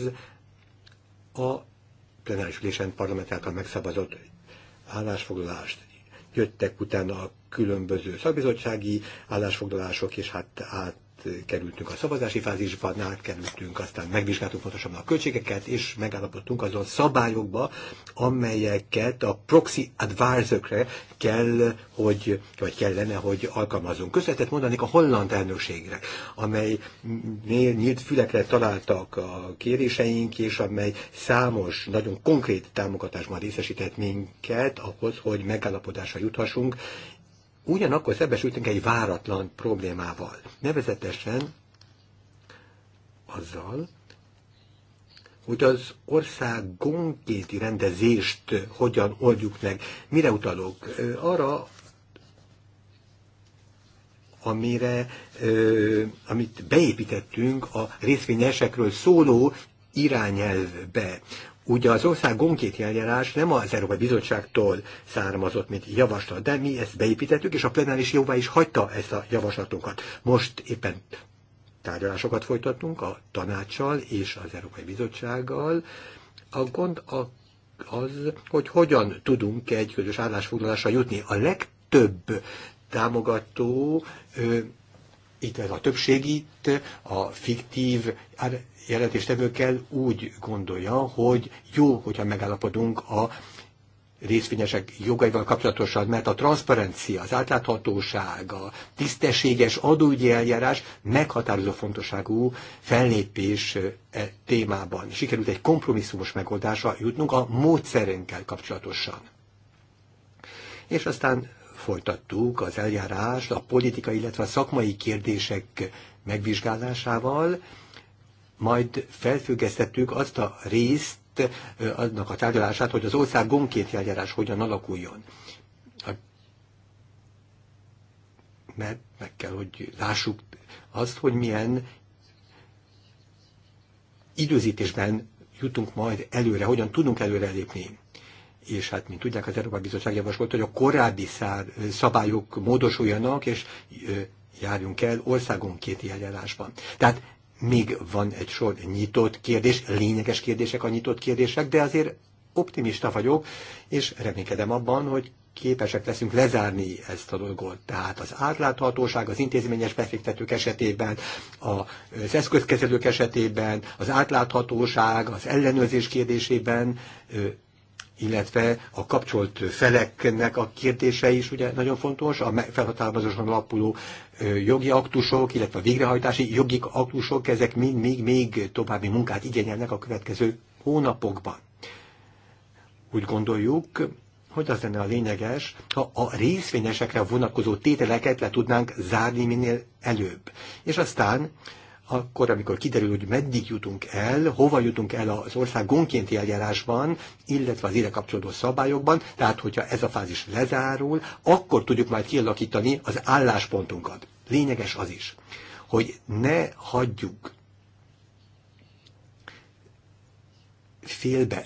a plenáris ülésen parlament által megszabadott állásfoglalást. Jöttek utána a különböző szakbizottsági állásfoglalások, és hát át átkerültünk a szavazási fázisban, átkerültünk, aztán megvizsgáltuk pontosabban a költségeket, és megállapodtunk azon szabályokba, amelyeket a proxy advisorkre kell, hogy, vagy kellene, hogy alkalmazunk. Köszönetet mondanék a holland elnökségre, amely nyílt fülekre találtak a kéréseink, és amely számos, nagyon konkrét támogatásban részesített minket ahhoz, hogy megállapodásra juthassunk, Ugyanakkor szembesültünk egy váratlan problémával, nevezetesen azzal, hogy az ország gonkéti rendezést hogyan oldjuk meg. Mire utalok? Arra, amire, amit beépítettünk a részvényesekről szóló irányelvbe. Ugye az ország gonkéti eljárás nem az Európai Bizottságtól származott, mint javaslat, de mi ezt beépítettük, és a plenáris jóvá is hagyta ezt a javaslatunkat. Most éppen tárgyalásokat folytatunk a tanácssal és az Európai Bizottsággal. A gond a, az, hogy hogyan tudunk egy közös állásfoglalásra jutni. A legtöbb támogató, ö, itt ez a többség itt a fiktív jelentéstevőkkel úgy gondolja, hogy jó, hogyha megállapodunk a részvényesek jogaival kapcsolatosan, mert a transzparencia, az átláthatóság, a tisztességes adóügyi eljárás meghatározó fontosságú fellépés e témában. Sikerült egy kompromisszumos megoldásra jutnunk a módszerünkkel kapcsolatosan. És aztán folytattuk az eljárást a politikai, illetve a szakmai kérdések megvizsgálásával, majd felfüggesztettük azt a részt, annak a tárgyalását, hogy az ország gomként eljárás hogyan alakuljon. Mert meg kell, hogy lássuk azt, hogy milyen időzítésben jutunk majd előre, hogyan tudunk előre lépni, És hát, mint tudják, az Európai Bizottság javasolt, hogy a korábbi szár, szabályok módosuljanak, és járjunk el országonkénti eljárásban. Tehát még van egy sor nyitott kérdés, lényeges kérdések a nyitott kérdések, de azért optimista vagyok, és reménykedem abban, hogy képesek leszünk lezárni ezt a dolgot. Tehát az átláthatóság az intézményes befektetők esetében, az eszközkezelők esetében, az átláthatóság, az ellenőrzés kérdésében illetve a kapcsolt feleknek a kérdése is ugye nagyon fontos, a felhatalmazáson alapuló jogi aktusok, illetve a végrehajtási jogi aktusok, ezek mind még, még további munkát igényelnek a következő hónapokban. Úgy gondoljuk, hogy az lenne a lényeges, ha a részvényesekre vonatkozó tételeket le tudnánk zárni minél előbb. És aztán akkor, amikor kiderül, hogy meddig jutunk el, hova jutunk el az ország gonkénti eljárásban, illetve az ide kapcsolódó szabályokban, tehát hogyha ez a fázis lezárul, akkor tudjuk majd kialakítani az álláspontunkat. Lényeges az is, hogy ne hagyjuk félbe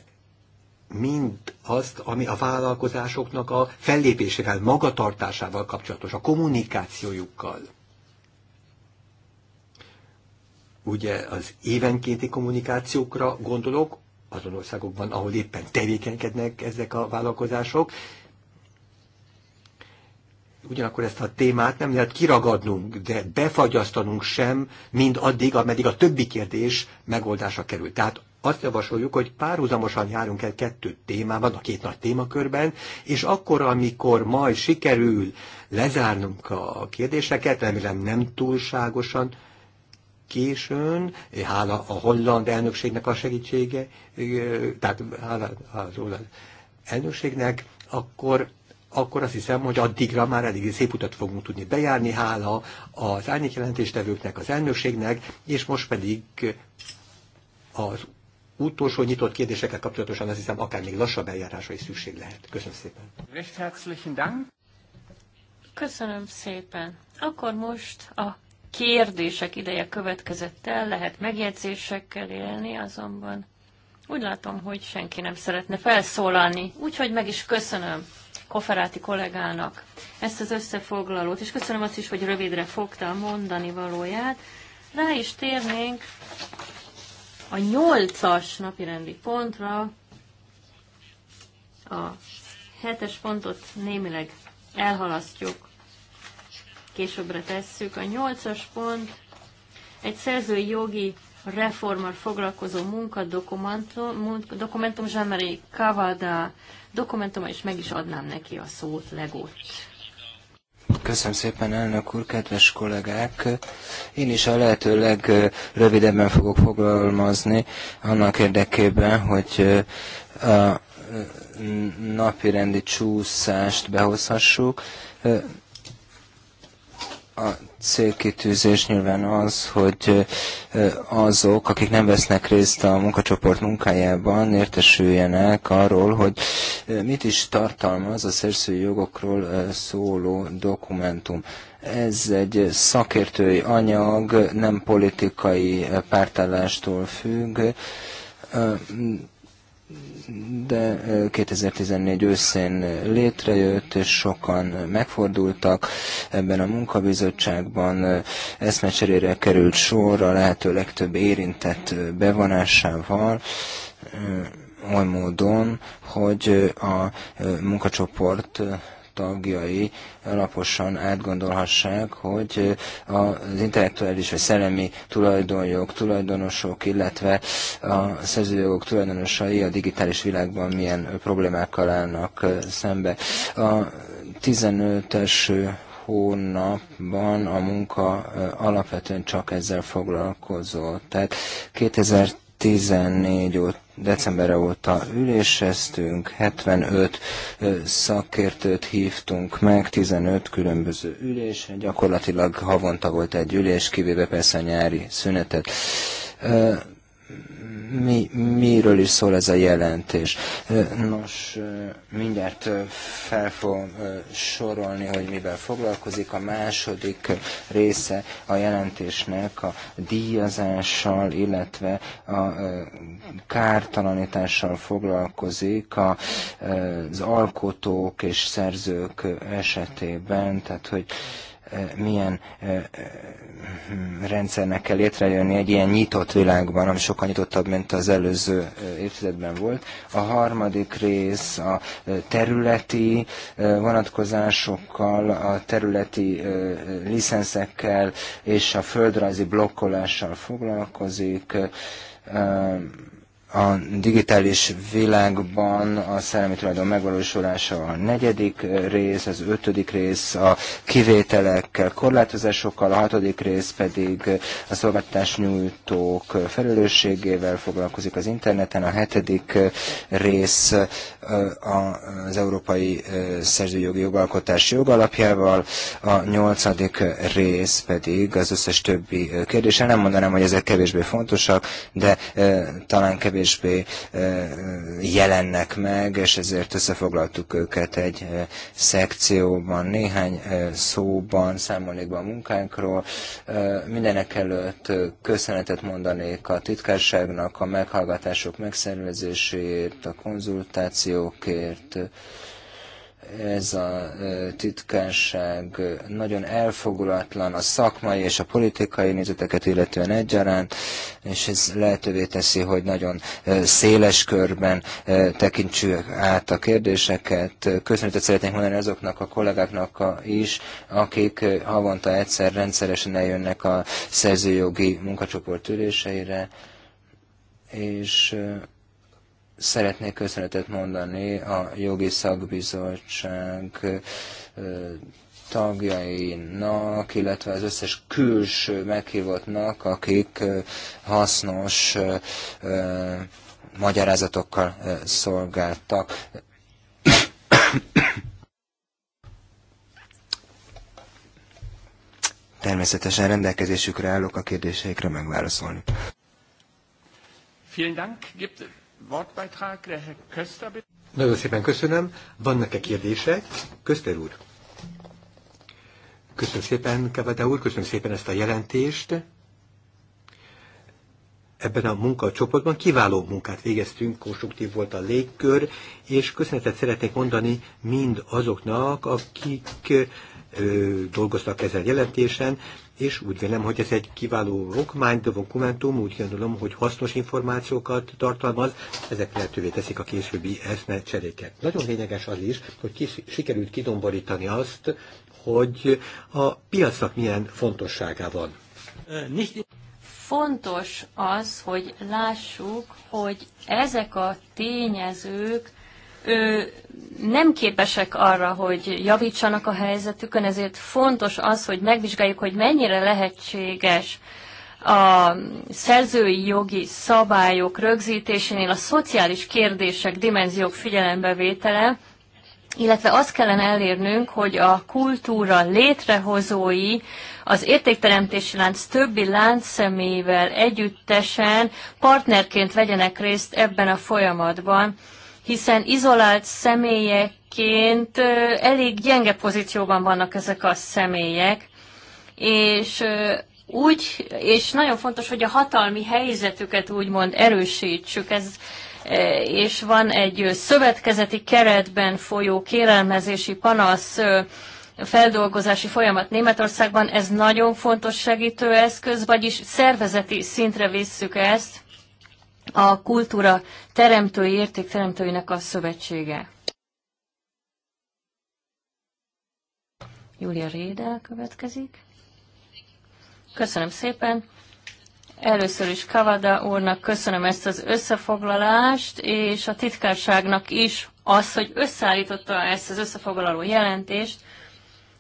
mind azt, ami a vállalkozásoknak a fellépésével, magatartásával kapcsolatos, a kommunikációjukkal ugye az évenkénti kommunikációkra gondolok, azon országokban, ahol éppen tevékenykednek ezek a vállalkozások. Ugyanakkor ezt a témát nem lehet kiragadnunk, de befagyasztanunk sem, mind addig, ameddig a többi kérdés megoldásra kerül. Tehát azt javasoljuk, hogy párhuzamosan járunk el kettő témában, a két nagy témakörben, és akkor, amikor majd sikerül lezárnunk a kérdéseket, remélem nem túlságosan későn, hála a holland elnökségnek a segítsége, tehát hála az holland elnökségnek, akkor akkor azt hiszem, hogy addigra már elég szép utat fogunk tudni bejárni, hála az árnyékjelentéstevőknek, az elnökségnek, és most pedig az utolsó nyitott kérdésekkel kapcsolatosan azt hiszem, akár még lassabb eljárásra is szükség lehet. Köszönöm szépen.
Köszönöm szépen. Akkor most a kérdések ideje következett el, lehet megjegyzésekkel élni, azonban úgy látom, hogy senki nem szeretne felszólalni. Úgyhogy meg is köszönöm Koferáti kollégának ezt az összefoglalót, és köszönöm azt is, hogy rövidre fogta a mondani valóját. Rá is térnénk a nyolcas napirendi pontra, a hetes pontot némileg elhalasztjuk későbbre tesszük. A nyolcas pont egy szerzői jogi reformmal foglalkozó munkadokumentum, dokumentum dokumentum marie Cavada dokumentuma, és meg is adnám neki a szót legott.
Köszönöm szépen, elnök úr, kedves kollégák! Én is a lehető legrövidebben fogok foglalmazni annak érdekében, hogy a napirendi csúszást behozhassuk a célkitűzés nyilván az, hogy azok, akik nem vesznek részt a munkacsoport munkájában, értesüljenek arról, hogy mit is tartalmaz a szerzői jogokról szóló dokumentum. Ez egy szakértői anyag, nem politikai pártállástól függ de 2014 őszén létrejött, és sokan megfordultak ebben a munkabizottságban. Eszmecserére került sor a lehető legtöbb érintett bevonásával, oly módon, hogy a munkacsoport tagjai alaposan átgondolhassák, hogy az intellektuális vagy szellemi tulajdonjog, tulajdonosok, illetve a szerzőjogok tulajdonosai a digitális világban milyen problémákkal állnak szembe. A 15-es hónapban a munka alapvetően csak ezzel foglalkozott. Tehát 2000 14. 2014 decemberre óta üléseztünk, 75 szakértőt hívtunk meg, 15 különböző ülés, gyakorlatilag havonta volt egy ülés, kivéve persze a nyári szünetet mi, miről is szól ez a jelentés. Nos, mindjárt fel fogom sorolni, hogy mivel foglalkozik. A második része a jelentésnek a díjazással, illetve a kártalanítással foglalkozik az alkotók és szerzők esetében, tehát hogy Eh, milyen eh, eh, rendszernek kell létrejönni egy ilyen nyitott világban, ami sokkal nyitottabb, mint az előző évtizedben volt. A harmadik rész a területi vonatkozásokkal, a területi licenszekkel és a földrajzi blokkolással foglalkozik a digitális világban a szellemi tulajdon megvalósulása a negyedik rész, az ötödik rész a kivételekkel, korlátozásokkal, a hatodik rész pedig a szolgáltatásnyújtók felelősségével foglalkozik az interneten, a hetedik rész az európai szerzőjogi jogalkotás jogalapjával, a nyolcadik rész pedig az összes többi kérdése. Nem mondanám, hogy ezek kevésbé fontosak, de eh, talán kevésbé kevésbé jelennek meg, és ezért összefoglaltuk őket egy szekcióban, néhány szóban, számolékban a munkánkról. Mindenek előtt köszönetet mondanék a titkárságnak a meghallgatások megszervezéséért, a konzultációkért, ez a titkárság nagyon elfogulatlan a szakmai és a politikai nézeteket illetően egyaránt, és ez lehetővé teszi, hogy nagyon széles körben tekintsük át a kérdéseket. Köszönetet szeretnék mondani azoknak a kollégáknak is, akik havonta egyszer rendszeresen eljönnek a szerzőjogi munkacsoport üléseire, és Szeretnék köszönetet mondani a jogi szakbizottság tagjainak, illetve az összes külső meghívottnak, akik hasznos magyarázatokkal szolgáltak. Természetesen
rendelkezésükre állok a kérdéseikre megválaszolni. Vielen
Dank. Gibt
nagyon szépen köszönöm. Vannak-e kérdések? Köszter úr. Köszönöm szépen, Kavada úr, köszönöm szépen ezt a jelentést. Ebben a munkacsoportban kiváló munkát végeztünk, konstruktív volt a légkör, és köszönetet szeretnék mondani mind azoknak, akik ö, dolgoztak ezen jelentésen, és úgy vélem, hogy ez egy kiváló okmány, dokumentum, úgy gondolom, hogy hasznos információkat tartalmaz, ezek lehetővé teszik a későbbi cseréket. Nagyon lényeges az is, hogy ki, sikerült kidomborítani azt, hogy a piacnak milyen fontossága van.
Fontos az, hogy lássuk, hogy ezek a tényezők nem képesek arra, hogy javítsanak a helyzetükön, ezért fontos az, hogy megvizsgáljuk, hogy mennyire lehetséges a szerzői jogi szabályok rögzítésénél a szociális kérdések, dimenziók figyelembevétele, illetve azt kellene elérnünk, hogy a kultúra létrehozói az értékteremtési lánc többi láncszemével együttesen partnerként vegyenek részt ebben a folyamatban hiszen izolált személyeként elég gyenge pozícióban vannak ezek a személyek, és úgy, és nagyon fontos, hogy a hatalmi helyzetüket úgymond erősítsük. Ez, és van egy szövetkezeti keretben folyó kérelmezési panasz feldolgozási folyamat Németországban, ez nagyon fontos segítő eszköz, vagyis szervezeti szintre visszük ezt, a kultúra teremtői, értékteremtőinek a szövetsége. Júlia Rédel következik. Köszönöm szépen. Először is Kavada úrnak köszönöm ezt az összefoglalást, és a titkárságnak is az, hogy összeállította ezt az összefoglaló jelentést.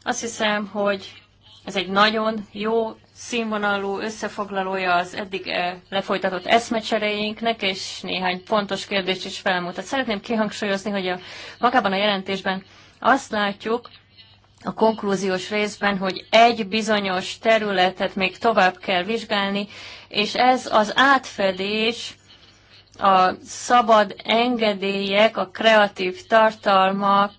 Azt hiszem, hogy ez egy nagyon jó színvonalú összefoglalója az eddig eh, lefolytatott eszmecsereinknek, és néhány pontos kérdést is felmutat. Szeretném kihangsúlyozni, hogy a, magában a jelentésben azt látjuk, a konklúziós részben, hogy egy bizonyos területet még tovább kell vizsgálni, és ez az átfedés a szabad engedélyek, a kreatív tartalmak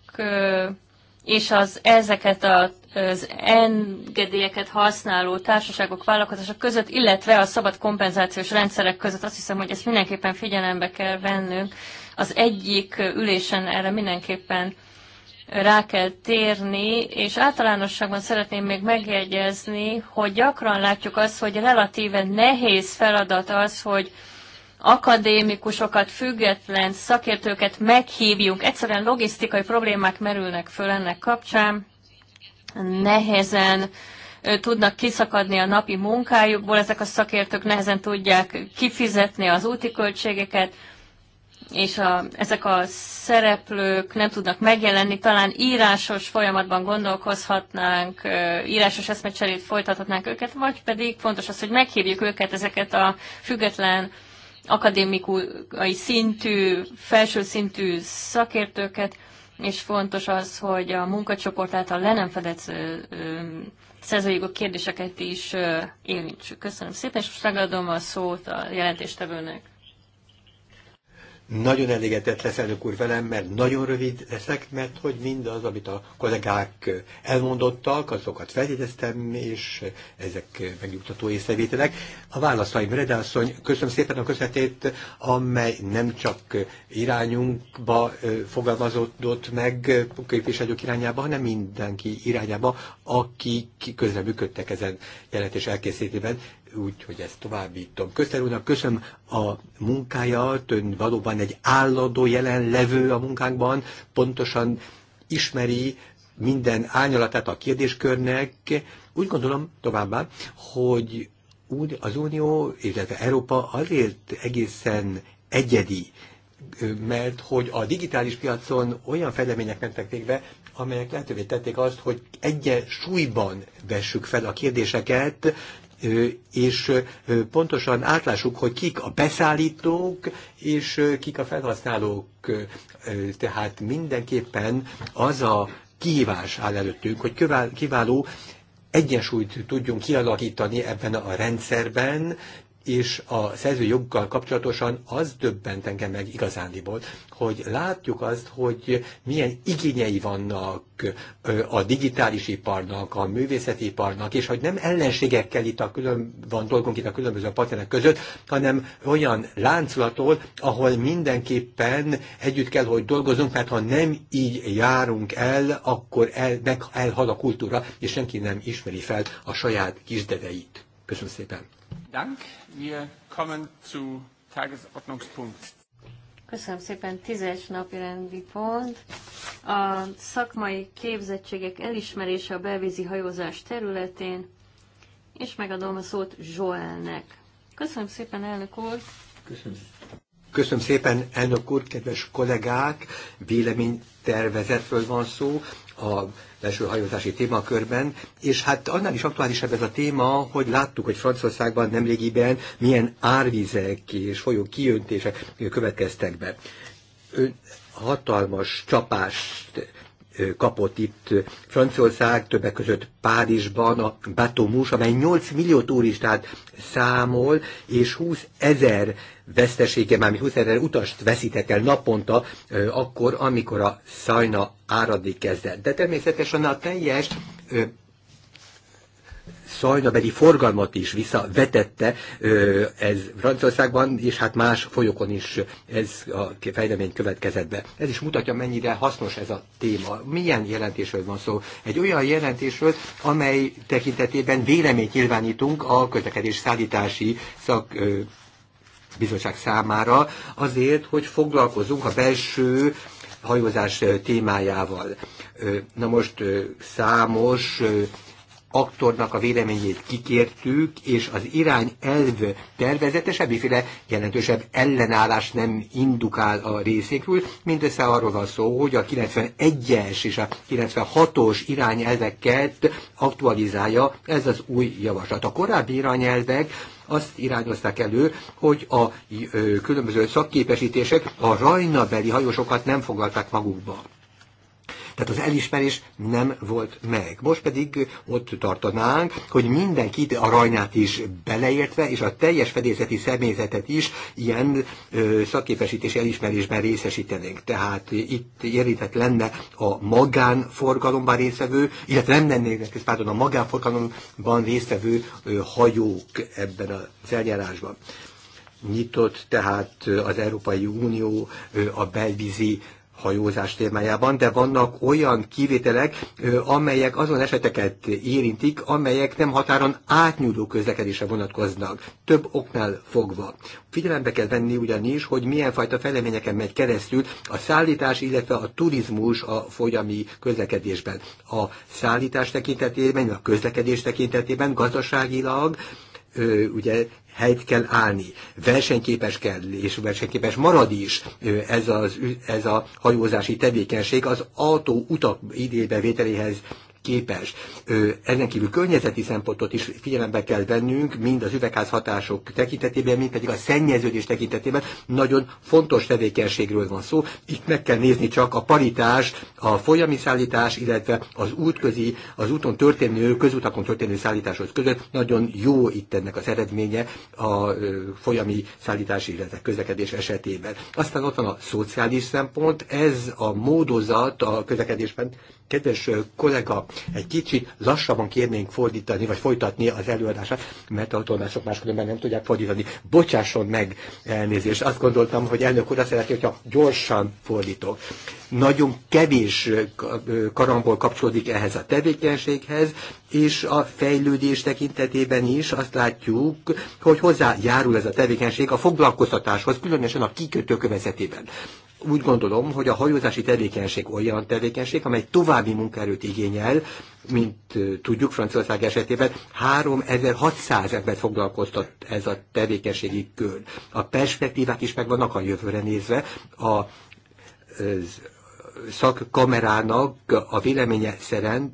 és az ezeket a az engedélyeket használó társaságok, vállalkozások között, illetve a szabad kompenzációs rendszerek között. Azt hiszem, hogy ezt mindenképpen figyelembe kell vennünk. Az egyik ülésen erre mindenképpen rá kell térni, és általánosságban szeretném még megjegyezni, hogy gyakran látjuk azt, hogy relatíven nehéz feladat az, hogy akadémikusokat, független szakértőket meghívjunk. Egyszerűen logisztikai problémák merülnek föl ennek kapcsán, nehezen tudnak kiszakadni a napi munkájukból, ezek a szakértők nehezen tudják kifizetni az úti költségeket, és a, ezek a szereplők nem tudnak megjelenni, talán írásos folyamatban gondolkozhatnánk, írásos eszmecserét folytathatnánk őket, vagy pedig fontos az, hogy meghívjuk őket, ezeket a független akadémikai szintű, felső szintű szakértőket, és fontos az, hogy a munkacsoport által le nem fedett szerzőjogok kérdéseket is érintsük. Köszönöm szépen, és most megadom a szót a jelentéstevőnek.
Nagyon elégedett lesz elnök úr velem, mert nagyon rövid leszek, mert hogy mindaz, amit a kollégák elmondottak, azokat feljegyeztem, és ezek megnyugtató észrevételek. A válaszaim, Redászony, köszönöm szépen a közvetét, amely nem csak irányunkba fogalmazódott meg képviselők irányába, hanem mindenki irányába, akik közreműködtek ezen jelentés elkészítében úgy, hogy ezt továbbítom. Köszönöm úrnak, köszönöm a munkáját, ön valóban egy állandó jelenlevő a munkánkban, pontosan ismeri minden ányalatát a kérdéskörnek. Úgy gondolom továbbá, hogy úgy az Unió, illetve Európa azért egészen egyedi, mert hogy a digitális piacon olyan fejlemények mentek végbe, amelyek lehetővé tették azt, hogy egyes súlyban vessük fel a kérdéseket, és pontosan átlássuk, hogy kik a beszállítók és kik a felhasználók. Tehát mindenképpen az a kihívás áll előttünk, hogy kiváló egyensúlyt tudjunk kialakítani ebben a rendszerben, és a szerző joggal kapcsolatosan az döbbent engem meg igazándiból, hogy látjuk azt, hogy milyen igényei vannak a digitális iparnak, a művészeti iparnak, és hogy nem ellenségekkel itt a külön, van dolgunk itt a különböző partnerek között, hanem olyan láncolatól, ahol mindenképpen együtt kell, hogy dolgozunk, mert ha nem így járunk el, akkor el, meg elhal a kultúra, és senki nem ismeri fel a saját kisdedeit. Köszönöm szépen! Dank. Wir kommen zu Tagesordnungspunkt.
Köszönöm szépen, tízes napi rendi pont. A szakmai képzettségek elismerése a belvízi hajózás területén, és megadom a szót Joelnek. Köszönöm szépen, elnök úr!
Köszönöm. Köszönöm szépen, elnök úr, kedves kollégák! Véleménytervezetről van szó, a belső hajózási témakörben, és hát annál is aktuálisabb ez a téma, hogy láttuk, hogy Franciaországban nemrégiben milyen árvizek és folyó kiöntések következtek be. Ön hatalmas csapást kapott itt Franciaország, többek között Párizsban a Batomus, amely 8 millió turistát számol, és 20 ezer vesztesége, már 20 ezer utast veszítek el naponta, akkor, amikor a szajna áradni kezdett. De természetesen a teljes szajnabeli forgalmat is visszavetette ez Franciaországban, és hát más folyokon is ez a fejlemény következett be. Ez is mutatja, mennyire hasznos ez a téma. Milyen jelentésről van szó? Egy olyan jelentésről, amely tekintetében véleményt nyilvánítunk a közlekedés szállítási szak bizottság számára, azért, hogy foglalkozunk a belső hajózás témájával. Na most számos aktornak a véleményét kikértük, és az irány elv tervezete semmiféle jelentősebb ellenállás nem indukál a részékről. Mindössze arról van szó, hogy a 91-es és a 96-os irányelveket aktualizálja ez az új javaslat. A korábbi irányelvek azt irányozták elő, hogy a különböző szakképesítések a rajnabeli hajósokat nem foglalták magukba. Tehát az elismerés nem volt meg. Most pedig ott tartanánk, hogy mindenkit aranyát is beleértve, és a teljes fedélzeti személyzetet is ilyen ö, szakképesítési elismerésben részesítenénk. Tehát itt érintett lenne a magánforgalomban résztvevő, illetve nem lennének, ez pardon, a magánforgalomban résztvevő ö, hajók ebben az eljárásban nyitott, tehát az Európai Unió a belvízi hajózás témájában, de vannak olyan kivételek, amelyek azon eseteket érintik, amelyek nem határon átnyúló közlekedésre vonatkoznak, több oknál fogva. Figyelembe kell venni ugyanis, hogy milyen fajta fejleményeken megy keresztül a szállítás, illetve a turizmus a folyami közlekedésben. A szállítás tekintetében, a közlekedés tekintetében gazdaságilag ugye helyt kell állni. Versenyképes kell, és versenyképes marad is ez, az, ez a hajózási tevékenység az autó utak idébevételéhez képes. Ezen kívül környezeti szempontot is figyelembe kell vennünk, mind az üvegházhatások tekintetében, mind pedig a szennyeződés tekintetében. Nagyon fontos tevékenységről van szó. Itt meg kell nézni csak a paritás, a folyami szállítás, illetve az útközi, az úton történő, közutakon történő szállításhoz között. Nagyon jó itt ennek az eredménye a folyami szállítás, illetve közlekedés esetében. Aztán ott van a szociális szempont, ez a módozat a közlekedésben kedves kollega, egy kicsit lassabban kérnénk fordítani, vagy folytatni az előadását, mert a tolmások máskülönben nem tudják fordítani. Bocsásson meg elnézést. Azt gondoltam, hogy elnök úr azt hogyha gyorsan fordítok. Nagyon kevés karamból kapcsolódik ehhez a tevékenységhez, és a fejlődés tekintetében is azt látjuk, hogy hozzájárul ez a tevékenység a foglalkoztatáshoz, különösen a kikötő kövezetében úgy gondolom, hogy a hajózási tevékenység olyan tevékenység, amely további munkaerőt igényel, mint tudjuk Franciaország esetében, 3600 embert foglalkoztat ez a tevékenységi kör. A perspektívák is megvannak a jövőre nézve, a szakkamerának a véleménye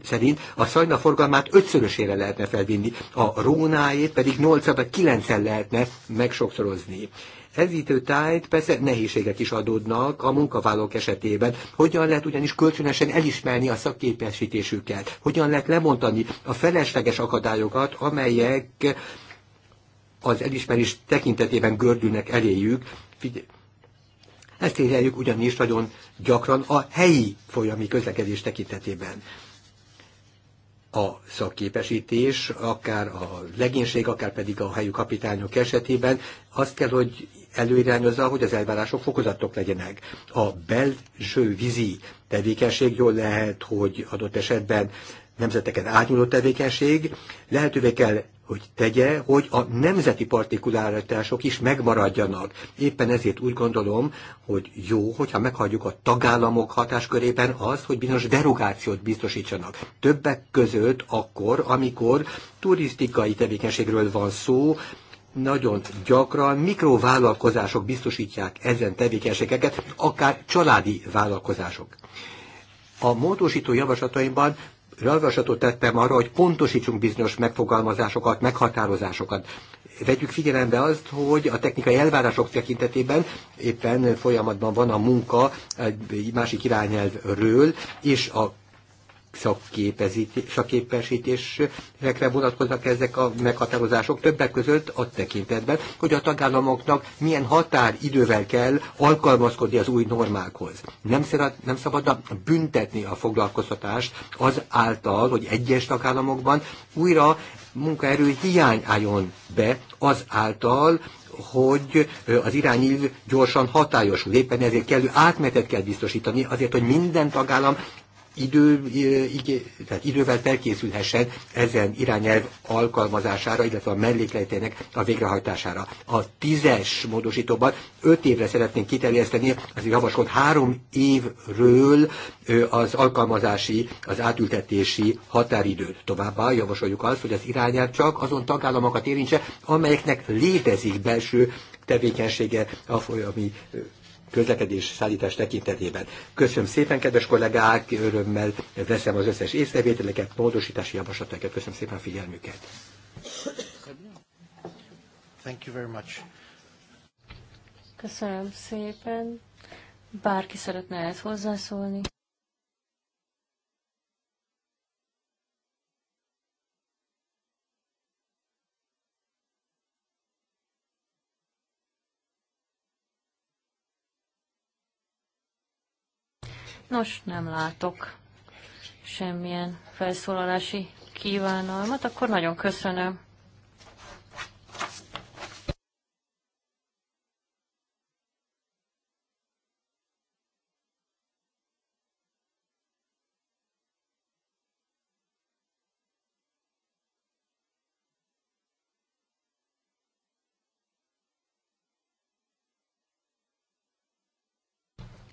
szerint a szajna forgalmát ötszörösére lehetne felvinni, a rónáét pedig 8 9 lehetne megsokszorozni. Ez tájt persze nehézségek is adódnak a munkavállalók esetében. Hogyan lehet ugyanis kölcsönösen elismerni a szakképesítésüket? Hogyan lehet lemondani a felesleges akadályokat, amelyek az elismerés tekintetében gördülnek eléjük? Figy- ezt éreljük ugyanis nagyon gyakran a helyi folyami közlekedés tekintetében a szakképesítés, akár a legénység, akár pedig a helyi kapitányok esetében azt kell, hogy előirányozza, hogy az elvárások fokozatok legyenek. A belső vízi tevékenység jól lehet, hogy adott esetben nemzeteken átnyúló tevékenység, lehetővé kell hogy tegye, hogy a nemzeti partikuláritások is megmaradjanak. Éppen ezért úgy gondolom, hogy jó, hogyha meghagyjuk a tagállamok hatáskörében az, hogy bizonyos derogációt biztosítsanak. Többek között akkor, amikor turisztikai tevékenységről van szó, nagyon gyakran mikrovállalkozások biztosítják ezen tevékenységeket, akár családi vállalkozások. A módosító javaslataimban javaslatot tettem arra, hogy pontosítsunk bizonyos megfogalmazásokat, meghatározásokat. Vegyük figyelembe azt, hogy a technikai elvárások tekintetében éppen folyamatban van a munka egy másik irányelvről, és a szakképesítésekre vonatkoznak ezek a meghatározások többek között a tekintetben, hogy a tagállamoknak milyen határidővel kell alkalmazkodni az új normákhoz. Nem, szerad, nem szabadna büntetni a foglalkoztatást az által, hogy egyes tagállamokban újra munkaerő hiány álljon be az által, hogy az irányív gyorsan hatályosul. Éppen ezért kellő átmetet kell biztosítani, azért, hogy minden tagállam idő, tehát idővel felkészülhessen ezen irányelv alkalmazására, illetve a mellékletének a végrehajtására. A tízes módosítóban öt évre szeretnénk kiterjeszteni az javaslott három évről az alkalmazási, az átültetési határidőt. Továbbá javasoljuk azt, hogy az irányelv csak azon tagállamokat érintse, amelyeknek létezik belső tevékenysége ami közlekedés szállítás tekintetében. Köszönöm szépen, kedves kollégák, örömmel veszem az összes észrevételeket, módosítási javaslatokat. Köszönöm szépen a figyelmüket.
Thank you very much.
Köszönöm szépen. Bárki szeretne ezt hozzászólni? Nos, nem látok semmilyen felszólalási kívánalmat, akkor nagyon köszönöm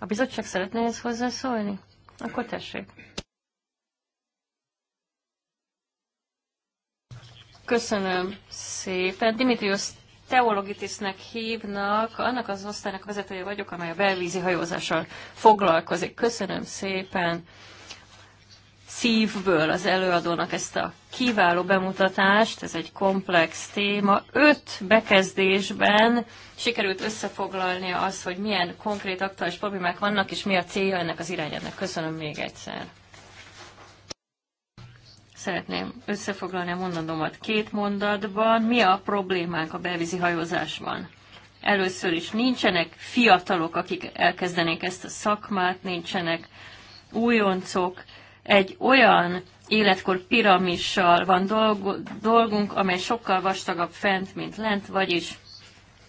A bizottság szeretné ezt hozzászólni? Akkor tessék. Köszönöm szépen. Dimitrios Teologitisnek hívnak, annak az osztálynak vezetője vagyok, amely a belvízi hajózással foglalkozik. Köszönöm szépen szívből az előadónak ezt a kiváló bemutatást, ez egy komplex téma. Öt bekezdésben sikerült összefoglalni az, hogy milyen konkrét aktuális problémák vannak, és mi a célja ennek az irányának. Köszönöm még egyszer. Szeretném összefoglalni a mondandómat két mondatban. Mi a problémánk a belvízi hajózásban? Először is nincsenek fiatalok, akik elkezdenék ezt a szakmát, nincsenek újoncok, egy olyan életkor piramissal van dolgunk, amely sokkal vastagabb fent, mint lent, vagyis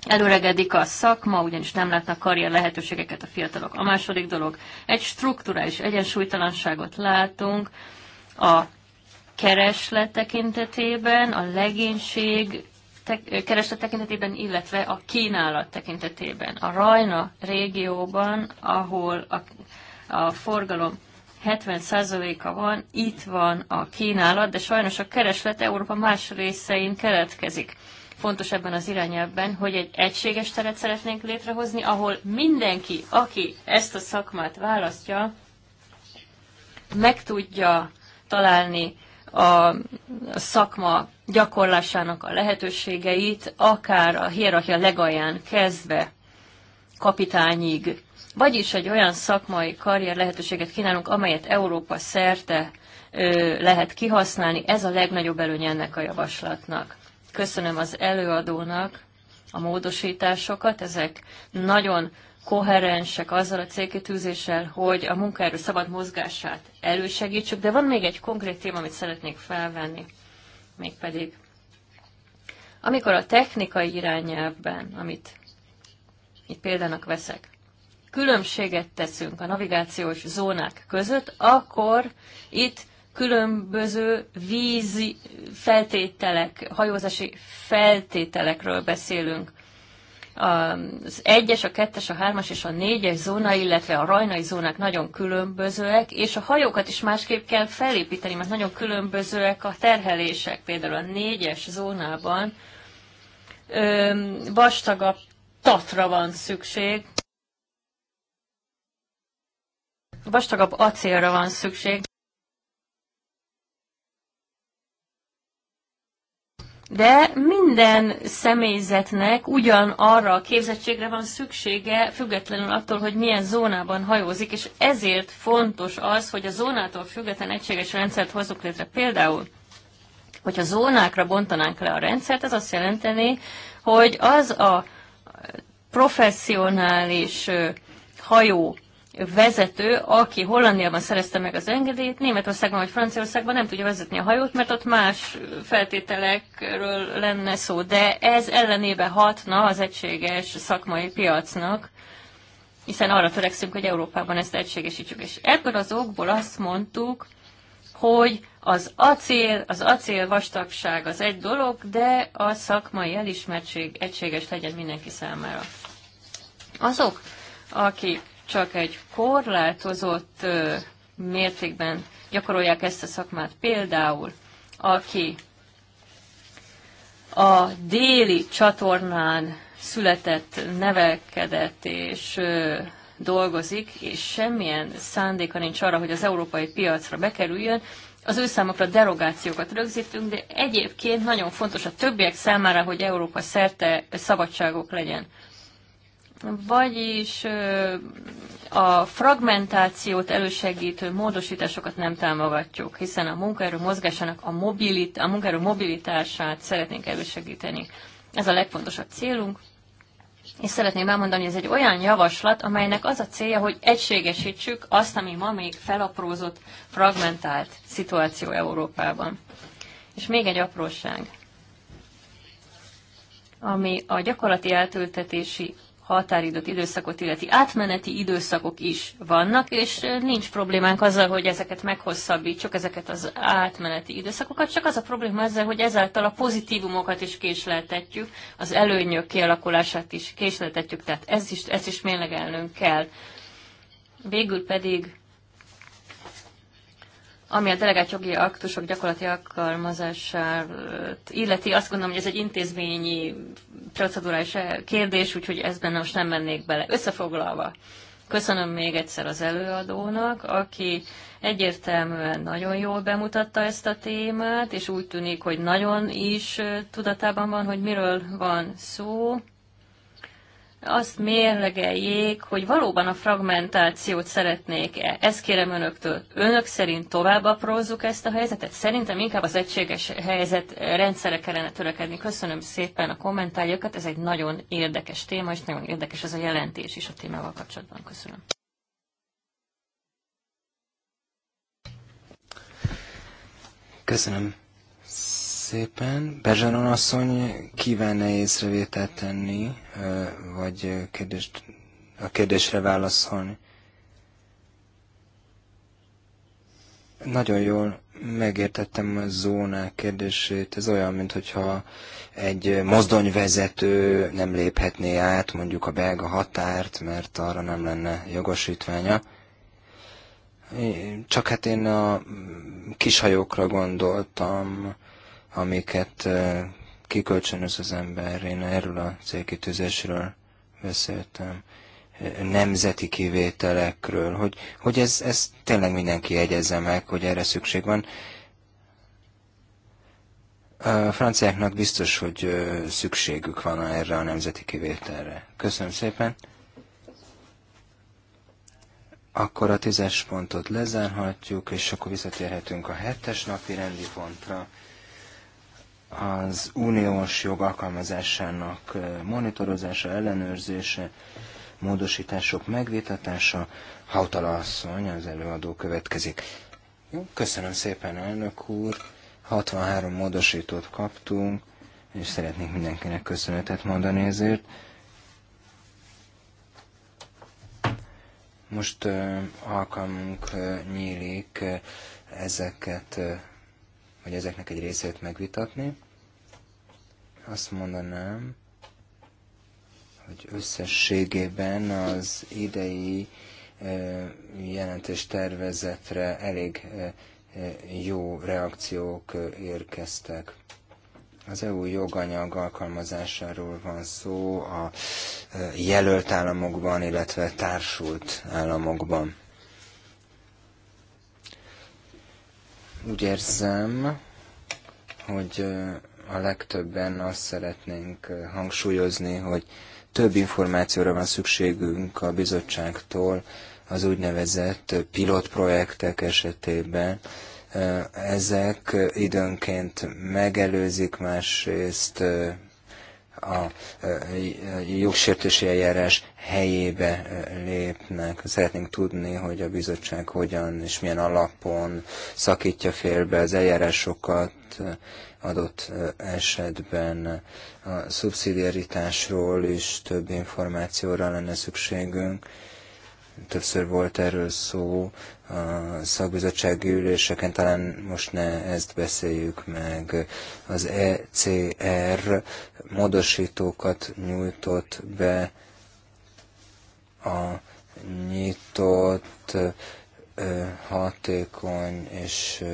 előregedik
a szakma, ugyanis nem látnak karrier lehetőségeket a fiatalok. A második dolog, egy strukturális egyensúlytalanságot látunk a kereslet tekintetében, a legénység tek, kereslet tekintetében, illetve a kínálat tekintetében. A Rajna régióban, ahol a, a forgalom 70%-a van, itt van a kínálat, de sajnos a kereslet Európa más részein keletkezik. Fontos ebben az irányelvben, hogy egy egységes teret szeretnénk létrehozni, ahol mindenki, aki ezt a szakmát választja, meg tudja találni a szakma gyakorlásának a lehetőségeit, akár a hierarchia legalján kezdve kapitányig vagyis egy olyan szakmai karrier lehetőséget kínálunk, amelyet Európa szerte ö, lehet kihasználni. Ez a legnagyobb előny ennek a javaslatnak. Köszönöm az előadónak a módosításokat. Ezek nagyon koherensek azzal a célkitűzéssel, hogy a munkaerő szabad mozgását elősegítsük, de van még egy konkrét téma, amit szeretnék felvenni, mégpedig amikor a technikai irányelvben, amit itt példának veszek, különbséget teszünk a navigációs zónák között, akkor itt különböző vízi feltételek, hajózási feltételekről beszélünk. Az egyes, a kettes, a hármas és a négyes zóna, illetve a rajnai zónák nagyon különbözőek, és a hajókat is másképp kell felépíteni, mert nagyon különbözőek a terhelések. Például a négyes zónában vastagabb tatra van szükség, vastagabb acélra van szükség. De minden személyzetnek ugyanarra a képzettségre van szüksége, függetlenül attól, hogy milyen zónában hajózik, és ezért fontos az, hogy a zónától független egységes rendszert hozzuk létre. Például, hogyha zónákra bontanánk le a rendszert, ez azt jelenteni, hogy az a professzionális hajó vezető, aki Hollandiában szerezte meg az engedélyt, Németországban vagy Franciaországban nem tudja vezetni a hajót, mert ott más feltételekről lenne szó, de ez ellenébe hatna az egységes szakmai piacnak, hiszen arra törekszünk, hogy Európában ezt egységesítsük. És ebből az okból azt mondtuk, hogy az acél, az acél vastagság az egy dolog, de a szakmai elismertség egységes legyen mindenki számára. Azok, akik csak egy korlátozott mértékben gyakorolják ezt a szakmát. Például, aki a déli csatornán született, nevelkedett és dolgozik, és semmilyen szándéka nincs arra, hogy az európai piacra bekerüljön, az ő számokra derogációkat rögzítünk, de egyébként nagyon fontos a többiek számára, hogy Európa szerte szabadságok legyen vagyis a fragmentációt elősegítő módosításokat nem támogatjuk, hiszen a munkaerő mozgásának a, mobilit, a munkaerő mobilitását szeretnénk elősegíteni. Ez a legfontosabb célunk, és szeretném elmondani, hogy ez egy olyan javaslat, amelynek az a célja, hogy egységesítsük azt, ami ma még felaprózott, fragmentált szituáció Európában. És még egy apróság, ami a gyakorlati eltültetési határidott időszakot illeti átmeneti időszakok is vannak, és nincs problémánk azzal, hogy ezeket meghosszabbítsuk, ezeket az átmeneti időszakokat, csak az a probléma ezzel, hogy ezáltal a pozitívumokat is késleltetjük, az előnyök kialakulását is késleltetjük, tehát ezt is, ezt is mérlegelnünk kell. Végül pedig ami a delegált jogi aktusok gyakorlati alkalmazását illeti, azt gondolom, hogy ez egy intézményi procedurális kérdés, úgyhogy ezben most nem mennék bele. Összefoglalva, köszönöm még egyszer az előadónak, aki egyértelműen nagyon jól bemutatta ezt a témát, és úgy tűnik, hogy nagyon is tudatában van, hogy miről van szó azt mérlegeljék, hogy valóban a fragmentációt szeretnék-e. Ezt kérem önöktől. Önök szerint tovább aprózzuk ezt a helyzetet? Szerintem inkább az egységes helyzet rendszere kellene törekedni. Köszönöm szépen a kommentárjukat. ez egy nagyon érdekes téma, és nagyon érdekes az a jelentés is a témával kapcsolatban. Köszönöm.
Köszönöm szépen. Bezsanon asszony kívánne észrevételt tenni, vagy kérdést, a kérdésre válaszolni? Nagyon jól megértettem a zónák kérdését. Ez olyan, mintha egy mozdonyvezető nem léphetné át mondjuk a belga határt, mert arra nem lenne jogosítványa. Csak hát én a kishajókra gondoltam, amiket kikölcsönöz az ember. Én erről a célkitűzésről beszéltem nemzeti kivételekről, hogy, hogy ez, ez tényleg mindenki jegyezze meg, hogy erre szükség van. A franciáknak biztos, hogy szükségük van erre a nemzeti kivételre. Köszönöm szépen. Akkor a tízes pontot lezárhatjuk, és akkor visszatérhetünk a hetes napi rendi pontra az uniós jog alkalmazásának monitorozása, ellenőrzése, módosítások megvitatása. Hautala asszony, az előadó következik. Köszönöm szépen, elnök úr. 63 módosítót kaptunk, és szeretnék mindenkinek köszönetet mondani ezért. Most alkalmunk nyílik ezeket vagy ezeknek egy részét megvitatni. Azt mondanám, hogy összességében az idei jelentés tervezetre elég jó reakciók érkeztek. Az EU joganyag alkalmazásáról van szó a jelölt államokban, illetve társult államokban. Úgy érzem, hogy a legtöbben azt szeretnénk hangsúlyozni, hogy több információra van szükségünk a bizottságtól az úgynevezett pilotprojektek esetében. Ezek időnként megelőzik, másrészt a e, e, jogsértési eljárás helyébe e, lépnek. Szeretnénk tudni, hogy a bizottság hogyan és milyen alapon szakítja félbe az eljárásokat adott esetben. A szubszidiaritásról is több információra lenne szükségünk többször volt erről szó a szakbizottsági üléseken, talán most ne ezt beszéljük meg. Az ECR módosítókat nyújtott be a nyitott, hatékony és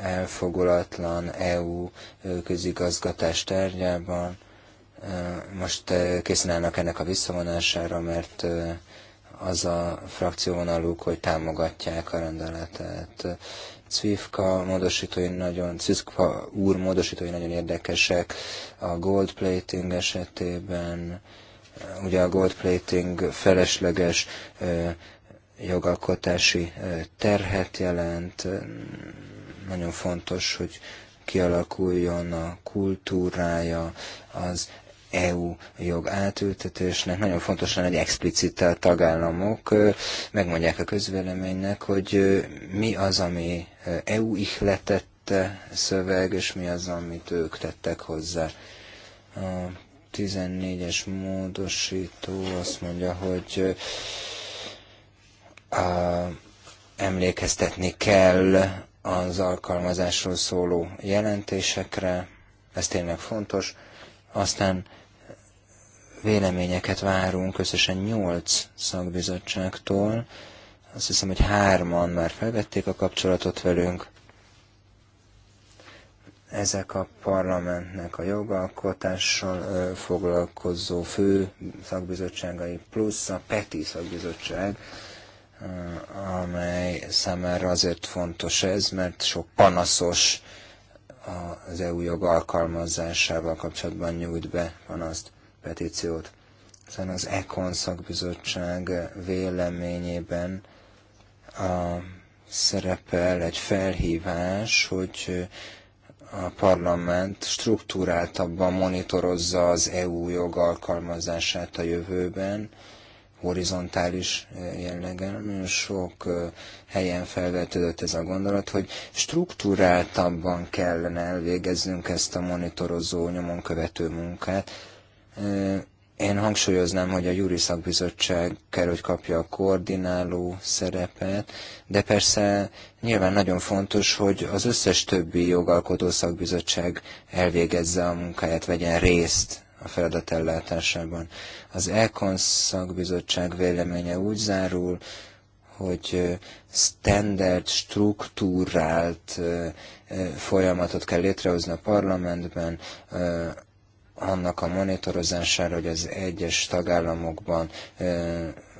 elfogulatlan EU közigazgatás tárgyában. Most készen állnak ennek a visszavonására, mert az a frakcióvonaluk, hogy támogatják a rendeletet. Cvifka módosítói nagyon, Cvifka úr módosítói nagyon érdekesek a gold plating esetében, ugye a gold plating felesleges jogalkotási terhet jelent, nagyon fontos, hogy kialakuljon a kultúrája az EU jog átültetésnek. Nagyon fontos lenne, hogy explicit a tagállamok megmondják a közvéleménynek, hogy mi az, ami EU ihletette szöveg, és mi az, amit ők tettek hozzá. A 14-es módosító azt mondja, hogy a, emlékeztetni kell az alkalmazásról szóló jelentésekre, ez tényleg fontos. Aztán véleményeket várunk összesen nyolc szakbizottságtól. Azt hiszem, hogy hárman már felvették a kapcsolatot velünk. Ezek a parlamentnek a jogalkotással foglalkozó fő szakbizottságai, plusz a PETI szakbizottság, amely számára azért fontos ez, mert sok panaszos az EU jog alkalmazásával kapcsolatban nyújt be panaszt petíciót. Hiszen az Econ szakbizottság véleményében a szerepel egy felhívás, hogy a parlament struktúráltabban monitorozza az EU jog alkalmazását a jövőben, horizontális eh, jellegen. Nagyon sok eh, helyen felvetődött ez a gondolat, hogy struktúráltabban kellene elvégeznünk ezt a monitorozó, nyomon követő munkát, én hangsúlyoznám, hogy a Júri Szakbizottság kell, hogy kapja a koordináló szerepet, de persze nyilván nagyon fontos, hogy az összes többi jogalkotó szakbizottság elvégezze a munkáját, vegyen részt a feladat ellátásában. Az ECON szakbizottság véleménye úgy zárul, hogy standard, struktúrált folyamatot kell létrehozni a parlamentben, annak a monitorozására, hogy az egyes tagállamokban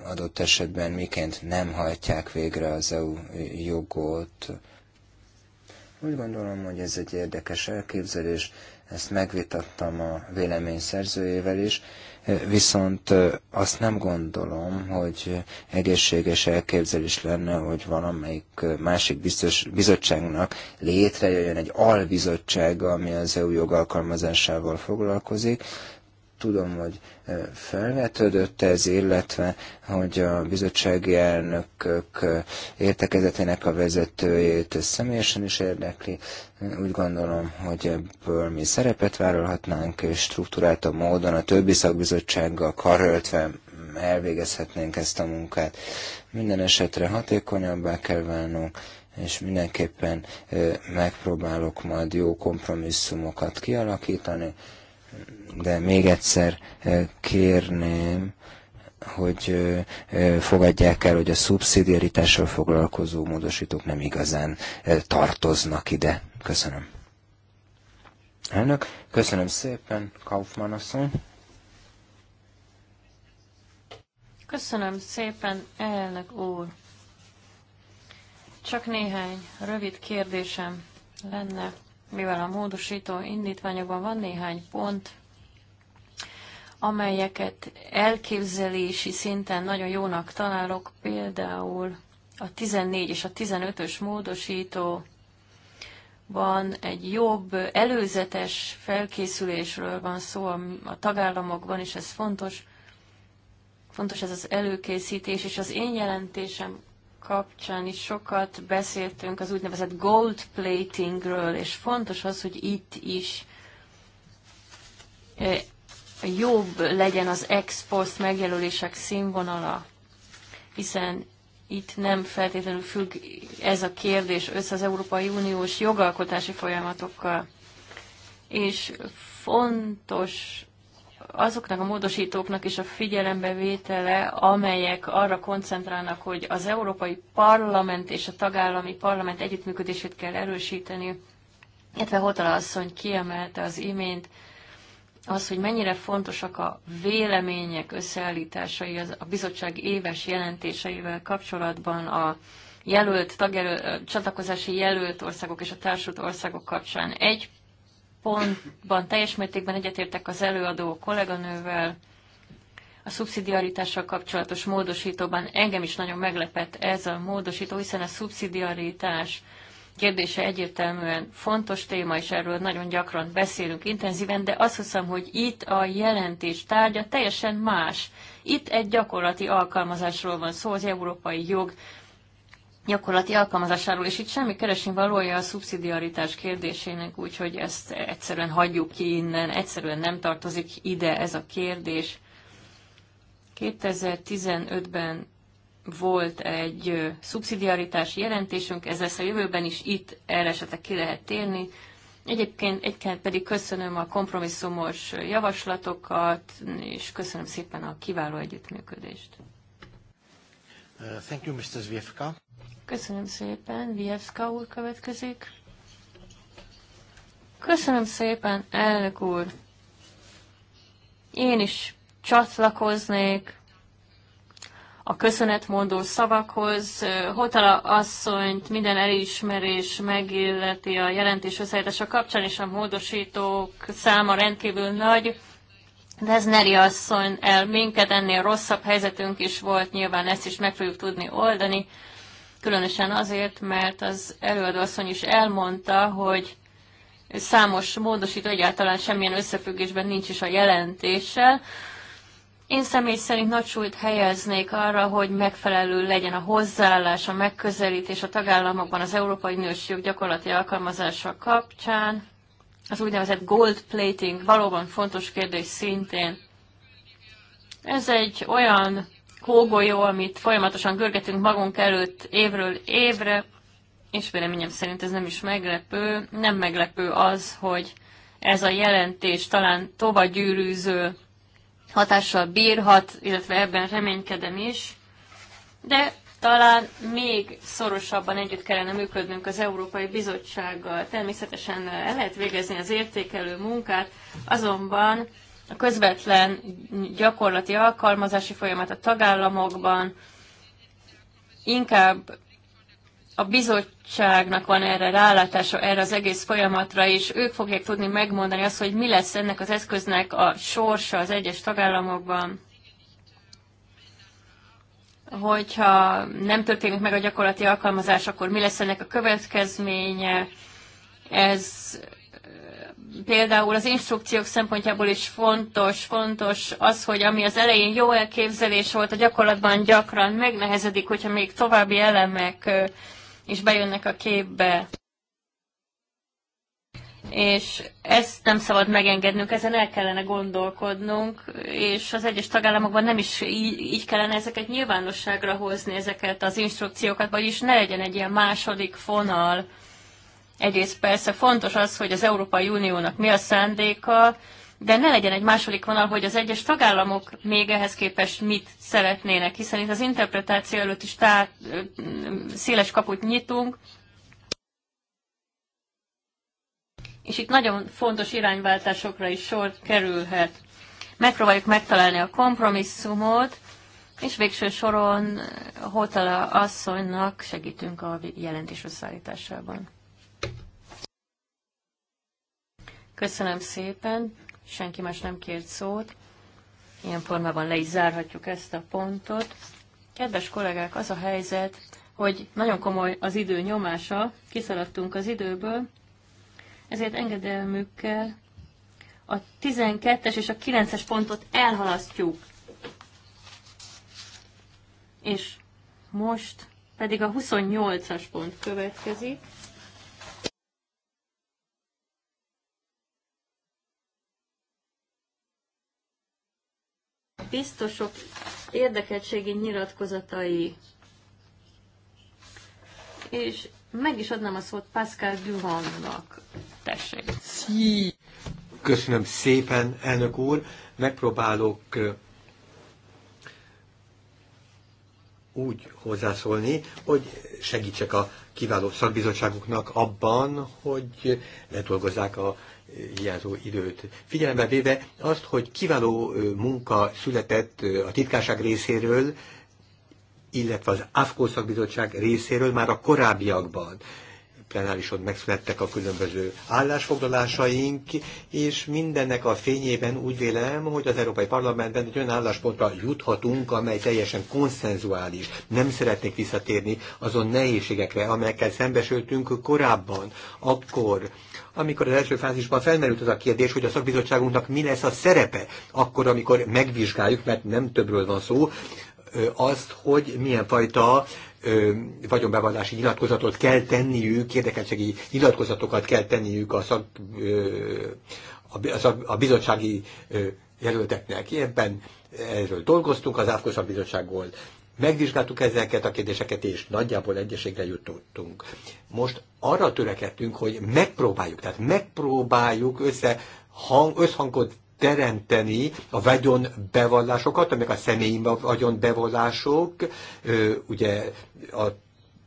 adott esetben miként nem hajtják végre az EU jogot. Úgy gondolom, hogy ez egy érdekes elképzelés, ezt megvitattam a vélemény szerzőjével is, viszont azt nem gondolom, hogy egészséges elképzelés lenne, hogy valamelyik másik biztos, bizottságnak létrejöjjön egy albizottság, ami az EU jogalkalmazásával foglalkozik. Tudom, hogy felvetődött ez, illetve hogy a bizottsági elnökök értekezetének a vezetőjét személyesen is érdekli. Úgy gondolom, hogy ebből mi szerepet vállalhatnánk, és struktúráltabb módon a többi szakbizottsággal karöltve elvégezhetnénk ezt a munkát. Minden esetre hatékonyabbá kell válnunk, és mindenképpen megpróbálok majd jó kompromisszumokat kialakítani, de még egyszer eh, kérném, hogy eh, eh, fogadják el, hogy a szubszidiaritással foglalkozó módosítók nem igazán tartoznak ide. Köszönöm. Elnök, köszönöm szépen, Kaufmann asszony.
Köszönöm szépen, elnök úr. Csak néhány rövid kérdésem lenne, mivel a módosító indítványokban van néhány pont, amelyeket elképzelési szinten nagyon jónak találok, például a 14 és a 15-ös módosító van egy jobb előzetes felkészülésről van szó a tagállamokban, és ez fontos. Fontos ez az előkészítés, és az én jelentésem kapcsán is sokat beszéltünk az úgynevezett gold platingről, és fontos az, hogy itt is eh, jobb legyen az ex post megjelölések színvonala, hiszen itt nem feltétlenül függ ez a kérdés össze az Európai Uniós jogalkotási folyamatokkal. És fontos azoknak a módosítóknak is a figyelembevétele, amelyek arra koncentrálnak, hogy az Európai Parlament és a tagállami parlament együttműködését kell erősíteni, illetve Hotala asszony kiemelte az imént, az, hogy mennyire fontosak a vélemények összeállításai az, a bizottság éves jelentéseivel kapcsolatban a jelölt, tagjelölt, csatlakozási jelölt országok és a társult országok kapcsán. Egy pontban teljes mértékben egyetértek az előadó kolléganővel, a szubszidiaritással kapcsolatos módosítóban engem is nagyon meglepett ez a módosító, hiszen a szubszidiaritás kérdése egyértelműen fontos téma, és erről nagyon gyakran beszélünk intenzíven, de azt hiszem, hogy itt a jelentés tárgya teljesen más. Itt egy gyakorlati alkalmazásról van szó, az európai jog gyakorlati alkalmazásáról, és itt semmi keresni valója a szubszidiaritás kérdésének, úgyhogy ezt egyszerűen hagyjuk ki innen, egyszerűen nem tartozik ide ez a kérdés. 2015-ben volt egy szubszidiaritási jelentésünk, ez lesz a jövőben is, itt erre esetleg ki lehet térni. Egyébként egyként pedig köszönöm a kompromisszumos javaslatokat, és köszönöm szépen a kiváló együttműködést.
Uh, thank you, Mr. Zviefka.
Köszönöm szépen. Vievska úr következik. Köszönöm szépen, elnök úr. Én is csatlakoznék a köszönetmondó szavakhoz. Hotala asszonyt minden elismerés megilleti a jelentés összeállítása kapcsán, és a módosítók száma rendkívül nagy. De ez Neri asszony el minket, ennél rosszabb helyzetünk is volt, nyilván ezt is meg fogjuk tudni oldani. Különösen azért, mert az előadó asszony is elmondta, hogy számos módosító egyáltalán semmilyen összefüggésben nincs is a jelentéssel. Én személy szerint nagy súlyt helyeznék arra, hogy megfelelő legyen a hozzáállás, a megközelítés a tagállamokban az Európai Nős jog gyakorlati alkalmazása kapcsán. Az úgynevezett gold plating valóban fontos kérdés szintén. Ez egy olyan kógolyó, amit folyamatosan görgetünk magunk előtt évről évre, és véleményem szerint ez nem is meglepő. Nem meglepő az, hogy ez a jelentés talán tovább gyűrűző hatással bírhat, illetve ebben reménykedem is, de talán még szorosabban együtt kellene működnünk az Európai Bizottsággal. Természetesen el lehet végezni az értékelő munkát, azonban a közvetlen gyakorlati alkalmazási folyamat a tagállamokban inkább a bizottságnak van erre rálátása, erre az egész folyamatra, és ők fogják tudni megmondani azt, hogy mi lesz ennek az eszköznek a sorsa az egyes tagállamokban. Hogyha nem történik meg a gyakorlati alkalmazás, akkor mi lesz ennek a következménye? Ez például az instrukciók szempontjából is fontos, fontos az, hogy ami az elején jó elképzelés volt, a gyakorlatban gyakran megnehezedik, hogyha még további elemek és bejönnek a képbe. És ezt nem szabad megengednünk, ezen el kellene gondolkodnunk, és az egyes tagállamokban nem is így, így kellene ezeket nyilvánosságra hozni, ezeket az instrukciókat, vagyis ne legyen egy ilyen második fonal. Egyrészt persze fontos az, hogy az Európai Uniónak mi a szándéka, de ne legyen egy második vonal, hogy az egyes tagállamok még ehhez képest mit szeretnének, hiszen itt az interpretáció előtt is tá, széles kaput nyitunk, és itt nagyon fontos irányváltásokra is sor kerülhet. Megpróbáljuk megtalálni a kompromisszumot, és végső soron Hotala asszonynak segítünk a jelentés összeállításában. Köszönöm szépen senki más nem kért szót. Ilyen formában le is zárhatjuk ezt a pontot. Kedves kollégák, az a helyzet, hogy nagyon komoly az idő nyomása, kiszaladtunk az időből, ezért engedelmükkel a 12-es és a 9-es pontot elhalasztjuk. És most pedig a 28-as pont következik. biztosok érdekeltségi nyilatkozatai. És meg is adnám a szót Pascal Duhannak. Tessék.
Szí. Köszönöm szépen, elnök úr. Megpróbálok úgy hozzászólni, hogy segítsek a kiváló szakbizottságoknak abban, hogy letolgozzák a hiányzó időt. Figyelembe véve azt, hogy kiváló munka született a titkárság részéről, illetve az AFKO szakbizottság részéről már a korábbiakban plenárison megszülettek a különböző állásfoglalásaink, és mindennek a fényében úgy vélem, hogy az Európai Parlamentben egy olyan álláspontra juthatunk, amely teljesen konszenzuális. Nem szeretnék visszatérni azon nehézségekre, amelyekkel szembesültünk korábban, akkor, amikor az első fázisban felmerült az a kérdés, hogy a szakbizottságunknak mi lesz a szerepe, akkor, amikor megvizsgáljuk, mert nem többről van szó, azt, hogy milyen fajta vagyonbevallási nyilatkozatot kell tenniük, érdekeltségi nyilatkozatokat kell tenniük a, szak, a, a bizottsági jelölteknek. Ebben erről dolgoztunk az Átkosan Bizottságból Megvizsgáltuk ezeket a kérdéseket, és nagyjából egyeségre jutottunk. Most arra törekedtünk, hogy megpróbáljuk, tehát megpróbáljuk össze hang, összhangot teremteni a vagyon bevallásokat, amik a személyi vagyon bevallások, ugye a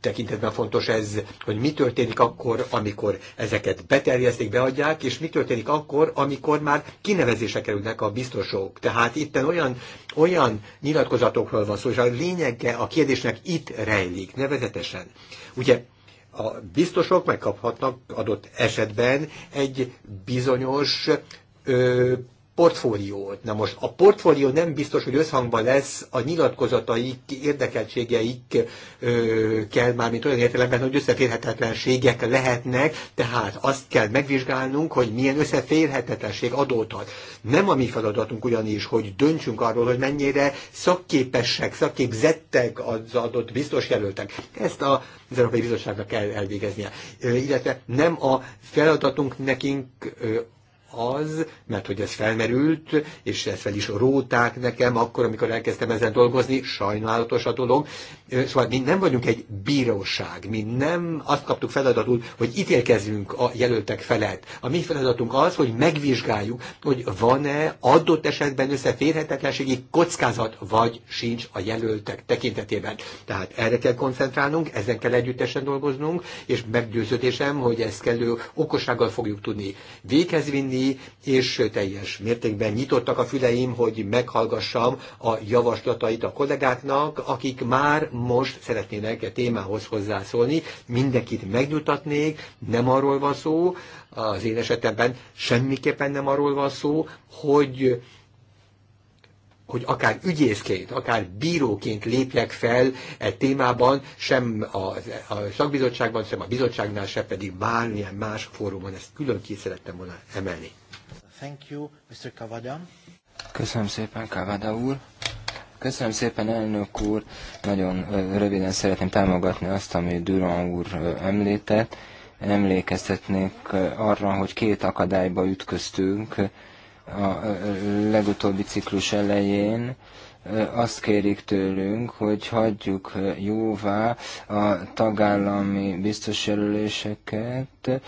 tekintetben fontos ez, hogy mi történik akkor, amikor ezeket beterjesztik, beadják, és mi történik akkor, amikor már kinevezése kerülnek a biztosok. Tehát itt olyan, olyan nyilatkozatokról van szó, és a lényege a kérdésnek itt rejlik, nevezetesen. Ugye a biztosok megkaphatnak adott esetben egy bizonyos ö, portfóliót. Na most a portfólió nem biztos, hogy összhangban lesz a nyilatkozataik, már mint olyan értelemben, hogy összeférhetetlenségek lehetnek, tehát azt kell megvizsgálnunk, hogy milyen összeférhetetlenség adódhat. Nem a mi feladatunk ugyanis, hogy döntsünk arról, hogy mennyire szakképesek, szakképzettek az adott biztos jelöltek. Ezt a az Európai Bizottságnak kell elvégeznie. Illetve nem a feladatunk nekünk az, mert hogy ez felmerült, és ezt fel is róták nekem akkor, amikor elkezdtem ezen dolgozni, sajnálatos a dolog. Szóval mi nem vagyunk egy bíróság, mi nem azt kaptuk feladatul, hogy ítélkezzünk a jelöltek felett. A mi feladatunk az, hogy megvizsgáljuk, hogy van-e adott esetben összeférhetetlenségi kockázat, vagy sincs a jelöltek tekintetében. Tehát erre kell koncentrálnunk, ezen kell együttesen dolgoznunk, és meggyőződésem, hogy ezt kellő okossággal fogjuk tudni véghez vinni, tenni, és teljes mértékben nyitottak a füleim, hogy meghallgassam a javaslatait a kollégáknak, akik már most szeretnének a e témához hozzászólni. Mindenkit megnyugtatnék, nem arról van szó, az én esetemben semmiképpen nem arról van szó, hogy hogy akár ügyészként, akár bíróként lépjek fel e témában, sem a, a szakbizottságban, sem a bizottságnál, sem pedig bármilyen más fórumon. Ezt külön ki szerettem volna emelni. Thank you, Mr. Kavada.
Köszönöm szépen, Kavada úr. Köszönöm szépen, elnök úr. Nagyon röviden szeretném támogatni azt, amit Duran úr említett. Emlékeztetnék arra, hogy két akadályba ütköztünk, a legutóbbi ciklus elején azt kérik tőlünk, hogy hagyjuk jóvá a tagállami biztosjelöléseket.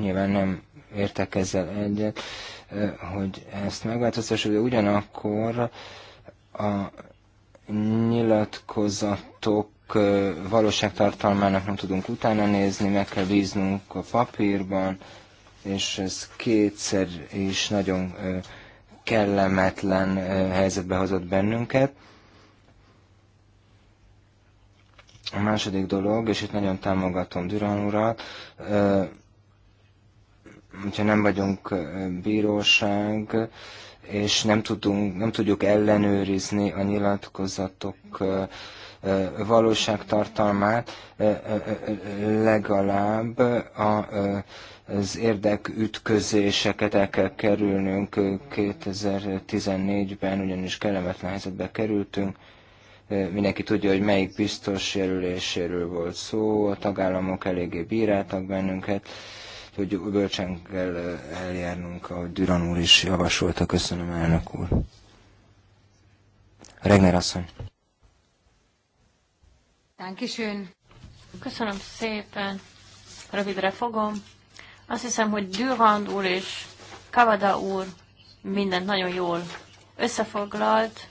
Nyilván nem értek ezzel egyet, hogy ezt megváltoztassuk, de ugyanakkor a nyilatkozatok valóságtartalmának nem tudunk utána nézni, meg kell bíznunk a papírban, és ez kétszer is nagyon kellemetlen helyzetbe hozott bennünket. A második dolog, és itt nagyon támogatom Düran urat, hogyha nem vagyunk bíróság, és nem, tudunk, nem tudjuk ellenőrizni a nyilatkozatok valóságtartalmát, legalább a az érdekütközéseket el kell kerülnünk 2014-ben, ugyanis kellemetlen helyzetbe kerültünk. Mindenki tudja, hogy melyik biztos jelöléséről volt szó, a tagállamok eléggé bíráltak bennünket, hogy bölcsen kell eljárnunk, ahogy Düran úr is javasolta. Köszönöm, elnök úr. Regner asszony.
Köszönöm szépen. Rövidre fogom. Azt hiszem, hogy Durand úr és Kavada úr mindent nagyon jól összefoglalt.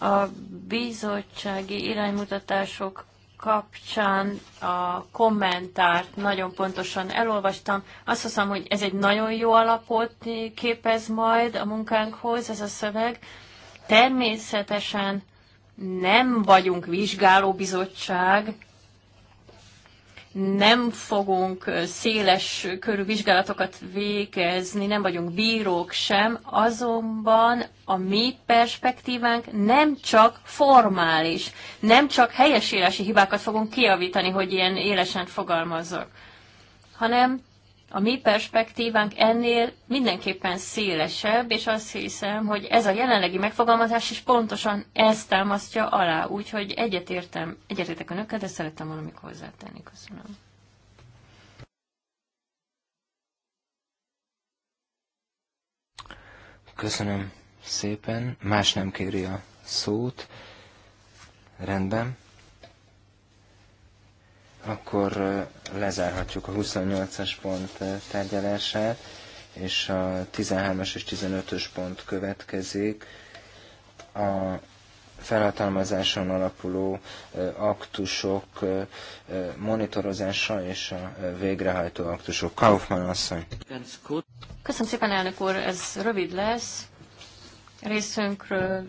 A bizottsági iránymutatások kapcsán a kommentárt nagyon pontosan elolvastam. Azt hiszem, hogy ez egy nagyon jó alapot képez majd a munkánkhoz, ez a szöveg. Természetesen nem vagyunk vizsgálóbizottság, nem fogunk széles körű vizsgálatokat végezni, nem vagyunk bírók sem, azonban a mi perspektívánk nem csak formális, nem csak helyesírási hibákat fogunk kiavítani, hogy ilyen élesen fogalmazzak, hanem a mi perspektívánk ennél mindenképpen szélesebb, és azt hiszem, hogy ez a jelenlegi megfogalmazás is pontosan ezt támasztja alá, úgyhogy egyetértem, egyetértek önökkel, de szerettem valamit
hozzátenni. Köszönöm. Köszönöm szépen. Más nem kéri a szót. Rendben akkor lezárhatjuk a 28-as pont tárgyalását, és a 13-as és 15-ös pont következik. A felhatalmazáson alapuló aktusok monitorozása és a végrehajtó aktusok. Kaufmann asszony.
Köszönöm szépen, elnök úr, ez rövid lesz. Részünkről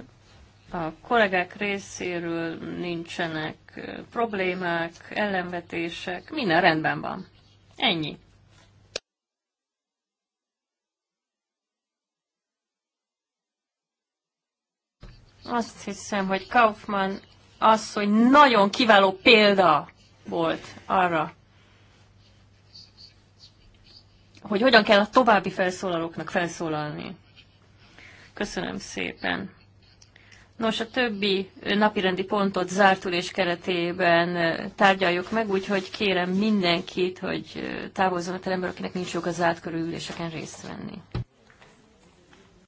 a kollégák részéről nincsenek problémák, ellenvetések, minden rendben van. Ennyi. Azt hiszem, hogy Kaufmann az, hogy nagyon kiváló példa volt arra, hogy hogyan kell a további felszólalóknak felszólalni. Köszönöm szépen. Nos, a többi napirendi pontot zártulés keretében tárgyaljuk meg, úgyhogy kérem mindenkit, hogy távozzon a teremből, akinek nincs jog a zárt körülüléseken részt venni.